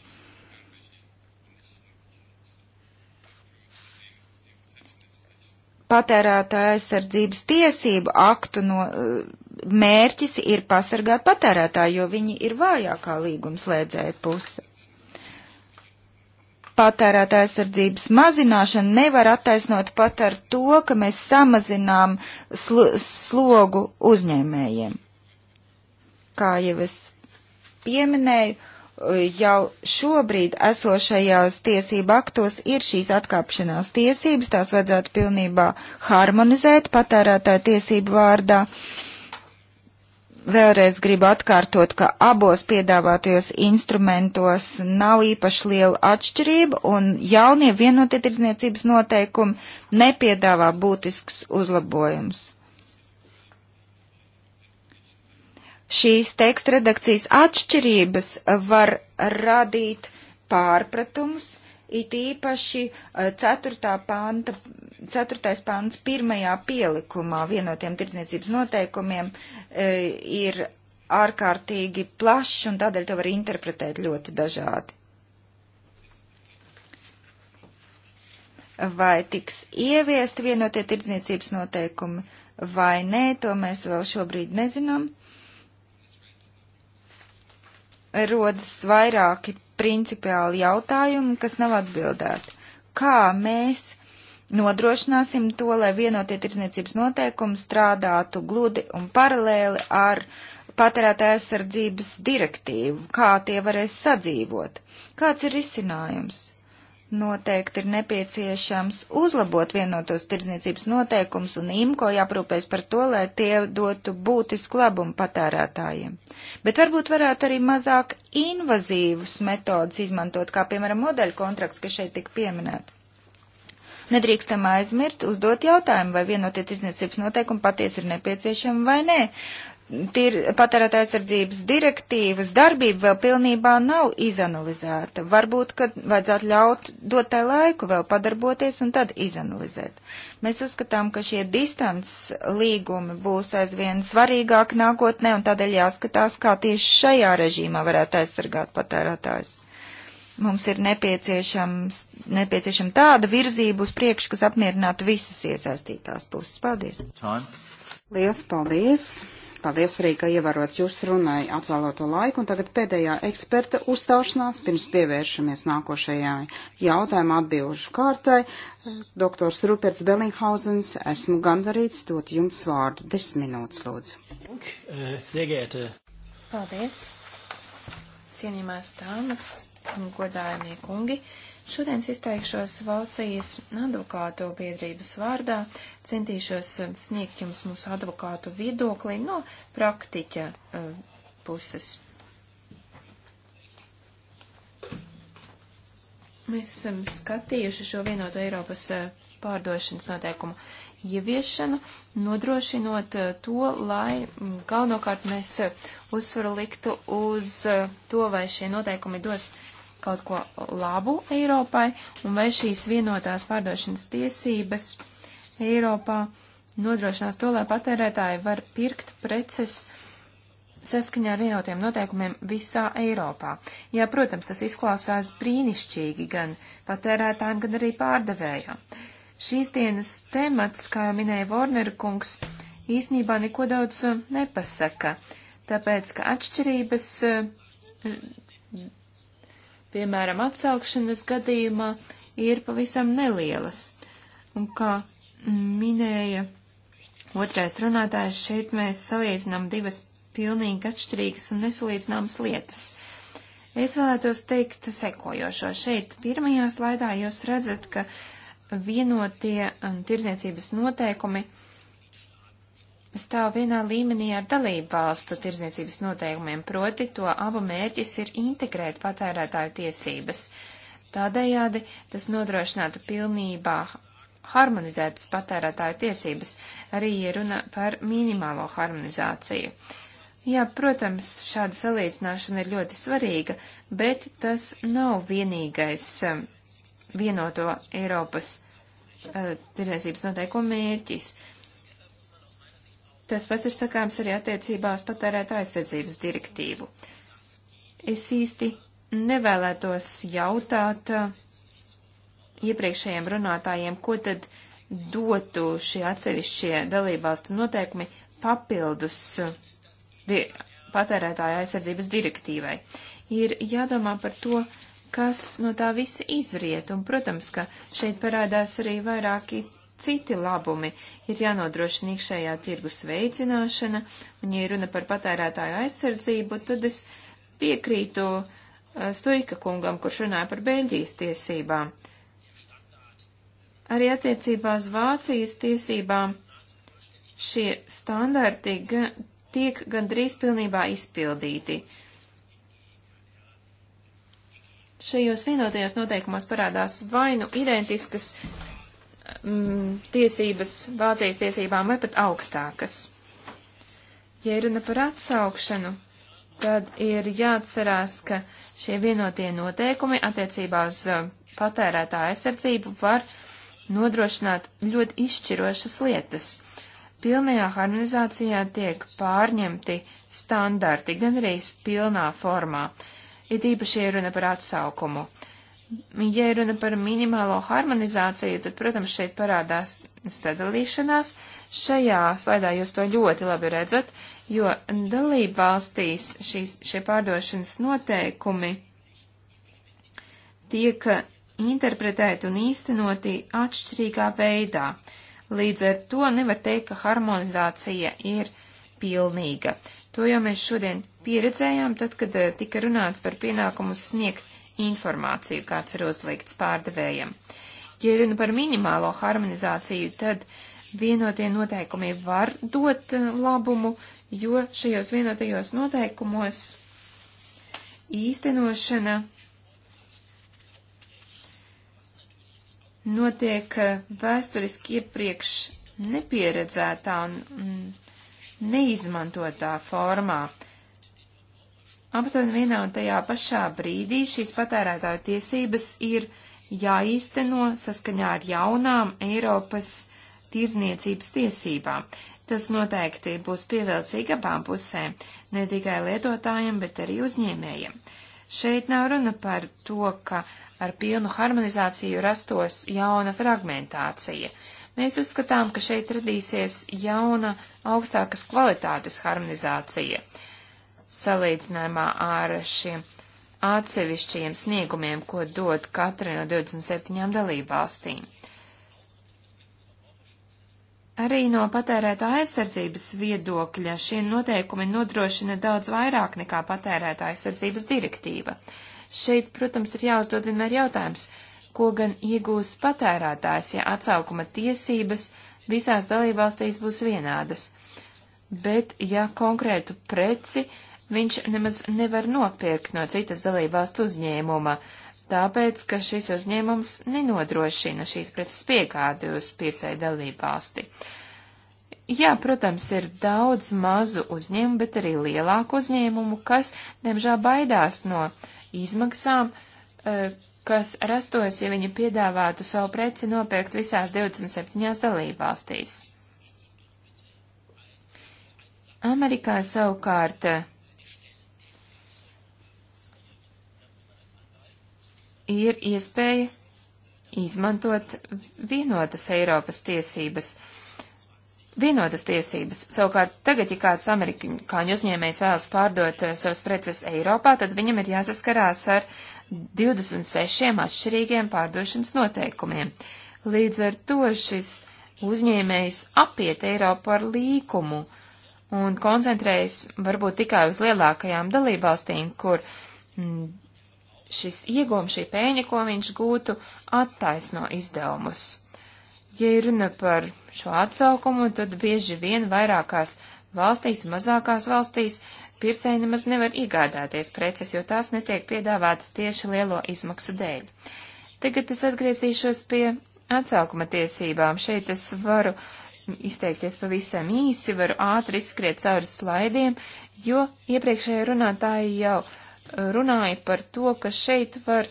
Patērētāja aizsardzības tiesību aktu no, mērķis ir pasargāt patērētāju, jo viņi ir vājākā līgumslēdzēja puse patērētāja aizsardzības mazināšana nevar attaisnot pat ar to, ka mēs samazinām sl slogu uzņēmējiem. Kā jau es pieminēju, jau šobrīd esošajās tiesību aktos ir šīs atkāpšanās tiesības, tās vajadzētu pilnībā harmonizēt patērētāja tiesību vārdā. Uh, Vēlreiz gribu atkārtot, ka abos piedāvātajos instrumentos nav īpaši liela atšķirība, un jaunie vienotie tirdzniecības noteikumi nepiedāvā būtisks uzlabojums. Šīs teksta redakcijas atšķirības var radīt pārpratumus it īpaši 4. Eh, panta, 4. pants pirmajā pielikumā vienotiem tirdzniecības noteikumiem eh, ir ārkārtīgi plašs un tādēļ to var interpretēt ļoti dažādi. Vai tiks ieviesti vienotie tirdzniecības noteikumi vai nē, to mēs vēl šobrīd nezinām. Rodas vairāki principiāli jautājumi, kas nav atbildēti. Kā mēs nodrošināsim to, lai vienotie tirzniecības noteikumi strādātu gludi un paralēli ar patērētāja aizsardzības direktīvu, kā tie varēs sadzīvot? Kāds ir risinājums? noteikti ir nepieciešams uzlabot vienotos tirdzniecības noteikums un IMCO jāprūpēs par to, lai tie dotu būtisku labumu patērētājiem. Bet varbūt varētu arī mazāk invazīvas metodas izmantot, kā piemēram modeļu kontrakts, kas šeit tika pieminēta. Nedrīkstam aizmirst uzdot jautājumu, vai vienotie tirdzniecības noteikumi patiesi ir nepieciešami vai nē patērētāja aizsardzības direktīvas darbība vēl pilnībā nav izanalizēta. Varbūt, ka vajadzētu ļaut dot tai laiku vēl padarboties un tad izanalizēt. Mēs uzskatām, ka šie distants līgumi būs aizvien svarīgāk nākotnē un tādēļ jāskatās, kā tieši šajā režīmā varētu aizsargāt patērētājs. Mums ir nepieciešama tāda virzība uz priekšu, kas apmierinātu visas iesaistītās puses. Paldies! Time. Liels paldies! Paldies arī, ka ievarot jūs runai atvēloto laiku, un tagad pēdējā eksperta uzstāšanās, pirms pievēršamies nākošajai jautājuma atbilžu kārtai. Doktors Ruperts Bellinghausens, esmu gandarīts dot jums vārdu. Desmit minūtes, lūdzu. Eh, Paldies. Cienījumās tāmas un godājumie kungi. Uh, Šodien izteikšos Valsijas advokātu biedrības vārdā, centīšos um, sniegt jums mūsu advokātu viedokli no praktiķa uh, puses. Mēs esam um, skatījuši šo vienoto Eiropas uh, pārdošanas noteikumu ieviešanu, nodrošinot uh, to, lai mm, galvenokārt mēs uh, uzsvaru liktu uz to, vai šie noteikumi dos kaut ko labu Eiropai, un vai šīs vienotās pārdošanas tiesības Eiropā nodrošinās to, lai patērētāji var pirkt preces saskaņā ar vienotiem noteikumiem visā Eiropā. Jā, protams, tas izklausās brīnišķīgi gan patērētājiem, gan arī pārdevējām. Šīs dienas temats, kā jau minēja Vorner kungs, īsnībā neko daudz eh, nepasaka, tāpēc, ka atšķirības eh, piemēram, atsaukšanas gadījumā, ir pavisam nelielas. Un kā minēja otrais runātājs, šeit mēs salīdzinām divas pilnīgi atšķirīgas un nesalīdzināmas lietas. Es vēlētos teikt sekojošo. Šeit pirmajā slaidā jūs redzat, ka vienotie um, tirdzniecības noteikumi uh, stāv vienā līmenī ar dalību valstu tirdzniecības noteikumiem, proti to abu mērķis ir integrēt patērētāju tiesības. Tādējādi tas nodrošinātu pilnībā harmonizētas patērētāju tiesības, arī runa par minimālo harmonizāciju. Jā, protams, šāda salīdzināšana ir ļoti svarīga, bet tas nav vienīgais um, vienoto Eiropas uh, tirdzniecības noteikumu mērķis. Uh, Tas pats ir sakāms arī attiecībā uz patērētā aizsardzības direktīvu. Es īsti nevēlētos jautāt uh, iepriekšējiem runātājiem, ko tad dotu šie atsevišķie dalībvalstu noteikumi papildus uh, di patērētāja aizsardzības direktīvai. Ir jādomā par to, kas no tā visa izriet, un, protams, ka šeit parādās arī vairāki citi labumi. Ir jānodrošina iekšējā tirgus veicināšana, un, ja runa par patērētāju aizsardzību, tad es piekrītu eh, Stoika kungam, kurš runāja par Beļģijas tiesībām. Arī attiecībā uz Vācijas tiesībām šie standarti ga, tiek gandrīz pilnībā izpildīti. Šajos vienotajos noteikumos parādās vainu identiskas mm, tiesības Vācijas tiesībām vai pat augstākas. Ja runa par atsaukšanu, tad ir jāatcerās, ka šie vienotie noteikumi attiecībā uz uh, patērētā aizsardzību var nodrošināt ļoti izšķirošas lietas. Pilnajā harmonizācijā tiek pārņemti standarti gan arī pilnā formā, it īpaši ir runa par atsaukumu. Uh, Ja runa par minimālo harmonizāciju, tad, protams, šeit parādās sadalīšanās. Šajā slaidā jūs to ļoti labi redzat, jo dalība valstīs šīs, šie pārdošanas noteikumi tiek interpretēti un īstenoti atšķirīgā veidā. Līdz ar to nevar teikt, ka harmonizācija ir pilnīga. To jau mēs šodien pieredzējām, tad, kad eh, tika runāts par pienākumu sniegt informāciju, kāds ir uzlikts pārdevējam. Ja runa par minimālo harmonizāciju, tad vienotie noteikumi var dot labumu, jo šajos vienotajos noteikumos īstenošana notiek vēsturiski iepriekš nepieredzētā un mm, neizmantotā formā. Uh, aptuveni vienā un tajā pašā brīdī šīs patērētāju tiesības ir jāīsteno saskaņā ar jaunām Eiropas tirzniecības tiesībām. Tas noteikti būs pievilcīgi abām pusēm, ne tikai lietotājiem, bet arī uzņēmējiem. Šeit nav runa par to, ka ar pilnu harmonizāciju rastos jauna fragmentācija. Mēs uzskatām, ka šeit radīsies jauna augstākas kvalitātes harmonizācija salīdzinājumā ar šiem atsevišķajiem sniegumiem, ko dod katra no 27 dalībvalstīm. Arī no patērētā aizsardzības viedokļa šie noteikumi nodrošina daudz vairāk nekā patērētā aizsardzības direktīva. Šeit, protams, ir jāuzdod vienmēr jautājums, ko gan iegūs patērētājs, ja atsaukuma tiesības visās dalībvalstīs būs vienādas. Bet, ja konkrētu preci uh, viņš nemaz nevar nopirkt no citas dalībvalstu uzņēmuma, tāpēc, ka šis uzņēmums nenodrošina šīs preces piegādi uz piecai dalībvalsti. Jā, protams, ir daudz mazu uzņēmumu, bet arī lielāku uzņēmumu, kas, diemžēl, baidās no izmaksām, eh, kas rastos, ja viņi piedāvātu savu preci nopirkt visās 27 dalībvalstīs. Amerikā savukārt eh, ir iespēja izmantot vienotas Eiropas tiesības. Vienotas tiesības. Savukārt, tagad, ja kāds amerikāņu uzņēmējs vēlas pārdot eh, savas preces Eiropā, tad viņam ir jāsaskarās ar 26 atšķirīgiem pārdošanas noteikumiem. Līdz ar to šis uzņēmējs apiet Eiropu ar līkumu un koncentrējas varbūt tikai uz lielākajām dalībvalstīm, kur m, mm, šis iegūms, šī pēļņa, ko viņš gūtu, attaisno izdevumus. Ja runa par šo atsaukumu, tad bieži vien vairākās valstīs, mazākās valstīs, pircēji nemaz nevar iegādāties preces, jo tās netiek piedāvātas tieši lielo izmaksu dēļ. Tagad es atgriezīšos pie atsaukuma tiesībām. Šeit es varu izteikties pavisam īsi, varu ātri izskriet cauri slaidiem, jo iepriekšējie runātāji jau uh, runāja par to, ka šeit var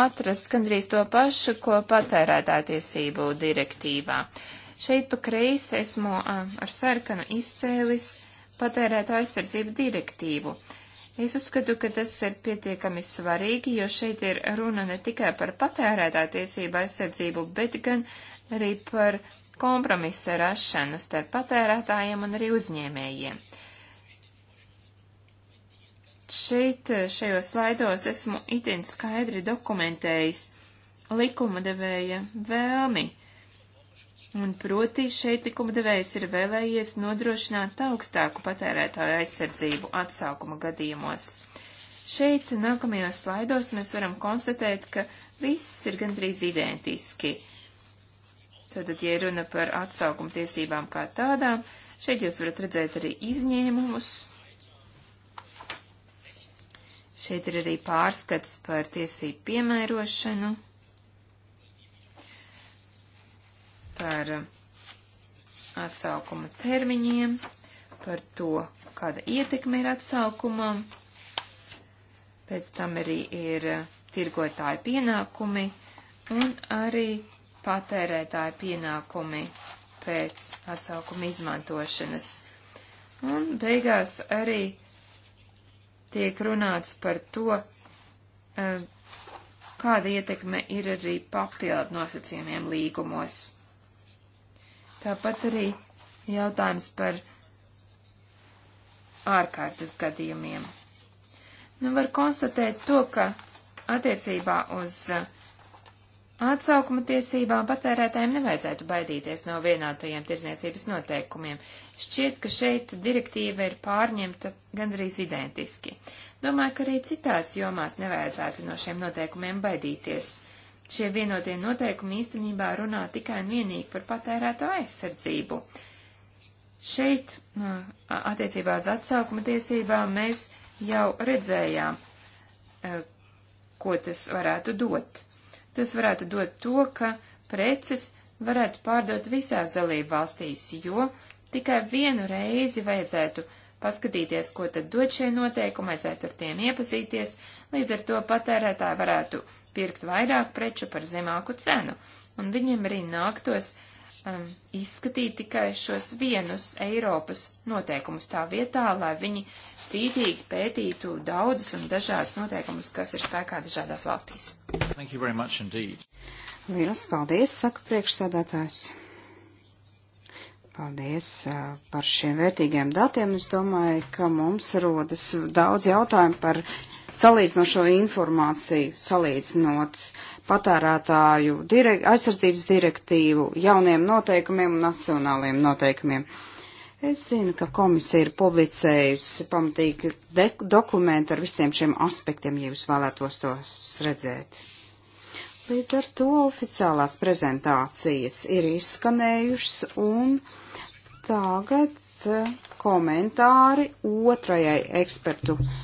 atrast gandrīz to pašu, ko patērētātiesību direktīvā. Šeit pa kreisi esmu ar sarkanu izcēlis patērētā aizsardzību direktīvu. Es uzskatu, ka tas ir pietiekami svarīgi, jo šeit ir runa ne tikai par patērētā tiesību aizsardzību, bet gan arī par kompromisa rašanu starp patērētājiem un arī uzņēmējiem. Uh, Šeit, šajos slaidos, esmu itin skaidri dokumentējis likuma devēja vēlmi, un proti šeit likuma devējs ir vēlējies nodrošināt augstāku patērētāju aizsardzību atsaukuma gadījumos. Šeit nākamajos slaidos mēs varam konstatēt, ka viss ir gandrīz identiski. Tātad, ja runa par atsaukumu tiesībām kā tādām, šeit jūs varat redzēt arī izņēmumus. Šeit ir arī pārskats par tiesību piemērošanu, par atsaukuma termiņiem, par to, kāda ietekme ir atsaukumam. Pēc tam arī ir tirgotāja pienākumi un arī patērētāja pienākumi pēc atsaukuma izmantošanas. Un beigās arī tiek runāts par to, eh, kāda ietekme ir arī papildu nosacījumiem līgumos. Tāpat arī jautājums par ārkārtas gadījumiem. Nu, var konstatēt to, ka attiecībā uz uh, Atsaukuma tiesībām patērētājiem nevajadzētu baidīties no vienātajiem tirzniecības noteikumiem. Šķiet, ka šeit direktīva ir pārņemta gandrīz identiski. Domāju, ka arī citās jomās nevajadzētu no šiem noteikumiem baidīties. Šie vienotie noteikumi īstenībā runā tikai un vienīgi par patērēto aizsardzību. Šeit, nu, attiecībā uz atsaukuma tiesībām, mēs jau redzējām, e, ko tas varētu dot. Tas varētu dot to, ka preces varētu pārdot visās dalību valstīs, jo tikai vienu reizi vajadzētu paskatīties, ko tad dod šie noteikumi, vajadzētu ar tiem iepazīties, līdz ar to patērētāji varētu pirkt vairāk preču par zemāku cenu, un viņiem arī nāktos uh, um, izskatīt tikai šos vienus Eiropas noteikumus tā vietā, lai viņi cītīgi pētītu daudzus un dažādus noteikumus, kas ir spēkā dažādās valstīs. Lielas paldies, saka priekšsādātājs. Paldies uh, par šiem vērtīgiem datiem. Es domāju, ka mums rodas daudz jautājumu par salīdzinošo informāciju, salīdzinot uh, patērētāju direk aizsardzības direktīvu, jauniem noteikumiem un nacionāliem noteikumiem. Es zinu, ka komisija ir publicējusi pamatīgi dokumentu ar visiem šiem aspektiem, ja jūs vēlētos tos redzēt. Līdz ar to oficiālās prezentācijas ir izskanējušas un tagad eh, komentāri otrajai ekspertu uh,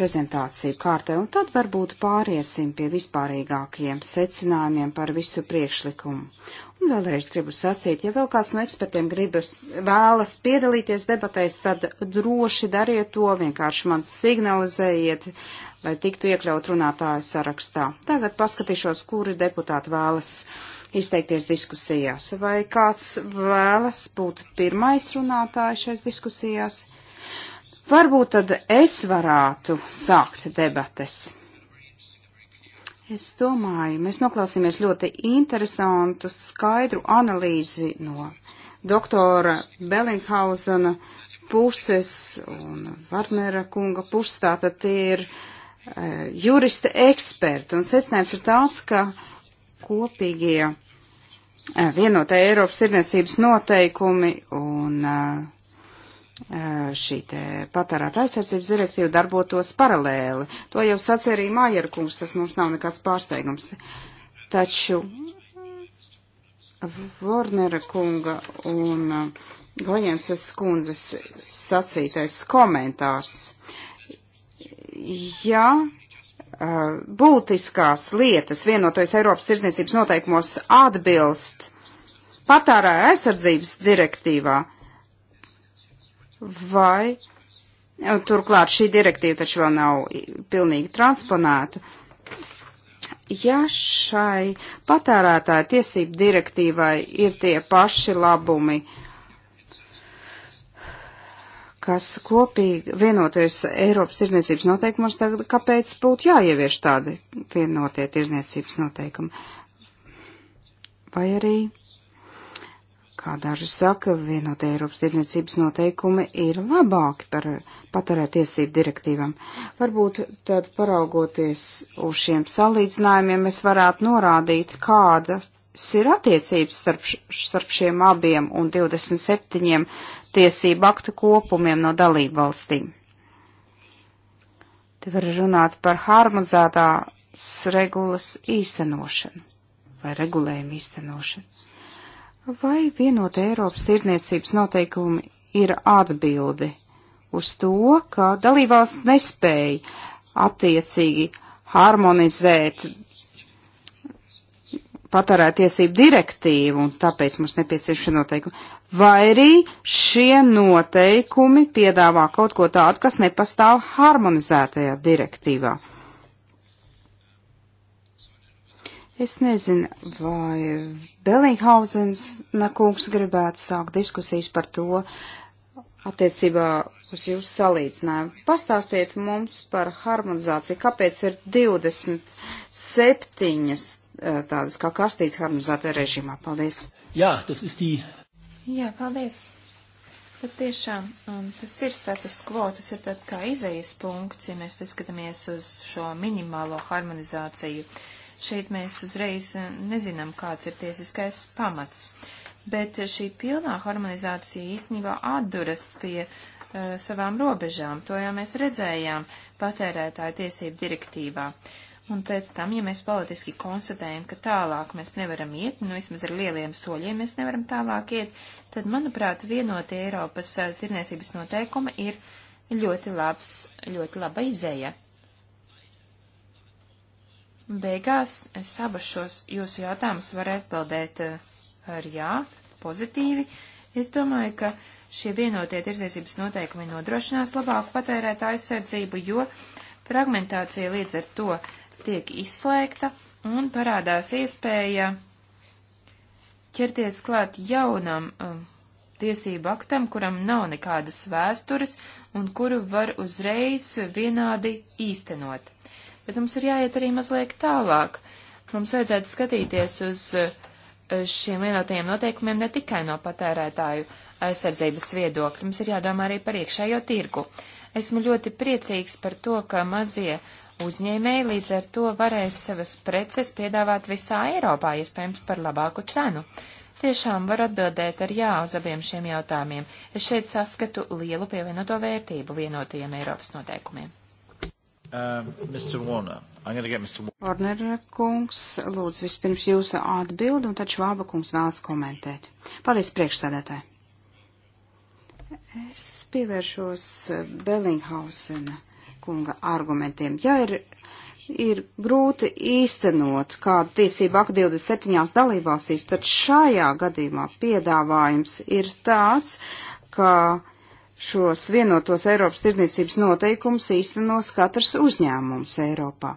prezentāciju kārtē, un tad varbūt pāriesim pie vispārīgākiem secinājumiem par visu priekšlikumu. Un vēlreiz gribu sacīt, ja vēl kāds no ekspertiem gribas, vēlas piedalīties debatēs, tad droši dariet to, vienkārši man signalizējiet, lai tiktu iekļaut runātāju sarakstā. Tagad paskatīšos, kuri deputāti vēlas izteikties diskusijās. Vai kāds vēlas būt pirmais runātājs šais diskusijās? Varbūt tad es varētu sākt debates. Es domāju, mēs noklausīsimies ļoti interesantu, skaidru analīzi no doktora Bellinghausena puses un Varnera kunga puses. Tātad tie ir uh, eh, juristi eksperti un secinājums ir tāds, ka kopīgie uh, eh, vienotā Eiropas tirdzniecības noteikumi un uh, šī patērēta aizsardzības direktīva darbotos paralēli. To jau sacīja arī Mājerkungs, tas mums nav nekāds pārsteigums. Taču Vornera kunga un Glajensas kundzes sacītais komentārs. Ja būtiskās lietas vienotojas Eiropas tirdzniecības noteikumos atbilst patērēja aizsardzības direktīvā, vai e, turklāt šī direktīva taču vēl nav pilnīgi transponēta. Ja šai patērētāja tiesību direktīvai ir tie paši labumi, kas kopīgi vienoties Eiropas tirdzniecības noteikumos, tad kāpēc būtu jāievieš tādi vienotie tirdzniecības noteikumi? Vai arī Kā daži saka, vienotie Eiropas tirdzniecības noteikumi ir labāki par patērētiesību direktīvam. Varbūt tad paraugoties uz šiem salīdzinājumiem, mēs varētu norādīt, kāda ir attiecības starp, starp šiem abiem un 27 tiesību aktu kopumiem no dalību valstīm. Te var runāt par harmonizētās regulas īstenošanu vai regulējumu īstenošanu. Vai vienot Eiropas tirdzniecības noteikumi ir atbildi uz to, ka dalībvalsts nespēja attiecīgi harmonizēt patērētiesību direktīvu, un tāpēc mums nepieciešami noteikumi. Vai arī šie noteikumi piedāvā kaut ko tādu, kas nepastāv harmonizētajā direktīvā? Es nezinu, vai Bellinghausens kungs gribētu sākt diskusijas par to attiecībā uz jūsu salīdzinājumu. Pastāstiet mums par harmonizāciju, kāpēc ir 27 eh, tādas kā kastītes harmonizētā režīmā. Paldies! Jā, tas ir tī. Jā, paldies! Bet tiešām um, tas ir status quo, tas ir tāds kā izējas punkts, ja mēs paskatāmies uz šo minimālo harmonizāciju. Uh, Šeit mēs uzreiz eh, nezinām, kāds ir tiesiskais pamats. Bet šī pilnā harmonizācija īstenībā atduras pie uh, savām robežām. To jau mēs redzējām patērētāju tiesību direktīvā. Un pēc tam, ja mēs politiski konstatējam, ka tālāk mēs nevaram iet, nu vismaz ar lieliem soļiem mēs nevaram tālāk iet, tad, manuprāt, vienotie Eiropas eh, tirniecības noteikumi ir ļoti labs, ļoti laba izēja. Beigās es abas šos jūsu jautājumus varu atbildēt eh, ar jā, pozitīvi. Es domāju, ka šie vienotie tirdzniecības noteikumi nodrošinās labāku patērētāju aizsardzību, jo fragmentācija līdz ar to tiek izslēgta un parādās iespēja ķerties klāt jaunam um, tiesību aktam, kuram nav nekādas vēstures un kuru var uzreiz vienādi īstenot bet mums ir jāiet arī mazliet tālāk. Mums vajadzētu skatīties uz eh, šiem vienotajiem noteikumiem ne tikai no patērētāju aizsardzības viedokļa, mums ir jādomā arī par iekšējo tirgu. Esmu ļoti priecīgs par to, ka mazie uzņēmēji līdz ar to varēs savas preces piedāvāt visā Eiropā, iespējams par labāku cenu. Tiešām var atbildēt ar jā uz abiem šiem jautājumiem. Es šeit saskatu lielu pievienoto vērtību vienotajiem Eiropas noteikumiem. Um, Mr. Warner, I'm going to get Mr. Warner. Warner kungs, lūdzu vispirms jūsu atbildi, un tad Švāba kungs vēlas komentēt. Paldies priekšsēdētāji. Es pievēršos Bellinghausena kunga argumentiem. Ja ir, ir grūti īstenot kādu tiesību aktu 27 dalībvalstīs, tad šajā gadījumā piedāvājums ir tāds, ka Šos vienotos Eiropas tirdzniecības noteikumus īstenos katrs uzņēmums Eiropā.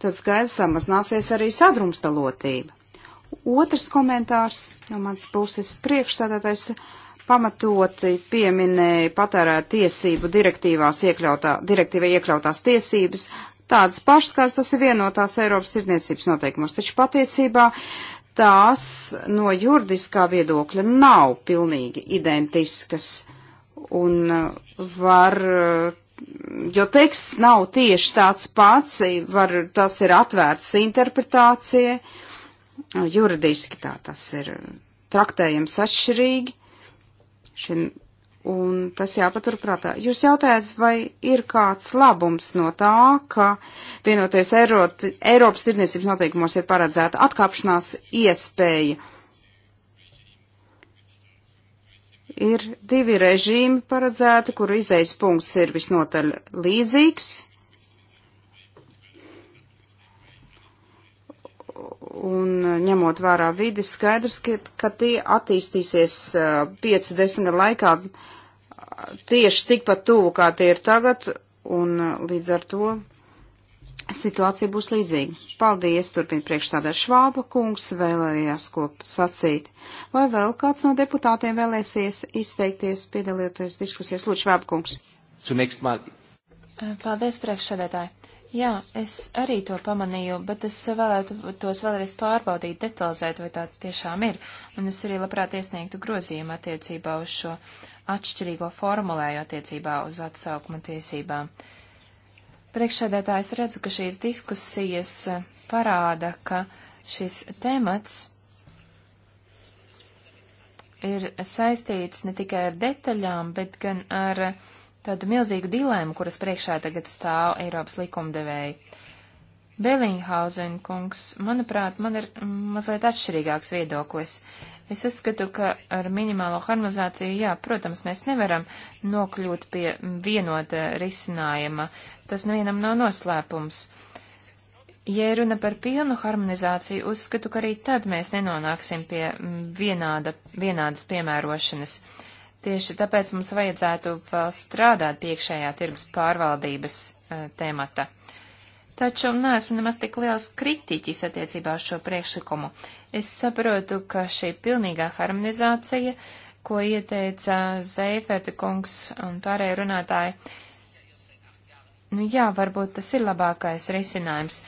Tad skaidrs samazināsies arī sadrumstalotība. Otrs komentārs no manas puses priekšsēdētais pamatoti pieminēja patērēt tiesību direktīvās iekļautā, direktīvā iekļautās tiesības, tādas pašas, kādas tas ir vienotās Eiropas tirdzniecības noteikumos. Taču patiesībā tās no juridiskā viedokļa nav pilnīgi identiskas un uh, var, uh, jo teksts nav tieši tāds pats, var, tas ir atvērts interpretācija, juridiski tā tas ir traktējams atšķirīgi. Šim Un tas jāpaturprātā. Jūs jautājat, vai ir kāds labums no tā, ka vienoties Eiropas, Eiropas tirdzniecības noteikumos ir paredzēta atkāpšanās iespēja. Ir divi režīmi paredzēti, kuru izējas punkts ir visnotaļ līdzīgs Un eh, ņemot vērā vidi, skaidrs, ka, ka tie attīstīsies 5-10 eh, gadu laikā eh, tieši tikpat tuvu, kā tie ir tagad, un līdz ar to situācija būs līdzīga. Paldies, turpina priekšsādā Švāba kungs, vēlējās ko sacīt. Vai vēl kāds no deputātiem vēlēsies izteikties, piedalīties diskusijas? Lūdzu, Švāba kungs. Paldies, priekšsēdētāji. Jā, es arī to pamanīju, bet es vēlētu tos vēlreiz pārbaudīt, detalizēt, vai tā tiešām ir, un es arī labprāt iesniegtu grozījumu attiecībā uz šo atšķirīgo formulēju attiecībā uz atsaukuma tiesībām. Priekšsēdētājs redzu, ka šīs diskusijas parāda, ka šis temats ir saistīts ne tikai ar detaļām, bet gan ar uh, tādu milzīgu dilēmu, kuras priekšā tagad stāv Eiropas likumdevēji. Bellinghausen kungs, manuprāt, man ir mazliet atšķirīgāks viedoklis. Es uzskatu, ka ar minimālo harmonizāciju, jā, protams, mēs nevaram nokļūt pie vienota risinājuma. Tas nevienam nav noslēpums. Ja runa par pilnu harmonizāciju, uzskatu, ka arī tad mēs nenonāksim pie vienāda, vienādas piemērošanas. Uh, Tieši tāpēc mums vajadzētu vēl strādāt pie iekšējā tirgus pārvaldības uh, temata. Taču neesmu nemaz tik liels kritiķis attiecībā uz šo priekšlikumu. Es saprotu, ka šī pilnīgā harmonizācija, ko ieteica Zeiferta kungs un pārējie runātāji, nu jā, varbūt tas ir labākais risinājums.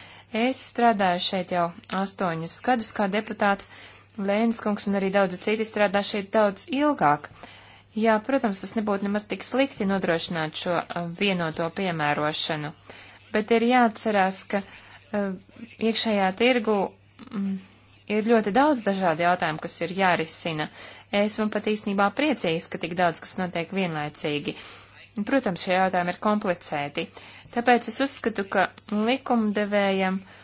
Es strādāju šeit jau astoņus gadus kā deputāts, Lēnis kungs un arī daudzi citi strādā šeit daudz ilgāk. Uh, Jā, protams, tas nebūtu nemaz tik slikti nodrošināt šo uh, vienoto piemērošanu, bet ir jāatcerās, ka uh, iekšējā tirgu mm, ir ļoti daudz dažādu jautājumu, kas ir jārisina. Esmu pat īstenībā priecīgs, ka tik daudz kas notiek vienlaicīgi. Protams, šie jautājumi ir komplicēti, tāpēc es uzskatu, ka likumdevējam uh,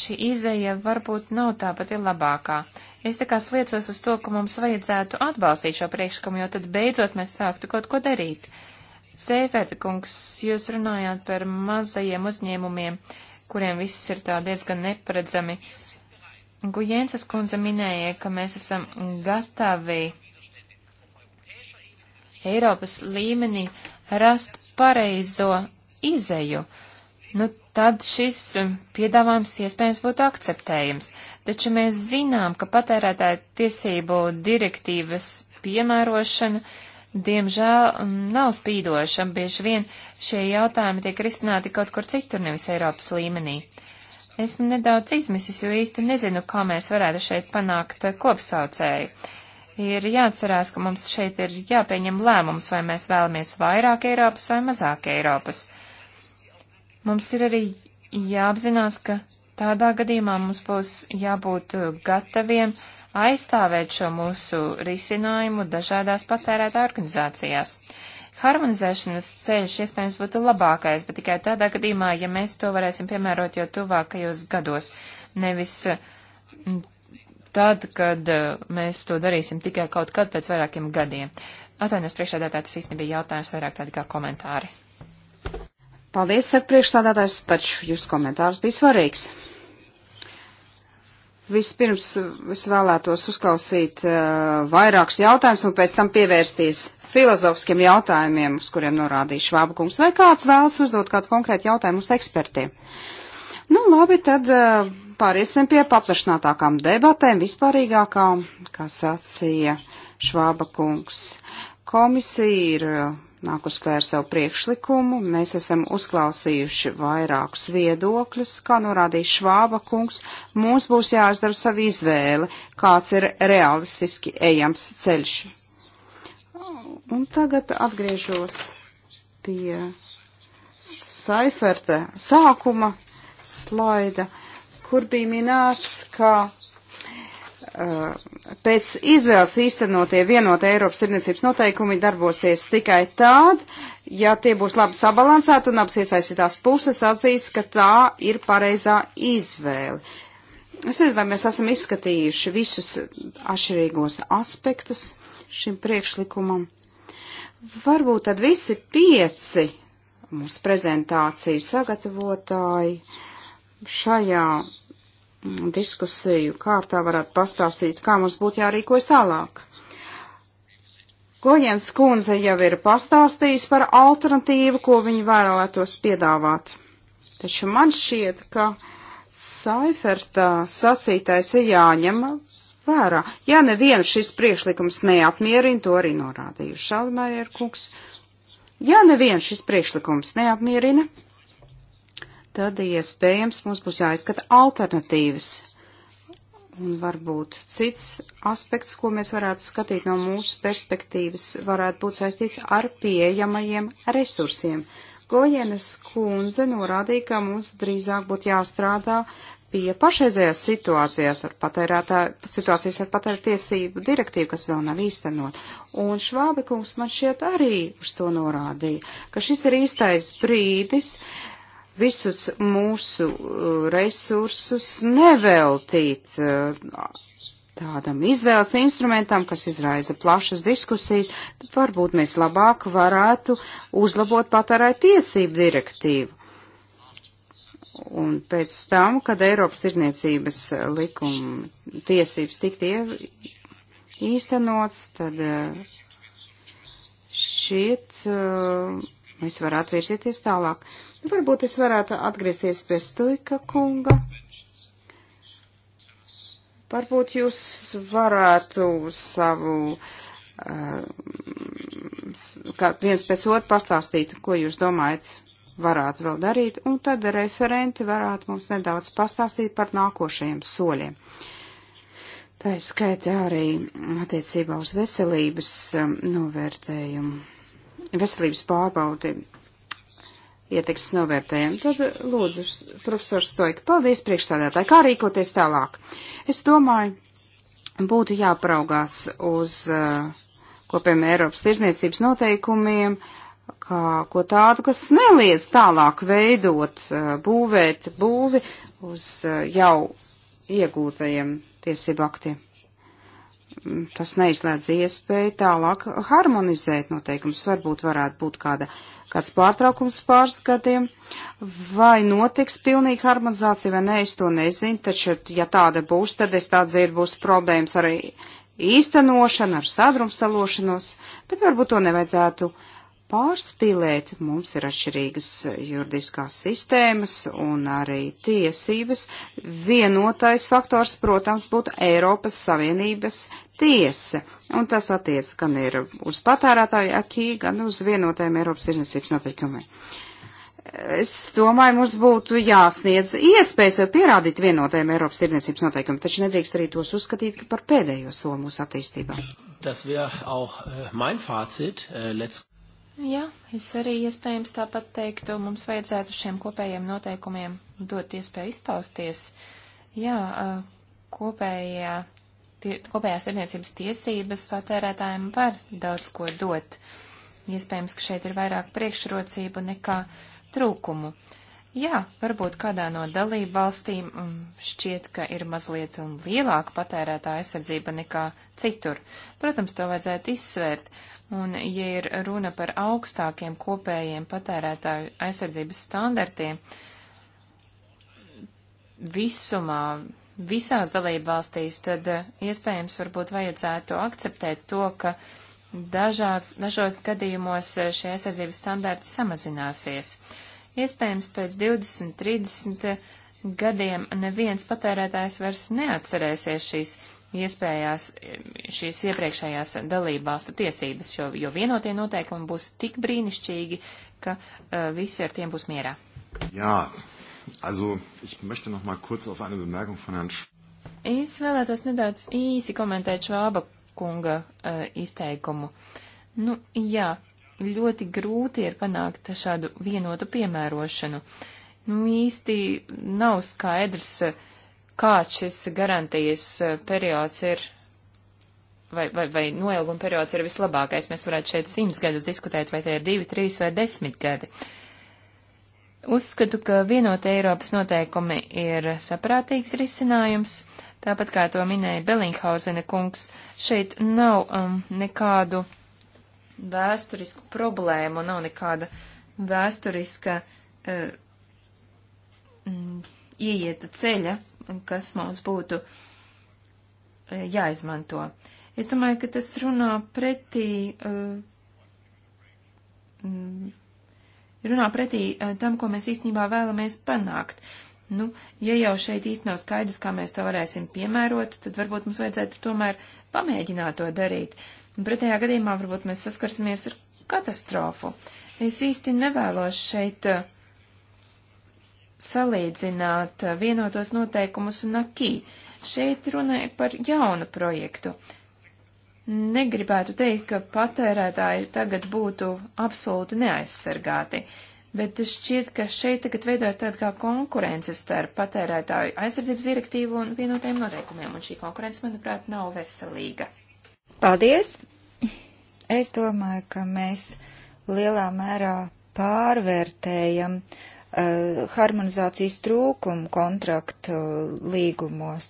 šī izēja varbūt nav tā pati labākā. Es tā kā sliecos uz to, ka mums vajadzētu atbalstīt šo priekšlikumu, jo tad beidzot mēs sāktu kaut ko darīt. Seiferta kungs, jūs runājāt par mazajiem uzņēmumiem, kuriem viss ir tā diezgan neparedzami. Gujensas kundze minēja, ka mēs esam gatavi Eiropas līmenī rast pareizo izeju. Nu, tad šis um, piedāvājums iespējams būtu akceptējams. Taču mēs zinām, ka patērētāja tiesību direktīvas piemērošana, diemžēl, um, nav spīdoša. Bieži vien šie jautājumi tiek risināti kaut kur citur, nevis Eiropas līmenī. Esmu nedaudz izmisis, jo īsti nezinu, kā mēs varētu šeit panākt uh, kopsaucēju. Ir jāatcerās, ka mums šeit ir jāpieņem lēmums, vai mēs vēlamies vairāk Eiropas vai mazāk Eiropas. Uh, Mums ir arī jāapzinās, ka tādā gadījumā mums būs jābūt uh, gataviem aizstāvēt šo mūsu risinājumu dažādās patērētā organizācijās. Harmonizēšanas ceļš iespējams būtu labākais, bet tikai tādā gadījumā, ja mēs to varēsim piemērot jau tuvākajos gados, nevis uh, tad, kad uh, mēs to darīsim tikai kaut kad pēc vairākiem gadiem. Atvainojos priekšādātā, tas īstenībā bija jautājums vairāk tādi kā komentāri. Paldies, saka priekšstādātājs, taču jūsu komentārs bija svarīgs. Vispirms es vēlētos uzklausīt uh, vairākus jautājumus un pēc tam pievērsties filozofiskiem jautājumiem, uz kuriem norādīja Švābakums. Vai kāds vēlas uzdot kādu konkrētu jautājumu uz ekspertiem? Nu, labi, tad uh, pāriesim pie paplašinātākām debatēm, vispārīgākām, kā sacīja Švābakungs. Komisija ir. Uh, nākus klēr savu priekšlikumu. Mēs esam uzklausījuši vairākus viedokļus, kā norādīja Švāba kungs. Mums būs jāizdara savu izvēli, kāds ir realistiski ejams ceļš. Un tagad atgriežos pie Saiferta sākuma slaida, kur bija minēts, ka Uh, pēc izvēles īstenotie vienotie Eiropas tirdzniecības noteikumi darbosies tikai tād, ja tie būs labi sabalansēti un abas iesaistītās puses atzīs, ka tā ir pareizā izvēle. Es nezinu, vai mēs esam izskatījuši visus atšķirīgos aspektus šim priekšlikumam. Varbūt tad visi pieci mūsu prezentāciju sagatavotāji šajā diskusiju kārtā varētu pastāstīt, kā mums būtu jārīkojas tālāk. Kloņēns kundze jau ir pastāstījis par alternatīvu, ko viņi vēlētos piedāvāt. Taču man šķiet, ka Saiferta sacītais ir jāņem vērā. Ja nevienu šis priekšlikums neapmierina, to arī norādīju Šalmaier kungs. Ja nevienu šis priekšlikums neapmierina, tad iespējams mums būs jāizskata alternatīvas. Un varbūt cits aspekts, ko mēs varētu skatīt no mūsu perspektīvas, varētu būt saistīts ar pieejamajiem resursiem. Gojenes kundze norādīja, ka mums drīzāk būtu jāstrādā pie pašreizējās situācijas ar patērētāju, situācijas ar patērētiesību direktīvu, kas vēl nav īstenot. Un Švābekungs man šķiet arī uz to norādīja, ka šis ir īstais brīdis uh, visus mūsu uh, resursus neveltīt uh, tādam izvēles instrumentam, kas izraisa plašas diskusijas, varbūt mēs labāk varētu uzlabot patērēt tiesību direktīvu. Un pēc tam, kad Eiropas tirniecības likuma tiesības tiktu īstenots, tad šķiet. Uh, uh mēs nu, varētu virzīties tālāk. Nu, varbūt es varētu atgriezties pie Stuika kunga. Varbūt jūs varētu savu, eh, kā viens pēc otru pastāstīt, ko jūs domājat varētu vēl darīt, un tad referenti varētu mums nedaudz pastāstīt par nākošajiem soļiem. Tā ir skaitā arī attiecībā uz veselības eh, novērtējumu veselības pārbaudi ieteiksmes novērtējumu. Tad lūdzu, profesors Stoika, paldies priekšstādātāji, kā rīkoties tālāk. Es domāju, būtu jāpraugās uz uh, kopiem Eiropas tirzniecības noteikumiem, kā ko tādu, kas neliedz tālāk veidot, uh, būvēt būvi uz uh, jau iegūtajiem tiesību aktiem tas neizslēdz iespēju tālāk harmonizēt noteikumus. Varbūt varētu būt kāda, kāds pārtraukums pāris gadiem, vai notiks pilnīga harmonizācija vai nē, es to nezinu, taču, ja tāda būs, tad es tā dzirdu, būs problēmas arī īstenošana, ar sadrumstalošanos, bet varbūt to nevajadzētu pārspīlēt. Mums ir atšķirīgas juridiskās sistēmas un arī tiesības. Vienotais faktors, protams, būtu Eiropas Savienības tiesa. Un tas attiec gan ir uz patērētāju akī, gan uz vienotajiem Eiropas Savienības noteikumiem. Es domāju, mums būtu jāsniedz iespējas jau pierādīt vienotajiem Eiropas tirdzniecības noteikumiem, taču nedrīkst arī tos uzskatīt par pēdējo soli mūsu attīstībā. Tas bija auch äh, mein Fazit. Äh, let's... Jā, es arī iespējams tāpat teiktu, mums vajadzētu šiem kopējiem noteikumiem dot iespēju izpausties. Jā, kopējā, tie, kopējās tirniecības tiesības patērētājiem var daudz ko dot. Iespējams, ka šeit ir vairāk priekšrocību nekā trūkumu. Jā, varbūt kādā no dalību valstīm mm, šķiet, ka ir mazliet lielāka patērētāja aizsardzība nekā citur. Protams, to vajadzētu izsvērt. Uh, Un, ja ir runa par augstākiem kopējiem patērētāju aizsardzības standartiem, visumā, visās dalībvalstīs, tad eh, iespējams varbūt vajadzētu akceptēt to, ka dažās, dažos gadījumos eh, šie aizsardzības standarti samazināsies. Iespējams, pēc 20, 30 gadiem neviens patērētājs vairs neatcerēsies šīs iespējās eh, šīs iepriekšējās dalībvalstu tiesības, jo, jo vienotie noteikumi būs tik brīnišķīgi, ka uh, visi ar tiem būs mierā. Jā, also ich möchte noch mal kurz auf eine Bemerkung von Herrn Š... Es vēlētos nedaudz īsi komentēt Švāba kunga uh, izteikumu. Nu, jā, ļoti grūti ir panākt šādu vienotu piemērošanu. Nu, īsti nav skaidrs, uh, kāds šis garantijas eh, periods ir, vai, vai, vai noilguma periods ir vislabākais. Mēs varētu šeit simts gadus diskutēt, vai tie ir divi, trīs vai desmit gadi. Uzskatu, ka vienota Eiropas noteikumi ir saprātīgs risinājums. Tāpat kā to minēja Belinghausena kungs, šeit nav um, nekādu vēsturisku problēmu, nav nekāda vēsturiska uh, ieieta ceļa kas mums būtu e, jāizmanto. Es domāju, ka tas runā pretī, e, mm, runā pretī e, tam, ko mēs īstenībā vēlamies panākt. Nu, ja jau šeit īsti nav skaidrs, kā mēs to varēsim piemērot, tad varbūt mums vajadzētu tomēr pamēģināt to darīt. Un pretējā gadījumā varbūt mēs saskarsimies ar katastrofu. Es īsti nevēlos šeit uh, salīdzināt eh, vienotos noteikumus un akī. Šeit runa ir par jaunu projektu. Negribētu teikt, ka patērētāji tagad būtu absolūti neaizsargāti, bet šķiet, ka šeit tagad veidojas tāda kā konkurence starp patērētāju aizsardzības direktīvu un vienotajiem noteikumiem, un šī konkurence, manuprāt, nav veselīga. Paldies! Es domāju, ka mēs lielā mērā pārvērtējam uh, Eh, harmonizācijas trūkumu kontraktu līgumos.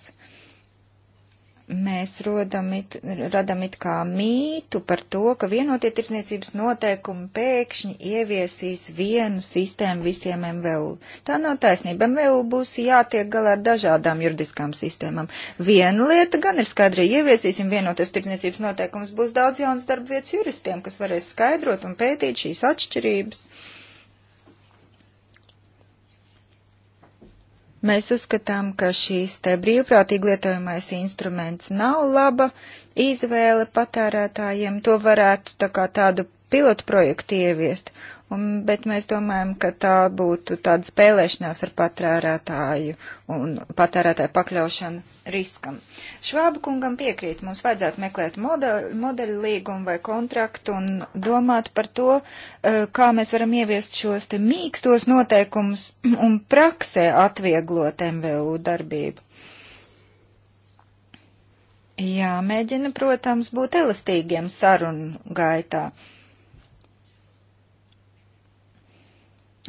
Mēs rodam it, radam it kā mītu par to, ka vienotie tirsniecības noteikumi pēkšņi ieviesīs vienu sistēmu visiem MVU. Tā nav taisnība. MVU būs jātiek galā ar dažādām juridiskām sistēmām. Viena lieta gan ir skaidra, ieviesīsim vienoties tirsniecības noteikumus, būs daudz jaunas darba vietas juristiem, kas varēs skaidrot un pētīt šīs atšķirības. Uh, Mēs uzskatām, ka šīs te brīvprātīgi lietojamais instruments nav laba izvēle patērētājiem. To varētu tā kā tādu pilotu projektu ieviest. Un, bet mēs domājam, ka tā būtu tāda spēlēšanās ar patērētāju un patērētāju pakļaušana riskam. Švāba kungam piekrīt, mums vajadzētu meklēt modeļu, modeļu līgumu vai kontraktu un domāt par to, eh, kā mēs varam ieviest šos te mīkstos noteikumus un praksē atvieglot MVU darbību. Jāmēģina, protams, būt elastīgiem sarunu gaitā.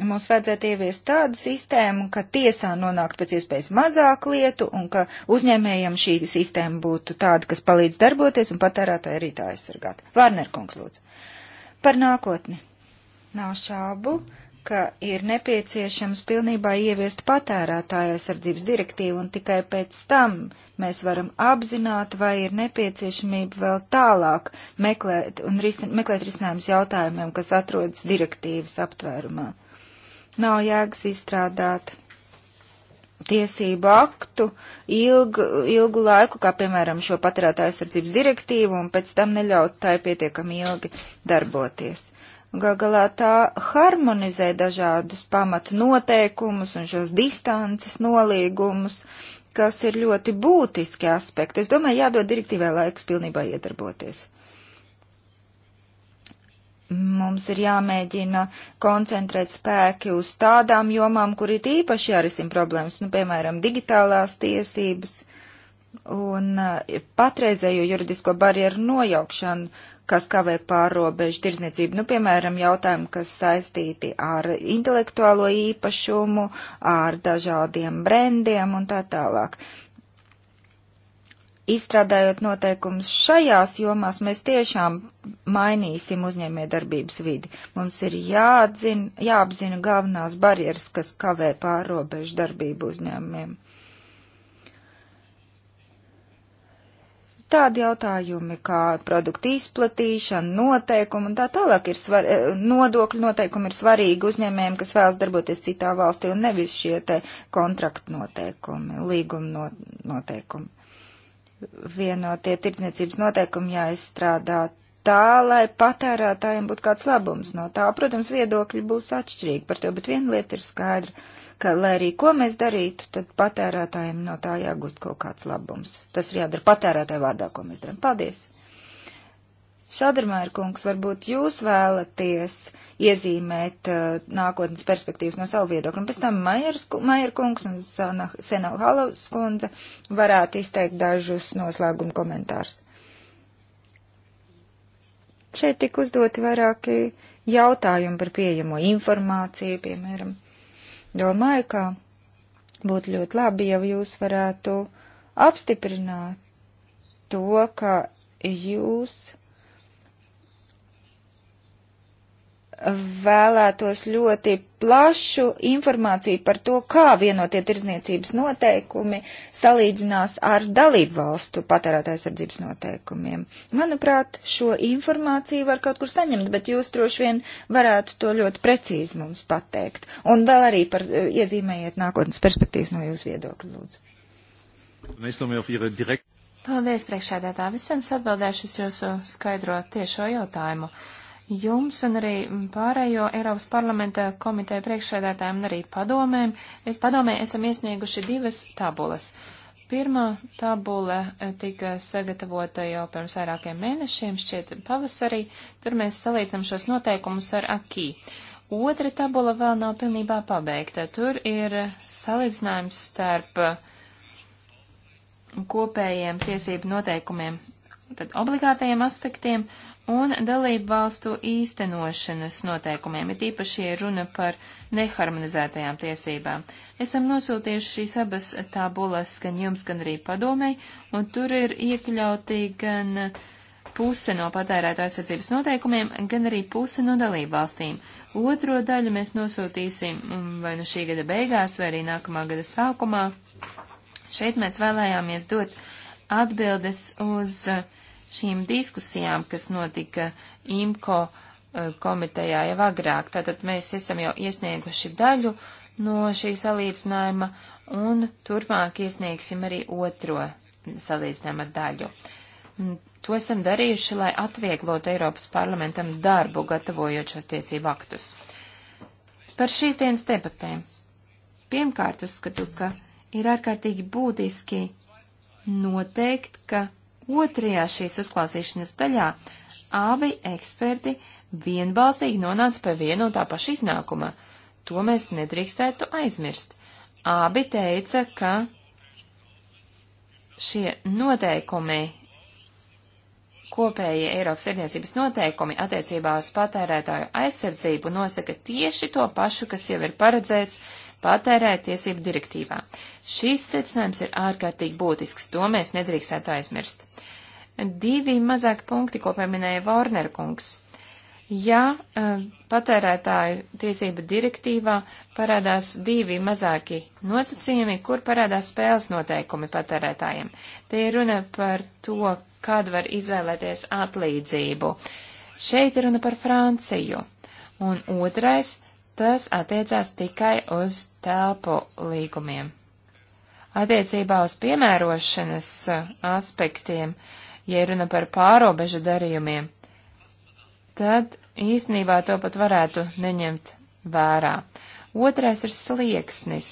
mums vajadzētu ieviest tādu sistēmu, ka tiesā nonāktu pēc iespējas mazāk lietu un ka uzņēmējiem šī sistēma būtu tāda, kas palīdz darboties un patērētāji arī tā aizsargāt. Vārner kungs lūdzu. Par nākotni. Nav šābu, ka ir nepieciešams pilnībā ieviest patērētāja aizsardzības direktīvu un tikai pēc tam mēs varam apzināt, vai ir nepieciešamība vēl tālāk meklēt, risin, meklēt risinājums jautājumiem, kas atrodas direktīvas aptvērumā Nav jēgas izstrādāt tiesību aktu ilgu, ilgu laiku, kā piemēram šo patērētāju aizsardzības direktīvu, un pēc tam neļaut tai pietiekami ilgi darboties. Gal galā tā harmonizē dažādus pamatu noteikumus un šos distances nolīgumus, kas ir ļoti būtiski aspekti. Es domāju, jādod direktīvai laiks pilnībā iedarboties. Mums ir jāmēģina koncentrēt spēki uz tādām jomām, kur ir īpaši jārisina problēmas, nu, piemēram, digitālās tiesības un eh, patreizējo juridisko barjeru nojaukšanu, kas kavē pārrobežu tirzniecību. Nu, piemēram, jautājumi, kas saistīti ar intelektuālo īpašumu, ar dažādiem brendiem un tā tālāk. Uh, Izstrādājot noteikumus šajās jomās, mēs tiešām mainīsim uzņēmējdarbības vidi. Mums ir jāatzina, jāapzina galvenās barjeras, kas kavē pārobežu darbību uzņēmumiem. tādi jautājumi kā produktu izplatīšana, noteikumi un tā tālāk ir svar, eh, nodokļu noteikumi ir svarīgi uzņēmējiem, kas vēlas darboties citā valstī un nevis šie te kontraktu noteikumi, līguma noteikumi vienotie tirdzniecības noteikumi jāizstrādā tā, lai patērētājiem būtu kāds labums no tā. Protams, viedokļi būs atšķirīgi par to, bet viena lieta ir skaidra, ka, lai arī ko mēs darītu, tad patērētājiem no tā jāgūst kaut kāds labums. Tas ir jādara patērētāju vārdā, ko mēs darām. Paldies! Šādrmēr kungs, varbūt jūs vēlaties iezīmēt uh, nākotnes perspektīvas no savu viedokli, un pēc tam Majer kungs un Sena Halovs kundze varētu izteikt dažus noslēguma komentārus. Šeit tika uzdoti vairāki jautājumi par pieejamo informāciju, piemēram. Domāju, ka būtu ļoti labi, ja jūs varētu apstiprināt to, ka jūs vēlētos ļoti plašu informāciju par to, kā vienotie tirzniecības noteikumi salīdzinās ar dalību valstu patērētājsardzības noteikumiem. Manuprāt, šo informāciju var kaut kur saņemt, bet jūs droši vien varētu to ļoti precīzi mums pateikt. Un vēl arī par, e, iezīmējiet nākotnes perspektīvas no jūsu viedokļa, lūdzu. Paldies, priekšēdētā. Vispirms atbildēšu uz jūsu skaidro tiešo jautājumu. Uh, jums un arī pārējo Eiropas parlamenta komiteja priekšsēdētājiem un arī padomēm. Es padomē esam iesnieguši divas tabulas. Pirmā tabula eh, tika sagatavota jau pirms vairākiem mēnešiem, šķiet pavasarī. Tur mēs salīdzinām šos noteikumus ar akī. Otra tabula vēl nav pilnībā pabeigta. Tur ir salīdzinājums starp eh, kopējiem tiesību noteikumiem tad obligātajiem aspektiem un dalību valstu īstenošanas noteikumiem, ir īpaši runa par neharmonizētajām tiesībām. Esam nosūtījuši šīs abas tabulas gan jums, gan arī padomei, un tur ir iekļauti gan puse no patērēto aizsardzības noteikumiem, gan arī puse no dalību valstīm. Otro daļu mēs nosūtīsim mm, vai nu šī gada beigās, vai arī nākamā gada sākumā. Šeit mēs vēlējāmies dot uh, atbildes uz uh, šīm diskusijām, kas notika IMCO uh, komitejā jau agrāk. Tātad mēs esam jau iesnieguši daļu no šī salīdzinājuma un turpmāk iesniegsim arī otro salīdzinājuma daļu. Mm, to esam darījuši, lai atvieglotu Eiropas parlamentam darbu, gatavojot šos tiesību aktus. Par šīs dienas debatēm. Pirmkārt, uzskatu, ka ir ārkārtīgi būtiski noteikt, ka otrajā šīs uzklausīšanas daļā abi eksperti vienbalsīgi nonāca pie vienotā paša iznākuma. To mēs nedrīkstētu aizmirst. Abi teica, ka šie noteikumi, kopējie Eiropas saimniecības noteikumi attiecībā uz patērētāju aizsardzību nosaka tieši to pašu, kas jau ir paredzēts uh, patērēja tiesību direktīvā. Šis secinājums ir ārkārtīgi būtisks, to mēs nedrīkstētu aizmirst. Divi mazāki punkti, ko pieminēja Vorner kungs. Ja eh, patērētāju tiesību direktīvā parādās divi mazāki nosacījumi, kur parādās spēles noteikumi patērētājiem, te ir runa par to, kad var izvēlēties atlīdzību. Šeit ir runa par Franciju. Un otrais tas attiecās tikai uz telpu līgumiem. Attiecībā uz piemērošanas uh, aspektiem, ja runa par pārobežu darījumiem, tad īsnībā to pat varētu neņemt vērā. Otrais ir slieksnis.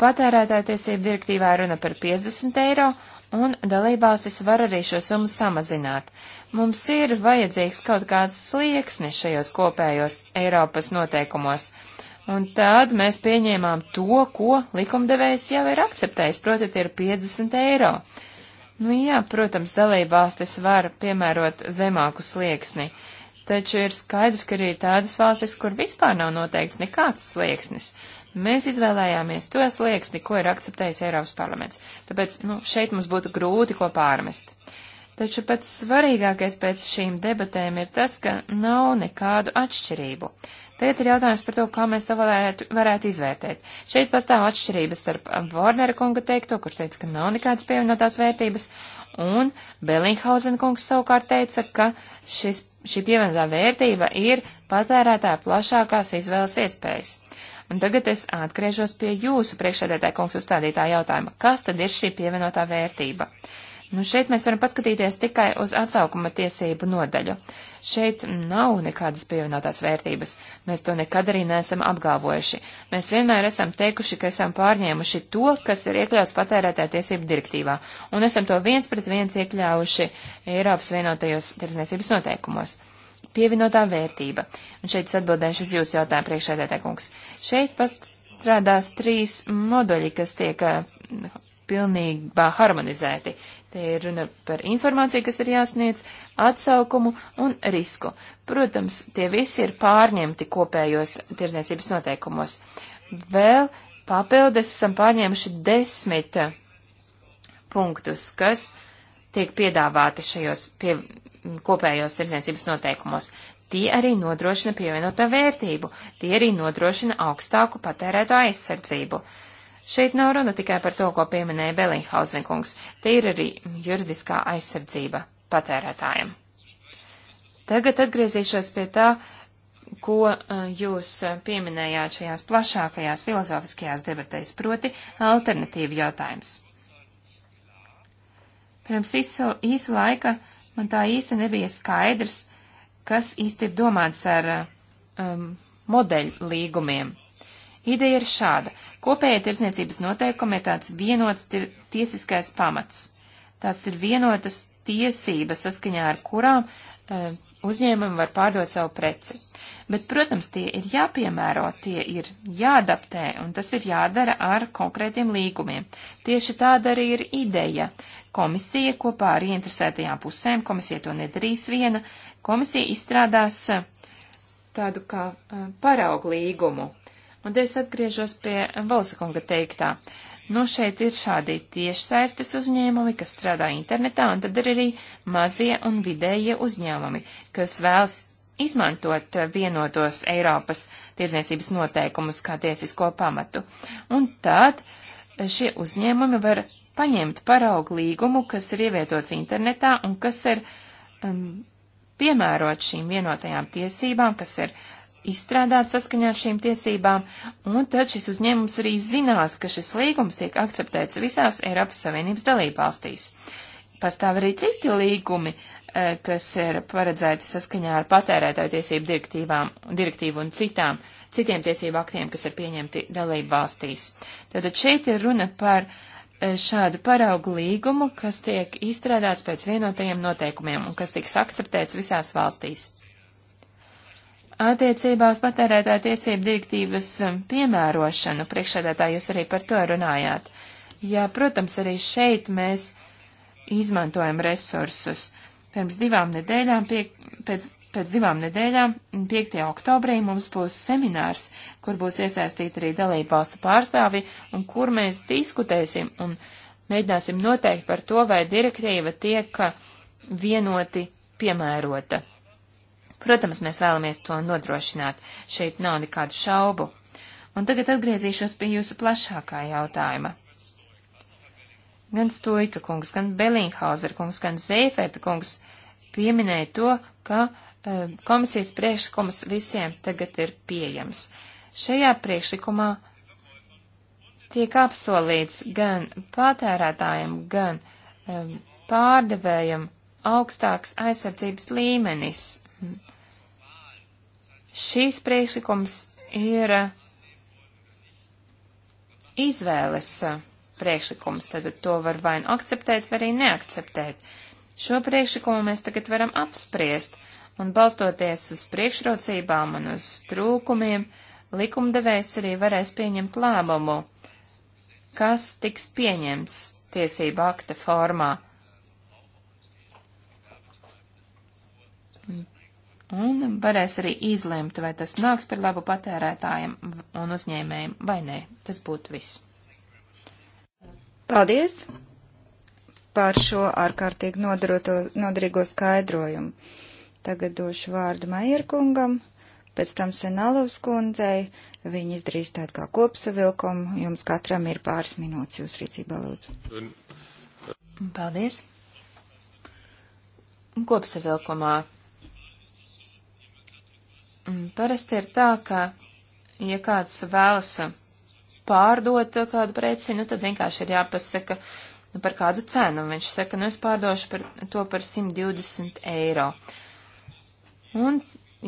Patērētāja tiesība direktīvā runa par 50 eiro, un dalībvalstis var arī šo summu samazināt. Mums ir vajadzīgs kaut kāds slieksnis šajos kopējos Eiropas noteikumos, un tad mēs pieņēmām to, ko likumdevējs jau ir akceptējis, proti tie ir 50 eiro. Nu jā, protams, dalībvalstis var piemērot zemāku slieksni, taču ir skaidrs, ka arī ir tādas valstis, kur vispār nav noteikts nekāds slieksnis. Mēs izvēlējāmies to slieksni, ko ir akceptējis Eiropas parlaments. Tāpēc nu, šeit mums būtu grūti ko pārmest. Taču pats svarīgākais pēc šīm debatēm ir tas, ka nav nekādu atšķirību. Tagad ir jautājums par to, kā mēs to varētu, varētu izvērtēt. Šeit pastāv atšķirības starp Vornera kunga teikto, kurš teica, ka nav nekādas pievienotās vērtības, un Bellinghausen kungs savukārt teica, ka šis, šī pievienotā vērtība ir patērētāja plašākās izvēles iespējas. Un tagad es atgriežos pie jūsu priekšsēdētāja kungs uzstādītā jautājuma. Kas tad ir šī pievienotā vērtība? Nu, šeit mēs varam paskatīties tikai uz atsaukuma tiesību nodaļu. Šeit nav nekādas pievienotās vērtības. Mēs to nekad arī neesam apgalvojuši. Mēs vienmēr esam teikuši, ka esam pārņēmuši to, kas ir iekļauts patērētā tiesību direktīvā, un esam to viens pret viens iekļāvuši Eiropas vienotajos tirdzniecības noteikumos pievienotā vērtība. Un šeit es atbildēšu uz jūsu jautājumu priekšēdētē, kungs. Šeit pastrādās trīs moduļi, kas tiek uh, pilnībā harmonizēti. Te ir runa par informāciju, kas ir jāsniedz, atsaukumu un risku. Protams, tie visi ir pārņemti kopējos tirdzniecības noteikumos. Vēl papildus esam pārņēmuši desmit punktus, kas tiek piedāvāti šajos pie, Mm, kopējos tirdzniecības noteikumos. Tie arī nodrošina pievienoto vērtību, tie arī nodrošina augstāku patērēto aizsardzību. Šeit nav runa tikai par to, ko pieminēja Bellinghausenkungs, te ir arī juridiskā aizsardzība patērētājiem. Tagad atgriezīšos pie tā, ko eh, jūs eh, pieminējāt šajās plašākajās filozofiskajās debatēs, proti alternatīvu jautājums. Pirms īsa laika uh, Man tā īsti nebija skaidrs, kas īsti ir domāts ar um, modeļu līgumiem. Ideja ir šāda. Kopējie tirsniecības noteikumi ir tāds vienots tiesiskais pamats. Tās ir vienotas tiesības, saskaņā ar kurām uh, uzņēmumi var pārdot savu preci. Bet, protams, tie ir jāpiemēro, tie ir jāadaptē, un tas ir jādara ar konkrētiem līgumiem. Tieši tāda arī ir ideja. Uh, Komisija kopā ar ieinteresētajām pusēm, komisija to nedarīs viena, komisija izstrādās eh, tādu kā eh, paraugu līgumu. Un te es atgriežos pie Valsakunga teiktā. Nu, šeit ir šādi tiešsaistes uzņēmumi, kas strādā internetā, un tad ir arī mazie un vidējie uzņēmumi, kas vēlas izmantot eh, vienotos Eiropas tirdzniecības noteikumus kā tiesisko pamatu. Un tad šie uzņēmumi var paņemt paraugu līgumu, kas ir ievietots internetā un kas ir um, piemērots šīm vienotajām tiesībām, kas ir izstrādāts saskaņā ar šīm tiesībām, un tad šis uzņēmums arī zinās, ka šis līgums tiek akceptēts visās Eiropas Savienības dalībvalstīs. Pastāv arī citi līgumi, eh, kas ir paredzēti saskaņā ar patērētāju tiesību direktīvām, direktīvu un citām, citiem tiesību aktiem, kas ir pieņemti dalību valstīs. Tātad šeit ir runa par uh, šādu paraugu līgumu, kas tiek izstrādāts pēc vienotajiem noteikumiem un kas tiks akceptēts visās valstīs. Attiecībā uz patērētāju tiesību direktīvas um, piemērošanu, priekšsēdētāji jūs arī par to runājāt. Jā, protams, arī šeit mēs izmantojam resursus. Pirms divām nedēļām pie, pēc pēc divām nedēļām, 5. oktobrī, mums būs seminārs, kur būs iesaistīti arī dalībvalstu pārstāvi, un kur mēs diskutēsim un mēģināsim noteikt par to, vai direktīva tiek vienoti piemērota. Protams, mēs vēlamies to nodrošināt, šeit nav nekādu šaubu. Un tagad atgriezīšos pie jūsu plašākā jautājuma. Gan Stoika kungs, gan Bellinghauser kungs, gan Zeifeta kungs pieminēja to, ka uh, Ehm, komisijas priekšlikums visiem tagad ir pieejams. Šajā priekšlikumā tiek apsolīts gan patērētājiem, gan ehm, pārdevējiem augstāks aizsardzības līmenis. Šīs priekšlikums ir ehm, izvēles eh, priekšlikums, tad to var vai nu akceptēt, vai arī neakceptēt. Šo priekšlikumu mēs tagad varam apspriest. Uh, un balstoties uz priekšrocībām un uz trūkumiem, likumdevējs arī varēs pieņemt lēmumu, kas tiks pieņemts tiesību akta formā. Un varēs arī izlemt, vai tas nāks par labu patērētājiem un uzņēmējiem vai nē. Tas būtu viss. Paldies par šo ārkārtīgi nodarīgo skaidrojumu. Tagad došu vārdu Mairkungam, pēc tam Senalovs kundzei. Viņi izdarīs tādu kā kopsavilkumu. Jums katram ir pāris minūtes jūs rīcībā, lūdzu. Paldies. Kopsavilkumā. Parasti ir tā, ka, ja kāds vēlas pārdot kādu preci, nu tad vienkārši ir jāpasaka nu, par kādu cenu. Viņš saka, nu es pārdošu par, to par 120 eiro. Uh, Un,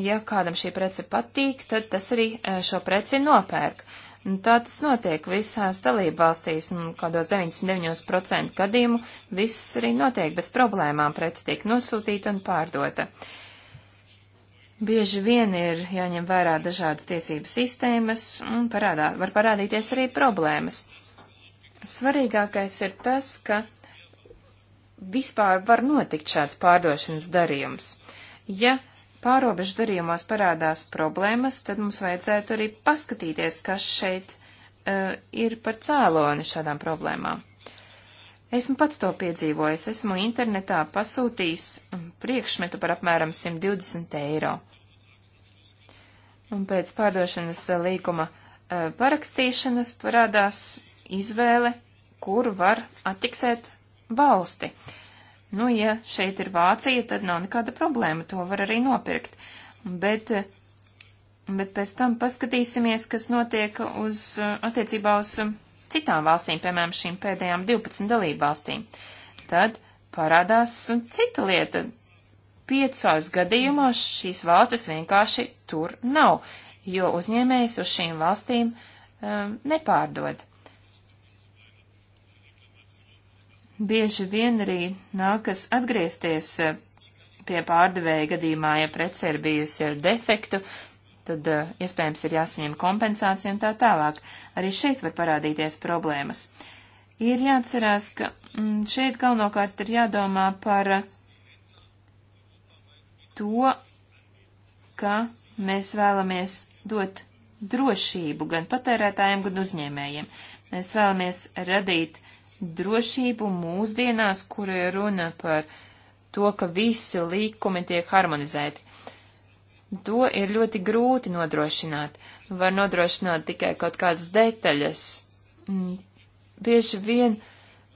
ja kādam šī prece patīk, tad tas arī eh, šo preci nopērk. Un tā tas notiek visās dalībvalstīs, un kādos 99% gadījumu viss arī notiek bez problēmām, preci tiek nosūtīta un pārdota. Bieži vien ir jāņem vērā dažādas tiesību sistēmas, un parādā, var parādīties arī problēmas. Svarīgākais ir tas, ka vispār var notikt šāds pārdošanas darījums. Ja pārobežu darījumos parādās problēmas, tad mums vajadzētu arī paskatīties, kas šeit uh, ir par cēloni šādām problēmām. Esmu pats to piedzīvojis, esmu internetā pasūtījis mm, priekšmetu par apmēram 120 eiro. Un pēc pārdošanas eh, līguma uh, parakstīšanas parādās izvēle, kur var attiksēt valsti. Uh, Nu, ja šeit ir Vācija, tad nav nekāda problēma, to var arī nopirkt. Bet, bet pēc tam paskatīsimies, kas notiek uz, attiecībā uz citām valstīm, piemēram, šīm pēdējām 12 dalību valstīm. Tad parādās cita lieta. Piecās gadījumos šīs valstis vienkārši tur nav, jo uzņēmējs uz šīm valstīm um, nepārdod. Bieži vien arī nākas atgriezties e, pie pārdevēja gadījumā, ja prece ir bijusi ar defektu, tad e, iespējams ir jāsaņem kompensācija un tā tālāk. Arī šeit var parādīties problēmas. Ir jāatcerās, ka mm, šeit galvenokārt ir jādomā par e, to, ka mēs vēlamies dot drošību gan patērētājiem, gan uzņēmējiem. Mēs vēlamies radīt uh, drošību mūsdienās, kur ir runa par to, ka visi līkumi tiek harmonizēti. To ir ļoti grūti nodrošināt. Var nodrošināt tikai kaut kādas detaļas. Mm, bieži vien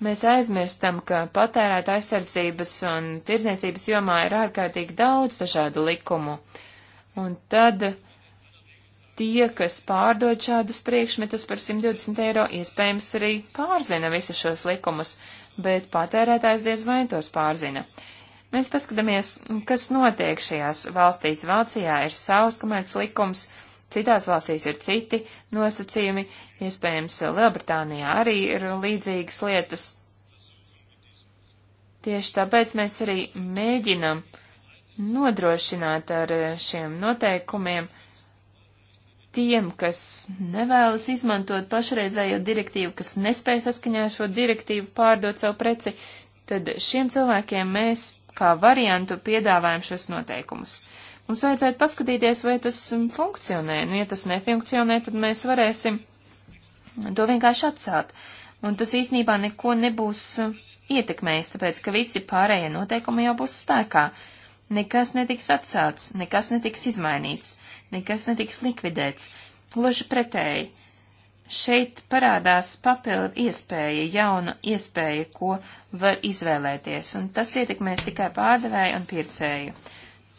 mēs aizmirstam, ka patērēta aizsardzības un tirdzniecības jomā ir ārkārtīgi daudz dažādu likumu. Un tad uh, tie, kas pārdod šādus priekšmetus par 120 eiro, iespējams arī pārzina visus šos likumus, bet patērētājs diez vai tos pārzina. Mēs paskatāmies, kas notiek šajās valstīs. Vācijā ir savs komerc likums, citās valstīs ir citi nosacījumi, iespējams, Lielbritānijā arī ir līdzīgas lietas. Tieši tāpēc mēs arī mēģinam nodrošināt ar šiem noteikumiem, uh, tiem, kas nevēlas izmantot pašreizējo direktīvu, kas nespēja saskaņā šo direktīvu pārdot savu preci, tad šiem cilvēkiem mēs kā variantu piedāvājam šos noteikumus. Mums vajadzētu paskatīties, vai tas funkcionē. Nu, ja tas nefunkcionē, tad mēs varēsim to vienkārši atcelt. Un tas īstenībā neko nebūs ietekmējis, tāpēc, ka visi pārējie noteikumi jau būs spēkā. Nekas netiks atcelts, nekas netiks izmainīts nekas netiks likvidēts. Gluži pretēji. Šeit parādās papildu iespēja, jauna iespēja, ko var izvēlēties, un tas ietekmēs tikai pārdevēju un pircēju.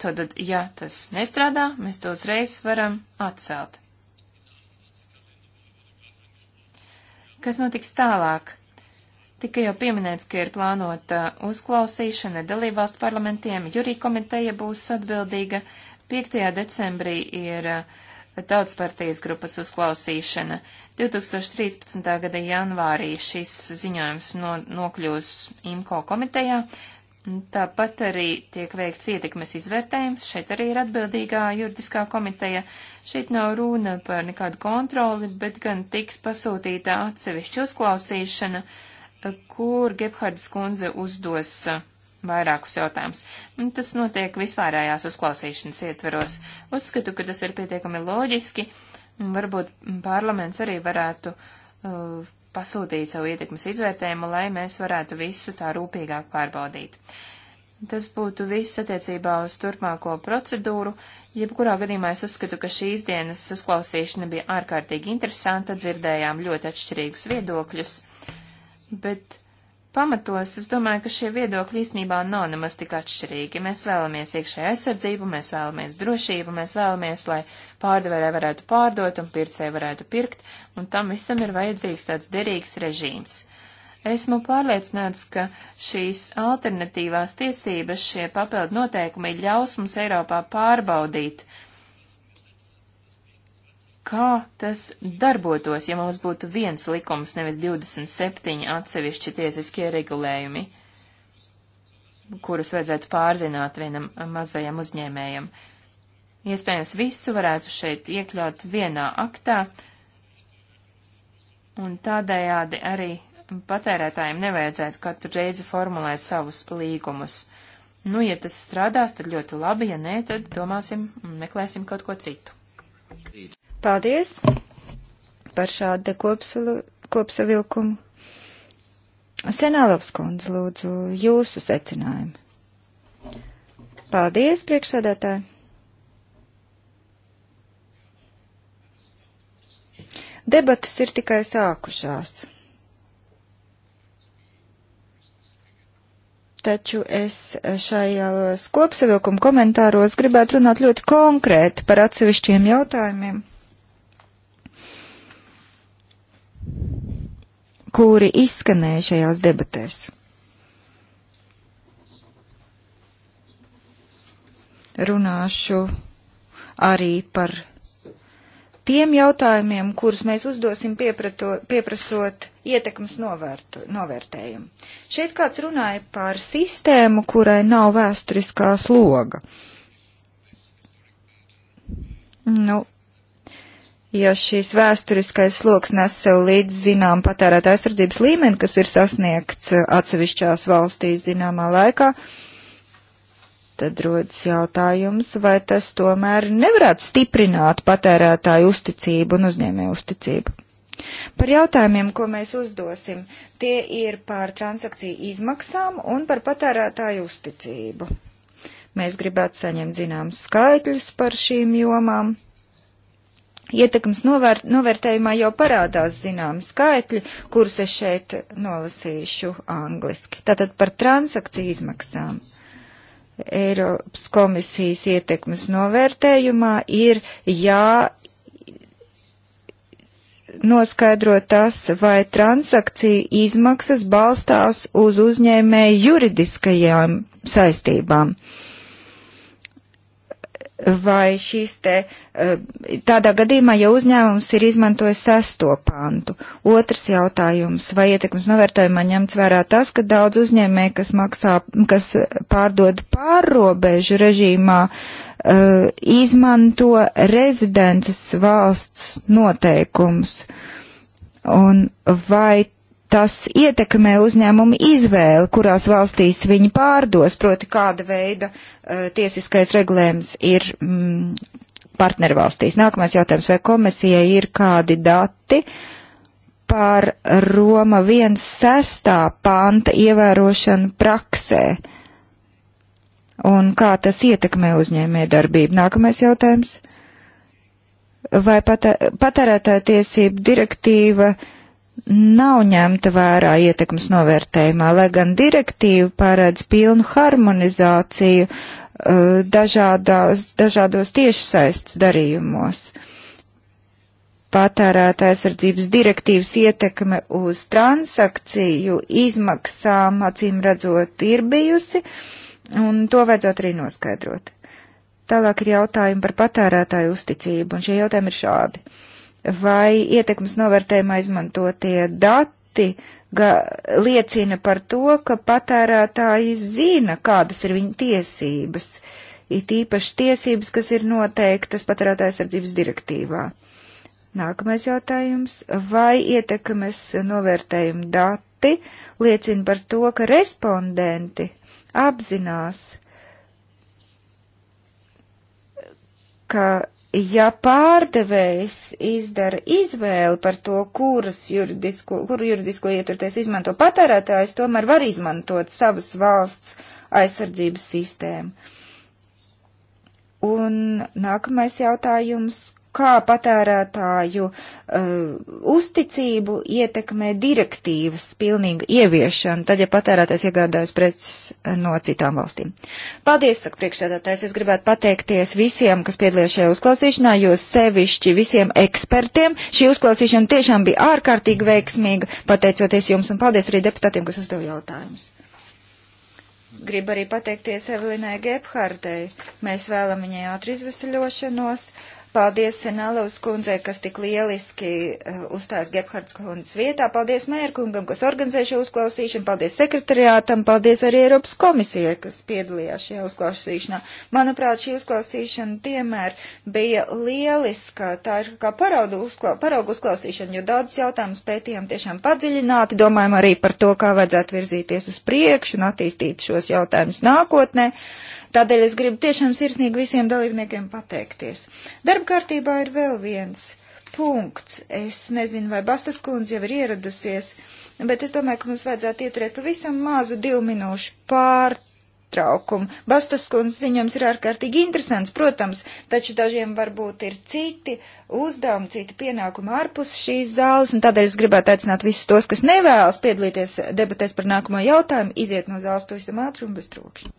Tad, ja tas nestrādā, mēs to uzreiz varam atcelt. Kas notiks tālāk? Tika jau pieminēts, ka ir plānota uzklausīšana dalībvalstu parlamentiem, jurī komiteja būs atbildīga, 5. decembrī ir Tautas uh, partijas grupas uzklausīšana. 2013. gada janvārī šis ziņojums no, nokļūs IMCO komitejā. Tāpat arī tiek veikts ietekmes izvērtējums, šeit arī ir atbildīgā juridiskā komiteja. Šeit nav runa par nekādu kontroli, bet gan tiks pasūtīta atsevišķa uzklausīšana, uh, kur Gebhardas kundze uzdos uh, vairākus jautājumus. Un tas notiek vispārējās uzklausīšanas ietveros. Uzskatu, ka tas ir pietiekami loģiski. Varbūt parlaments arī varētu uh, pasūtīt savu ietekmes izvērtējumu, lai mēs varētu visu tā rūpīgāk pārbaudīt. Tas būtu viss attiecībā uz turpmāko procedūru. Jebkurā gadījumā es uzskatu, ka šīs dienas uzklausīšana bija ārkārtīgi interesanta, dzirdējām ļoti atšķirīgus viedokļus, bet pamatos es domāju, ka šie viedokļi īstenībā nav nemaz tik atšķirīgi. Mēs vēlamies iekšēju aizsardzību, mēs vēlamies drošību, mēs vēlamies, lai pārdevējai varētu pārdot un pircēji varētu pirkt, un tam visam ir vajadzīgs tāds derīgs režīms. Esmu pārliecināts, ka šīs alternatīvās tiesības, šie papildu noteikumi ļaus mums Eiropā pārbaudīt kā tas darbotos, ja mums būtu viens likums, nevis 27 atsevišķi tiesiskie regulējumi, kurus vajadzētu pārzināt vienam mazajam uzņēmējam. Iespējams, visu varētu šeit iekļaut vienā aktā, un tādējādi arī patērētājiem nevajadzētu katru reizi formulēt savus līgumus. Nu, ja tas strādās, tad ļoti labi, ja nē, tad domāsim un meklēsim kaut ko citu. Paldies par šādu kopsalu, kopsavilkumu. Senālovs kundze, lūdzu, jūsu secinājumi. Paldies, priekšsādātāji. Debatas ir tikai sākušās. taču es šajos kopsavilkuma komentāros gribētu runāt ļoti konkrēti par atsevišķiem jautājumiem. kuri izskanēja šajās debatēs. Runāšu arī par tiem jautājumiem, kurus mēs uzdosim pieprato, pieprasot ietekmes novērtu, novērtējumu. Šeit kāds runāja par sistēmu, kurai nav vēsturiskā sloga. Nu, ja šīs vēsturiskais sloks nes sev līdz zinām patērētā aizsardzības līmeni, kas ir sasniegts eh, atsevišķās valstīs zināmā laikā, tad rodas jautājums, vai tas tomēr nevarētu stiprināt patērētāju uzticību un uzņēmēju uzticību. Par jautājumiem, ko mēs uzdosim, tie ir par transakciju izmaksām un par patērētāju uzticību. Mēs gribētu saņemt zināmas skaitļus par šīm jomām Ietekmes novērt, novērtējumā jau parādās zināmi skaitļi, kurus es šeit nolasīšu angliski. Tātad par transakciju izmaksām. Eiropas komisijas ietekmes novērtējumā ir jā noskaidro tas, vai transakciju izmaksas balstās uz uzņēmēju juridiskajām saistībām. Uh, vai šīs te, eh, tādā gadījumā, ja uzņēmums ir izmantojis sesto pantu. Otrs jautājums, vai ietekmes novērtējumā ņemts vērā tas, ka daudz uzņēmē, kas maksā, kas pārdod pārrobežu režīmā, eh, izmanto rezidences valsts noteikumus. Un vai tas ietekmē uzņēmumu izvēli, kurās valstīs viņi pārdos, proti kāda veida uh, tiesiskais regulējums ir mm, partnervalstīs. Nākamais jautājums, vai komisijai ir kādi dati par Roma 1.6. panta ievērošanu praksē? Un kā tas ietekmē uzņēmē darbību? Nākamais jautājums. Vai patērētāja tiesība direktīva uh, nav ņemta vērā ietekmes novērtējumā, lai gan direktīva paredz pilnu harmonizāciju eh, dažādās, dažādos tiešsaistes darījumos. Patērētāja aizsardzības direktīvas ietekme uz transakciju izmaksām, acīm redzot, ir bijusi, un to vajadzētu arī noskaidrot. Tālāk ir jautājumi par patērētāju uzticību, un šie jautājumi ir šādi. Uh, vai ietekmes novērtējumā izmantotie dati ga, liecina par to, ka patērētāji zina, kādas ir viņa tiesības, it īpaši tiesības, kas ir noteiktas patērētājas sardzības direktīvā. Nākamais jautājums. Vai ietekmes novērtējuma dati liecina par to, ka respondenti apzinās, ka ja pārdevējs izdara izvēli par to, kuras juridisko, kuru juridisko ieturties izmanto patērētājs, tomēr var izmantot savas valsts aizsardzības sistēmu. Un nākamais jautājums kā patērētāju uh, uzticību ietekmē direktīvas pilnīga ieviešana, tad, ja patērētājs iegādājas preces uh, no citām valstīm. Paldies, saka priekšsēdētājs. Es gribētu pateikties visiem, kas piedalījās šajā uzklausīšanā, jo sevišķi visiem ekspertiem. Šī uzklausīšana tiešām bija ārkārtīgi veiksmīga, pateicoties jums, un paldies arī deputātiem, kas uzdev jautājumus. Gribu arī pateikties Evelinai Gebhardai. Mēs vēlam viņai ātru izvesaļošanos. Uh, Paldies Senalovas kundzei, kas tik lieliski eh, uzstājas Gebhards kundzes vietā. Paldies mērkungam, kas organizē šo uzklausīšanu. Paldies sekretariātam. Paldies arī Eiropas komisijai, kas piedalījās šajā uzklausīšanā. Manuprāt, šī uzklausīšana vienmēr bija lieliska. Tā ir kā paraudu uzkla, paraugu uzklausīšana, jo daudz jautājumus pētījām tiešām padziļināti. Domājam arī par to, kā vajadzētu virzīties uz priekšu un attīstīt šos jautājumus nākotnē. Tādēļ es gribu tiešām sirsnīgi visiem dalībniekiem pateikties. Darba Darba kārtībā ir vēl viens punkts. Es nezinu, vai Bastas kundze jau ir ieradusies, bet es domāju, ka mums vajadzētu ieturēt pavisam mazu divu minūšu pārtraukumu. Bastas kundze ziņojums ir ārkārtīgi interesants, protams, taču dažiem varbūt ir citi uzdevumi, citi pienākumi ārpus šīs zāles, un tādēļ es gribētu aicināt visus tos, kas nevēlas piedalīties debatēs par nākamo jautājumu, iziet no zāles pavisam ātri un bez trokšņa.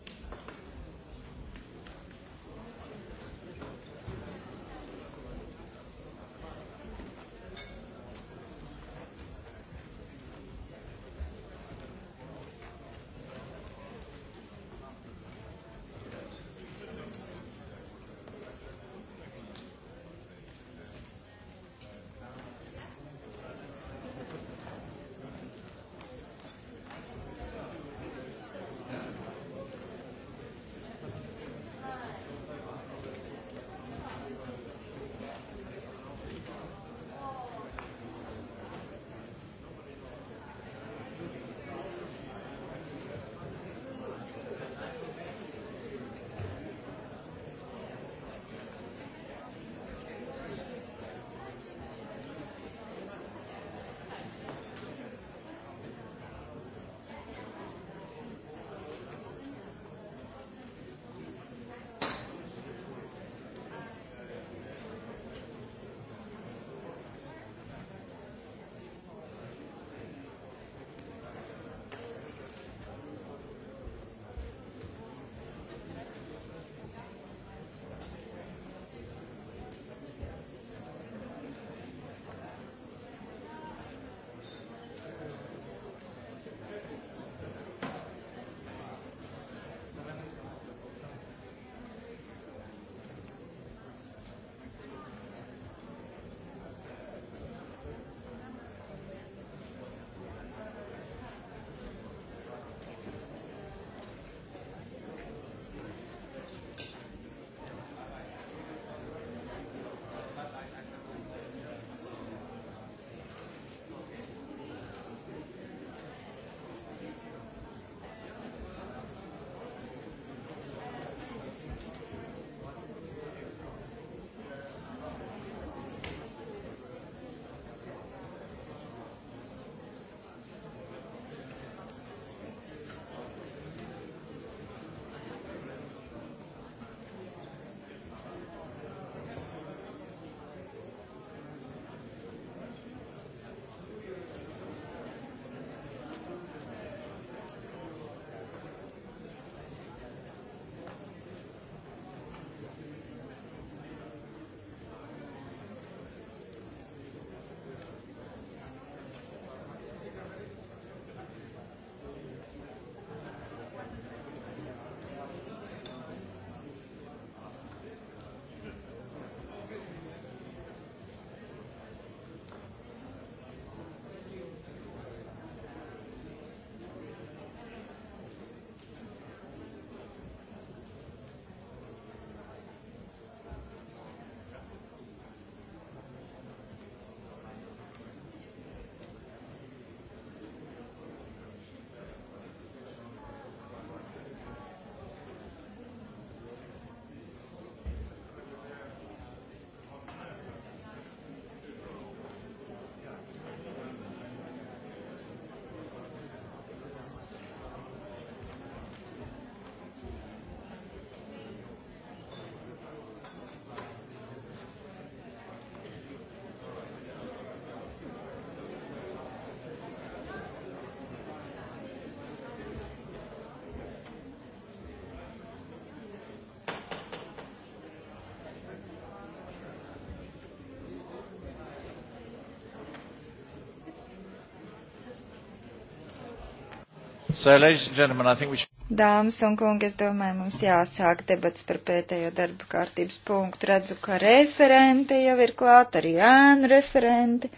So, should... Dāmas un kungi, es domāju, mums jāsāk debats par pētējo darba kārtības punktu. Redzu, ka referente jau ir klāt, arī ēnu referente.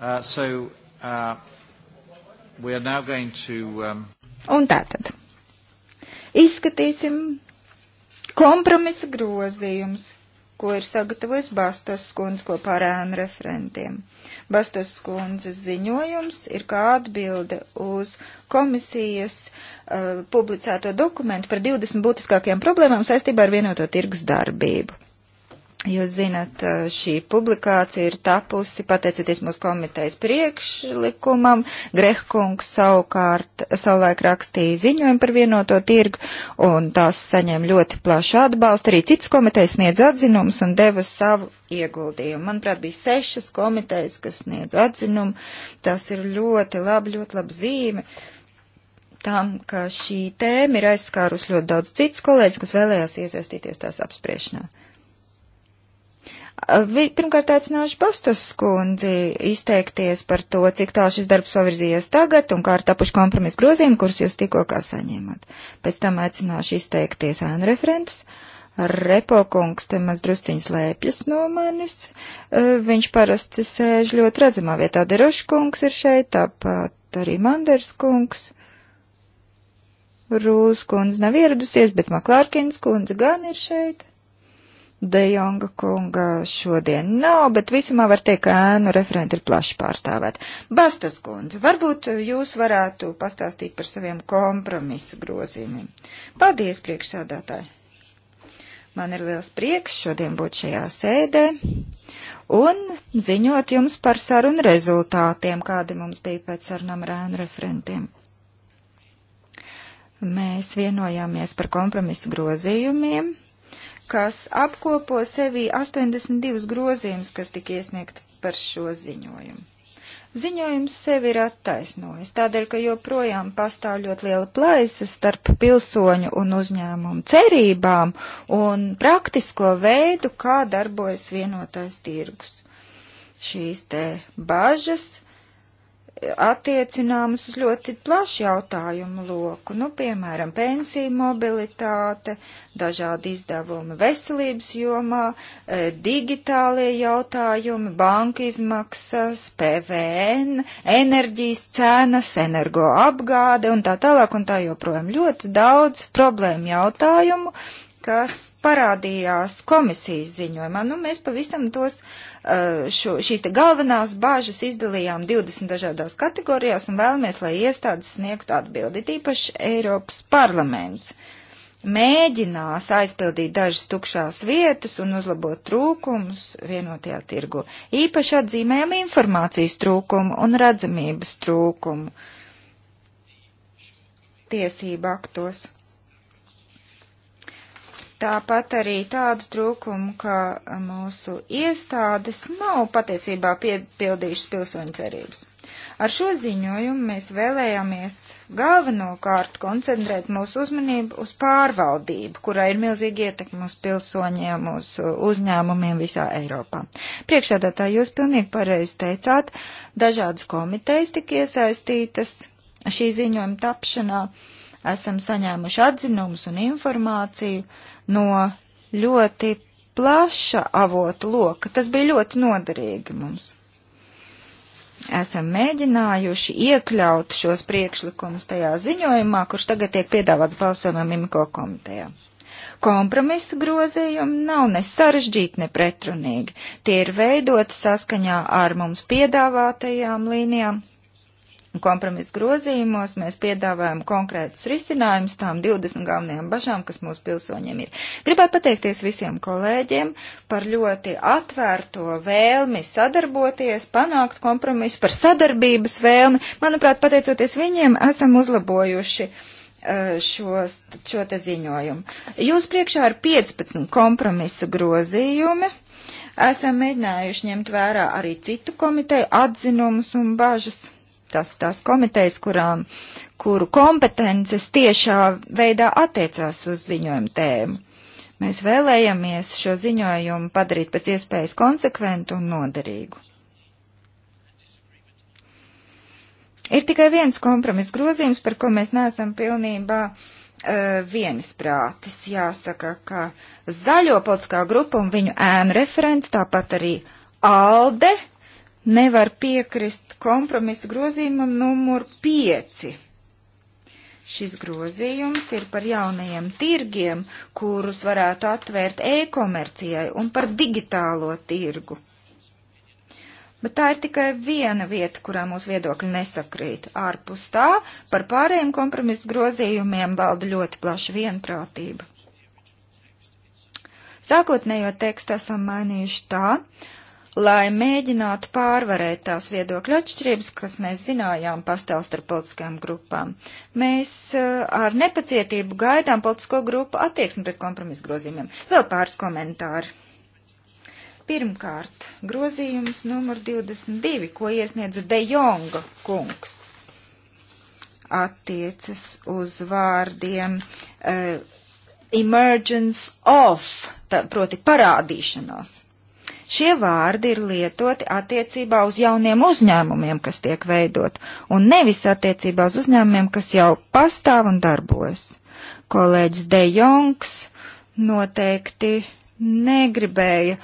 Uh, so, uh, we are now going to, um... Un tātad izskatīsim kompromisa grozījumus ko ir sagatavojis Bastos skundze kopā ar ēnu referentiem. Bastos skundzes ziņojums ir kā atbilde uz komisijas uh, publicēto dokumentu par 20 būtiskākajām problēmām saistībā ar vienoto tirgus darbību. Jūs zinat, šī publikācija ir tapusi pateicoties mūsu komitejas priekšlikumam. Grehkungs savukārt savulaik rakstīja ziņojumu par vienoto tirgu, un tās saņem ļoti plašu atbalstu. Arī citas komitejas sniedz atzinumus un deva savu ieguldījumu. Manuprāt, bija sešas komitejas, kas sniedz atzinumu. Tas ir ļoti labi, ļoti labi zīme tam, ka šī tēma ir aizskārus ļoti daudz citas kolēģis, kas vēlējās iesaistīties tās apspriešanā. Pirmkārt, aicināšu Bastos kundzi izteikties par to, cik tālu šis darbs pavirzījies tagad un kā ir tapuši kompromisu grozījumi, kurus jūs tikko kā saņēmāt. Pēc tam aicināšu izteikties ēnu referentus. Repo kungs te maz drusciņš lēpjas no manis. E, viņš parasti sēž ļoti redzamā vietā. Deroša kungs ir šeit, tāpat arī Manders kungs. Rūlas kundze nav ieradusies, bet Maklārkins kundze gan ir šeit. Dejonga kunga šodien nav, bet visumā var teikt, ka ēnu referenti ir plaši pārstāvēti. Bastas kundze, varbūt jūs varētu pastāstīt par saviem kompromisu grozījumiem. Paldies, priekšsādātāji! Man ir liels prieks šodien būt šajā sēdē un ziņot jums par sarunu rezultātiem, kādi mums bija pēc sarunām ar ēnu referentiem. Mēs vienojāmies par kompromisu grozījumiem kas apkopo sevī 82 grozījumus, kas tika iesniegt par šo ziņojumu. Ziņojums sevi ir attaisnojis, tādēļ, ka joprojām pastāv ļoti liela plaisa starp pilsoņu un uzņēmumu cerībām un praktisko veidu, kā darbojas vienotais tirgus. Šīs te bažas attiecināmas uz ļoti plašu jautājumu loku, nu, piemēram, pensiju mobilitāte, dažādi izdevumi veselības jomā, e, digitālie jautājumi, banka izmaksas, PVN, enerģijas cenas, energoapgāde un tā tālāk un tā joprojām. Ļoti daudz problēmu jautājumu, kas parādījās komisijas ziņojumā. Nu, mēs pavisam tos uh, Eh, šo, šīs te galvenās bāžas izdalījām 20 dažādās kategorijās un vēlamies, lai iestādes sniegtu atbildi, tīpaši Eiropas parlaments mēģinās aizpildīt dažas tukšās vietas un uzlabot trūkumus vienotajā tirgu. Īpaši atzīmējam informācijas trūkumu un redzamības trūkumu tiesību aktos. Tāpat arī tādu trūkumu, ka mūsu iestādes nav patiesībā piepildījušas pilsoņu cerības. Ar šo ziņojumu mēs vēlējāmies galvenokārt koncentrēt mūsu uzmanību uz pārvaldību, kurā ir milzīgi ietekmi uz pilsoņiem, uz uzņēmumiem visā Eiropā. Priekšādā jūs pilnīgi pareizi teicāt, dažādas komitejas tika iesaistītas šī ziņojuma tapšanā, esam saņēmuši atzinumus un informāciju, no ļoti plaša avotu loka. Tas bija ļoti noderīgi mums. Esam mēģinājuši iekļaut šos priekšlikumus tajā ziņojumā, kurš tagad tiek piedāvāts balsojumam IMCO komitejā. Kompromisa grozījumi nav ne sarežģīti, ne pretrunīgi. Tie ir veidoti saskaņā ar mums piedāvātajām līnijām, Kompromisu grozījumos mēs piedāvājam konkrētus risinājumus tām 20 galvenajām bažām, kas mūsu pilsoņiem ir. Gribētu pateikties visiem kolēģiem par ļoti atvērto vēlmi sadarboties, panākt kompromisu, par sadarbības vēlmi. Manuprāt, pateicoties viņiem, esam uzlabojuši eh, šo, šo te ziņojumu. Jūs priekšā ir 15 kompromisa grozījumi. Esam mēģinājuši ņemt vērā arī citu komiteju atzinumus un bažas tas, tās komitejas, kurām, kuru kompetences tiešā veidā attiecās uz ziņojumu tēmu. Mēs vēlējamies šo ziņojumu padarīt pēc iespējas konsekventu un noderīgu. Ir tikai viens kompromiss grozījums, par ko mēs neesam pilnībā uh, vienisprātis. Jāsaka, ka zaļo politiskā grupa un viņu ēnu referents, tāpat arī ALDE, uh, nevar piekrist kompromisu grozījumam numur 5. Šis grozījums ir par jaunajiem tirgiem, kurus varētu atvērt e-komercijai un par digitālo tirgu. Bet tā ir tikai viena vieta, kurā mūsu viedokļi nesakrīt. Ārpus tā par pārējiem kompromisu grozījumiem valda ļoti plaša vienprātība. Sākotnējo tekstu esam mainījuši tā, lai mēģinātu pārvarēt tās viedokļu atšķirības, kas mēs zinājām pastāv starp politiskajām grupām. Mēs eh, ar nepacietību gaidām politisko grupu attieksmi pret kompromisu grozījumiem. Vēl pāris komentāri. Pirmkārt, grozījums numur 22, ko iesniedza De Jonga kungs, attiecas uz vārdiem uh, emergence of, tā, proti parādīšanos. Šie vārdi ir lietoti attiecībā uz jauniem uzņēmumiem, kas tiek veidot, un nevis attiecībā uz uzņēmumiem, kas jau pastāv un darbojas. Kolēģis De Jongs noteikti negribēja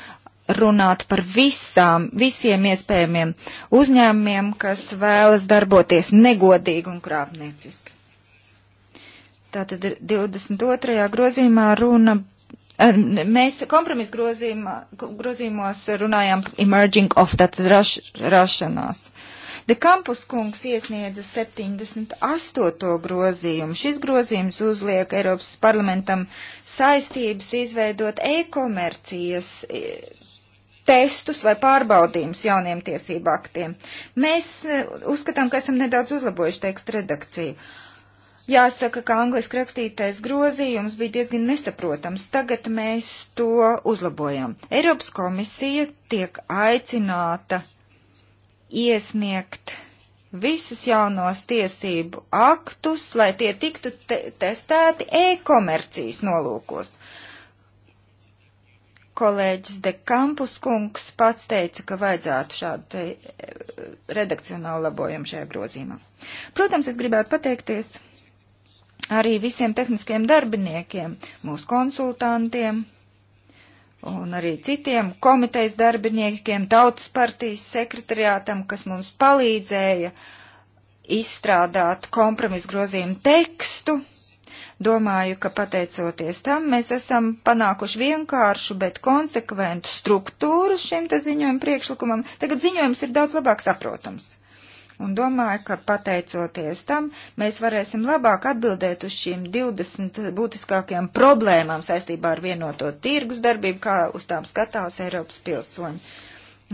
runāt par visām, visiem iespējamiem uzņēmumiem, kas vēlas darboties negodīgi un krāpnieciski. Tātad 22. grozījumā runa Mēs kompromisu grozījumos runājām emerging of, tātad raš, rašanās. De Kampus kungs iesniedza 78. grozījumu. Šis grozījums uzliek Eiropas parlamentam saistības izveidot e-komercijas e, testus vai pārbaudījumus jauniem tiesību aktiem. Mēs e, uzskatām, ka esam nedaudz uzlabojuši tekstu redakciju. Jāsaka, ka angliski rakstītais grozījums bija diezgan nesaprotams. Tagad mēs to uzlabojam. Eiropas komisija tiek aicināta iesniegt visus jaunos tiesību aktus, lai tie tiktu te testēti e-komercijas nolūkos. Kolēģis De Kampus kungs pats teica, ka vajadzētu šādu e, redakcionālu labojumu šajā grozījumā. Protams, es gribētu pateikties arī visiem tehniskiem darbiniekiem, mūsu konsultantiem un arī citiem komitejas darbiniekiem, tautas partijas sekretariātam, kas mums palīdzēja izstrādāt kompromisu grozījumu tekstu. Domāju, ka pateicoties tam mēs esam panākuši vienkāršu, bet konsekventu struktūru šim te ziņojumu priekšlikumam. Tagad ziņojums ir daudz labāk saprotams un domāju, ka pateicoties tam, mēs varēsim labāk atbildēt uz šīm 20 būtiskākajām problēmām saistībā ar vienoto tirgus darbību, kā uz tām skatās Eiropas pilsoņi.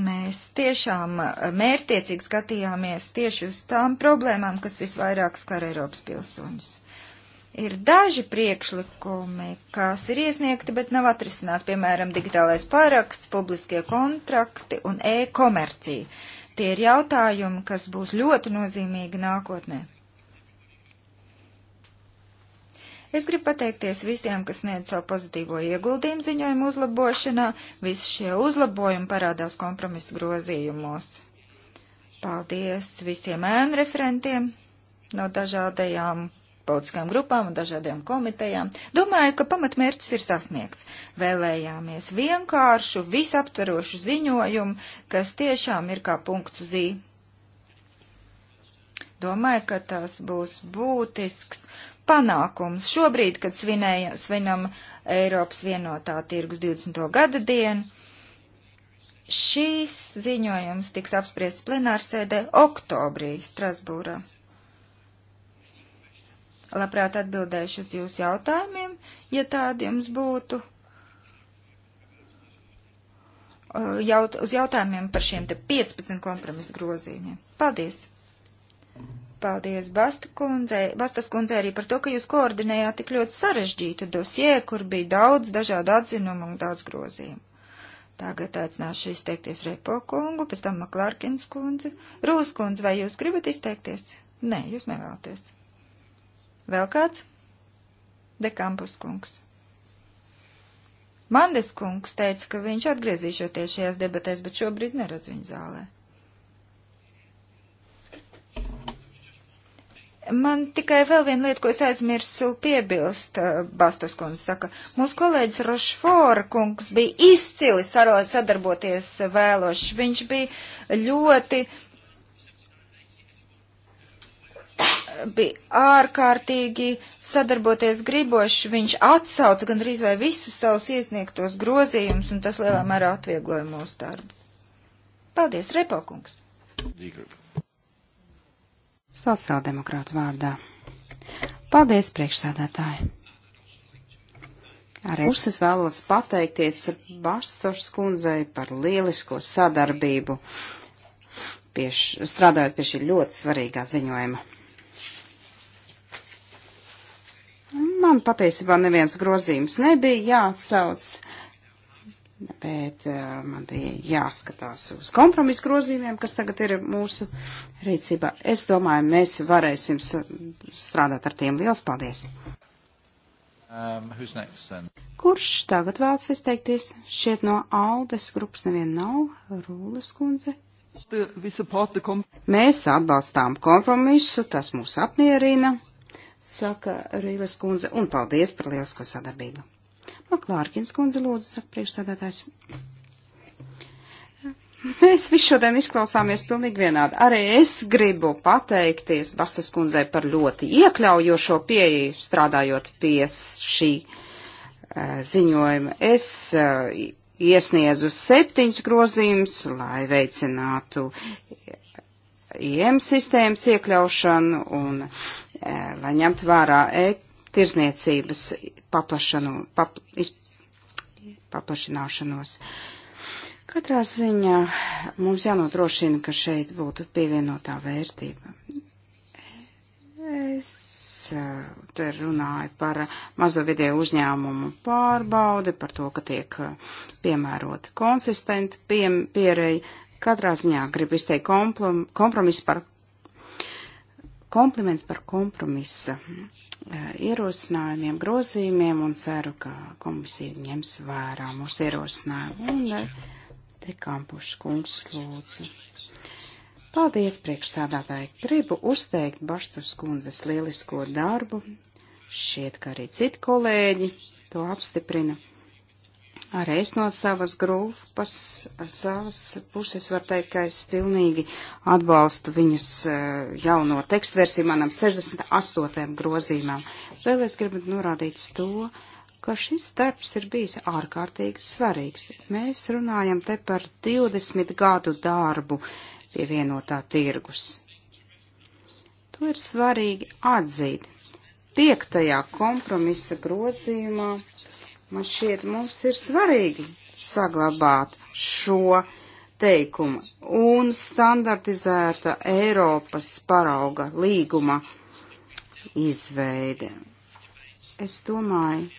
Mēs tiešām mērtiecīgi skatījāmies tieši uz tām problēmām, kas visvairāk skar Eiropas pilsoņus. Ir daži priekšlikumi, kas ir iesniegti, bet nav atrisināti, piemēram, digitālais paraksts, publiskie kontrakti un e-komercija. Tie ir jautājumi, kas būs ļoti nozīmīgi nākotnē. Es gribu pateikties visiem, kas sniedz savu pozitīvo ieguldījumu ziņojumu uzlabošanā. Visi šie uzlabojumi parādās kompromisu grozījumos. Paldies visiem ēnu referentiem no dažādajām politiskām grupām un dažādiem komitejām. Domāju, ka pamatmērķis ir sasniegts. Vēlējāmies vienkāršu, visaptverošu ziņojumu, kas tiešām ir kā punkts uz ī. Domāju, ka tas būs būtisks panākums šobrīd, kad svinēja, svinam Eiropas vienotā tirgus 20. gada dienu. Šīs ziņojums tiks apspriests plenārsēdē oktobrī Strasbūrā. Labprāt atbildēšu uz jūsu jautājumiem, ja tādi jums būtu. Uh, jaut, uz jautājumiem par šiem te 15 kompromisu grozījumiem. Paldies! Paldies Bastu kundzei, Bastas kundzei arī par to, ka jūs koordinējāt tik ļoti sarežģītu dosie, kur bija daudz dažādu atzinumu un daudz grozījumu. Tagad aicināšu izteikties Repo kungu, pēc tam Maklārkins kundzi. Rūs kundze, vai jūs gribat izteikties? Nē, jūs nevēlaties. Vēl kāds? Dekampus kungs. Mandes kungs teica, ka viņš atgriezīšoties šajās debatēs, bet šobrīd neredz viņu zālē. Man tikai vēl viena lieta, ko es aizmirsu piebilst, eh, Bastos kundze saka. Mūsu kolēģis Rošfora kungs bija izcili sadarboties eh, vēlošs. Viņš bija ļoti uh, bija ārkārtīgi sadarboties gribošs. Viņš atsauca gandrīz vai visus savus iesniegtos grozījumus, un tas lielā mērā atviegloja mūsu darbu. Paldies, Repokungs! Sociāldemokrāta vārdā. Paldies, priekšsādātāji! Arī es vēlos pateikties Bastors kundzei par lielisko sadarbību, pie š, strādājot pie šī ļoti svarīgā ziņojuma. Man patiesībā neviens grozījums nebija jāatsauc, bet eh, man bija jāskatās uz kompromisu grozījumiem, kas tagad ir mūsu rīcībā. Es domāju, mēs varēsim strādāt ar tiem. Liels paldies! Um, next, then? Kurš tagad vēlas izteikties? Šiet no Aldes grupas nevien nav, Rūles kundze. Mēs atbalstām kompromisu, tas mūs apmierina saka Rīles kundze, un paldies par lielisko sadarbību. Maklārkins nu, kundze lūdzu, saka priekšsēdētājs. Mēs visu šodien izklausāmies pilnīgi vienādi. Arī es gribu pateikties Bastas kundzei par ļoti iekļaujošo pieeju strādājot pie šī uh, ziņojuma. Es uh, iesniedzu septiņus grozījumus, lai veicinātu IM sistēmas iekļaušanu un uh, Eh, lai ņemtu vērā e tirzniecības paplašanu, pap, iz, paplašināšanos. Katrā ziņā mums jānodrošina, ka šeit būtu pievienotā vērtība. Es eh, te runāju par mazo vidēju uzņēmumu pārbaudi, par to, ka tiek eh, piemēroti konsistenti pie, piereji. Katrā ziņā gribu izteikt kompromisu par kompliments par kompromisa eh, ierosinājumiem, grozījumiem un ceru, ka komisija ņems vērā mūsu ierosinājumu. Un te eh, kampuši kungs lūdzu. Paldies, priekšsādātāji! Gribu uzteikt Baštas kundzes lielisko darbu. Šķiet, ka arī citi kolēģi to apstiprina. Arī es no savas grupas, savas puses varu teikt, ka es pilnīgi atbalstu viņas eh, jauno tekstu versiju manam 68. grozīmam. Vēl es gribu norādīt to, ka šis darbs ir bijis ārkārtīgi svarīgs. Mēs runājam te par 20 gadu darbu pie vienotā tirgus. To ir svarīgi atzīt. Piektajā kompromisa grozījumā Man šķiet, mums ir svarīgi saglabāt šo teikumu un standartizēta Eiropas parauga līguma izveide. Es domāju,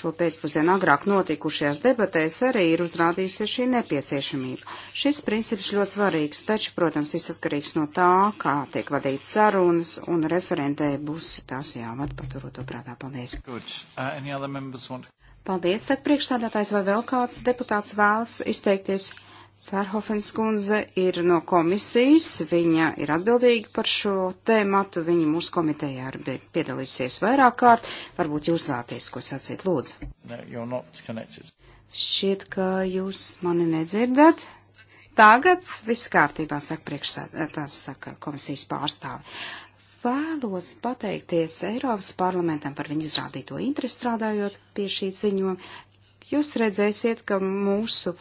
šo pēcpusdienu agrāk notikušajās debatēs arī ir uzrādījusies šī nepieciešamība. Šis princips ļoti svarīgs, taču, protams, viss atkarīgs no tā, kā tiek vadīts sarunas, un referentē būs tās jāvada paturot to prātā. Paldies! Uh, want... Paldies, tad priekšstādātājs vai vēl kāds deputāts vēlas izteikties? Fērhofens kundze ir no komisijas, viņa ir atbildīga par šo tēmatu, viņa mūsu komitejā ir piedalījusies vairāk kārt, varbūt jūs vēlaties, ko sacīt, lūdzu. No, Šķiet, ka jūs mani nedzirdat. Tagad viss kārtībā, saka priekšsēdētājs, eh, saka komisijas pārstāvi. Vēlos pateikties Eiropas parlamentam par viņu izrādīto interesi strādājot pie šī ziņojuma. Jūs redzēsiet, ka mūsu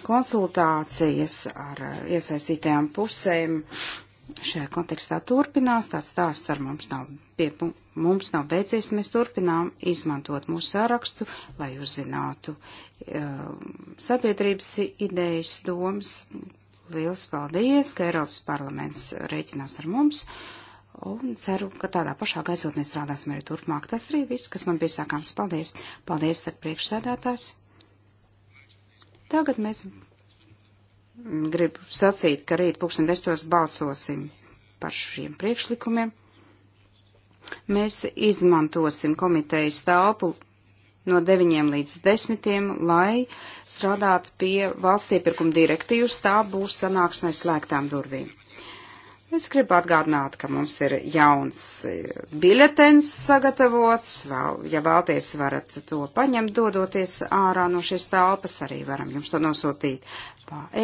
konsultācijas ar eh, iesaistītajām pusēm šajā kontekstā turpinās. Tāds stāsts ar mums nav, pie, mums nav beidzies. Mēs turpinām izmantot mūsu sārakstu, lai uzzinātu uh, sabiedrības idejas, domas. Liels paldies, ka Eiropas parlaments rēķinās ar mums. Un ceru, ka tādā pašā gaisotnē strādāsim arī turpmāk. Tas arī viss, kas man bija sākāms. Paldies! Paldies, saka priekšsēdētājs! Tagad mēs gribu sacīt, ka rīt pūksteni desmitos balsosim par šiem priekšlikumiem. Mēs izmantosim komitejas telpu no 9 līdz 10, lai strādātu pie valsts iepirkuma direktīvas. Tā būs sanāksmē slēgtām durvīm. Es gribu atgādināt, ka mums ir jauns eh, biļetens sagatavots, vēl, ja vēlties varat to paņemt, dodoties ārā no šīs telpas, arī varam jums to nosūtīt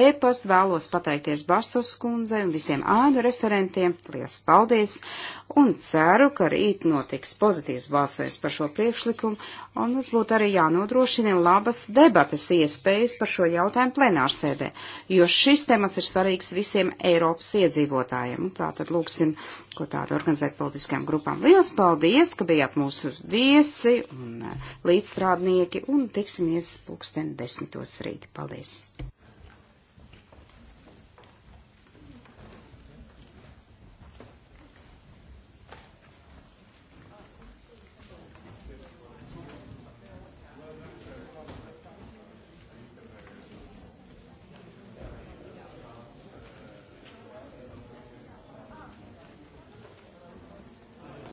e-pastu. Vēlos pateikties Bastos kundzei un visiem ādu referentiem. Lielas paldies! Un ceru, ka rīt notiks pozitīvs balsojums par šo priekšlikumu, un mums būtu arī jānodrošina labas debates iespējas par šo jautājumu plenārsēdē, jo šis temats ir svarīgs visiem Eiropas iedzīvotājiem. Tātad lūksim, ko tādu organizēt politiskajām grupām. Lielas paldies, ka bijāt mūsu viesi un eh, līdzstrādnieki, un tiksimies pulksten desmitos rīt. Paldies!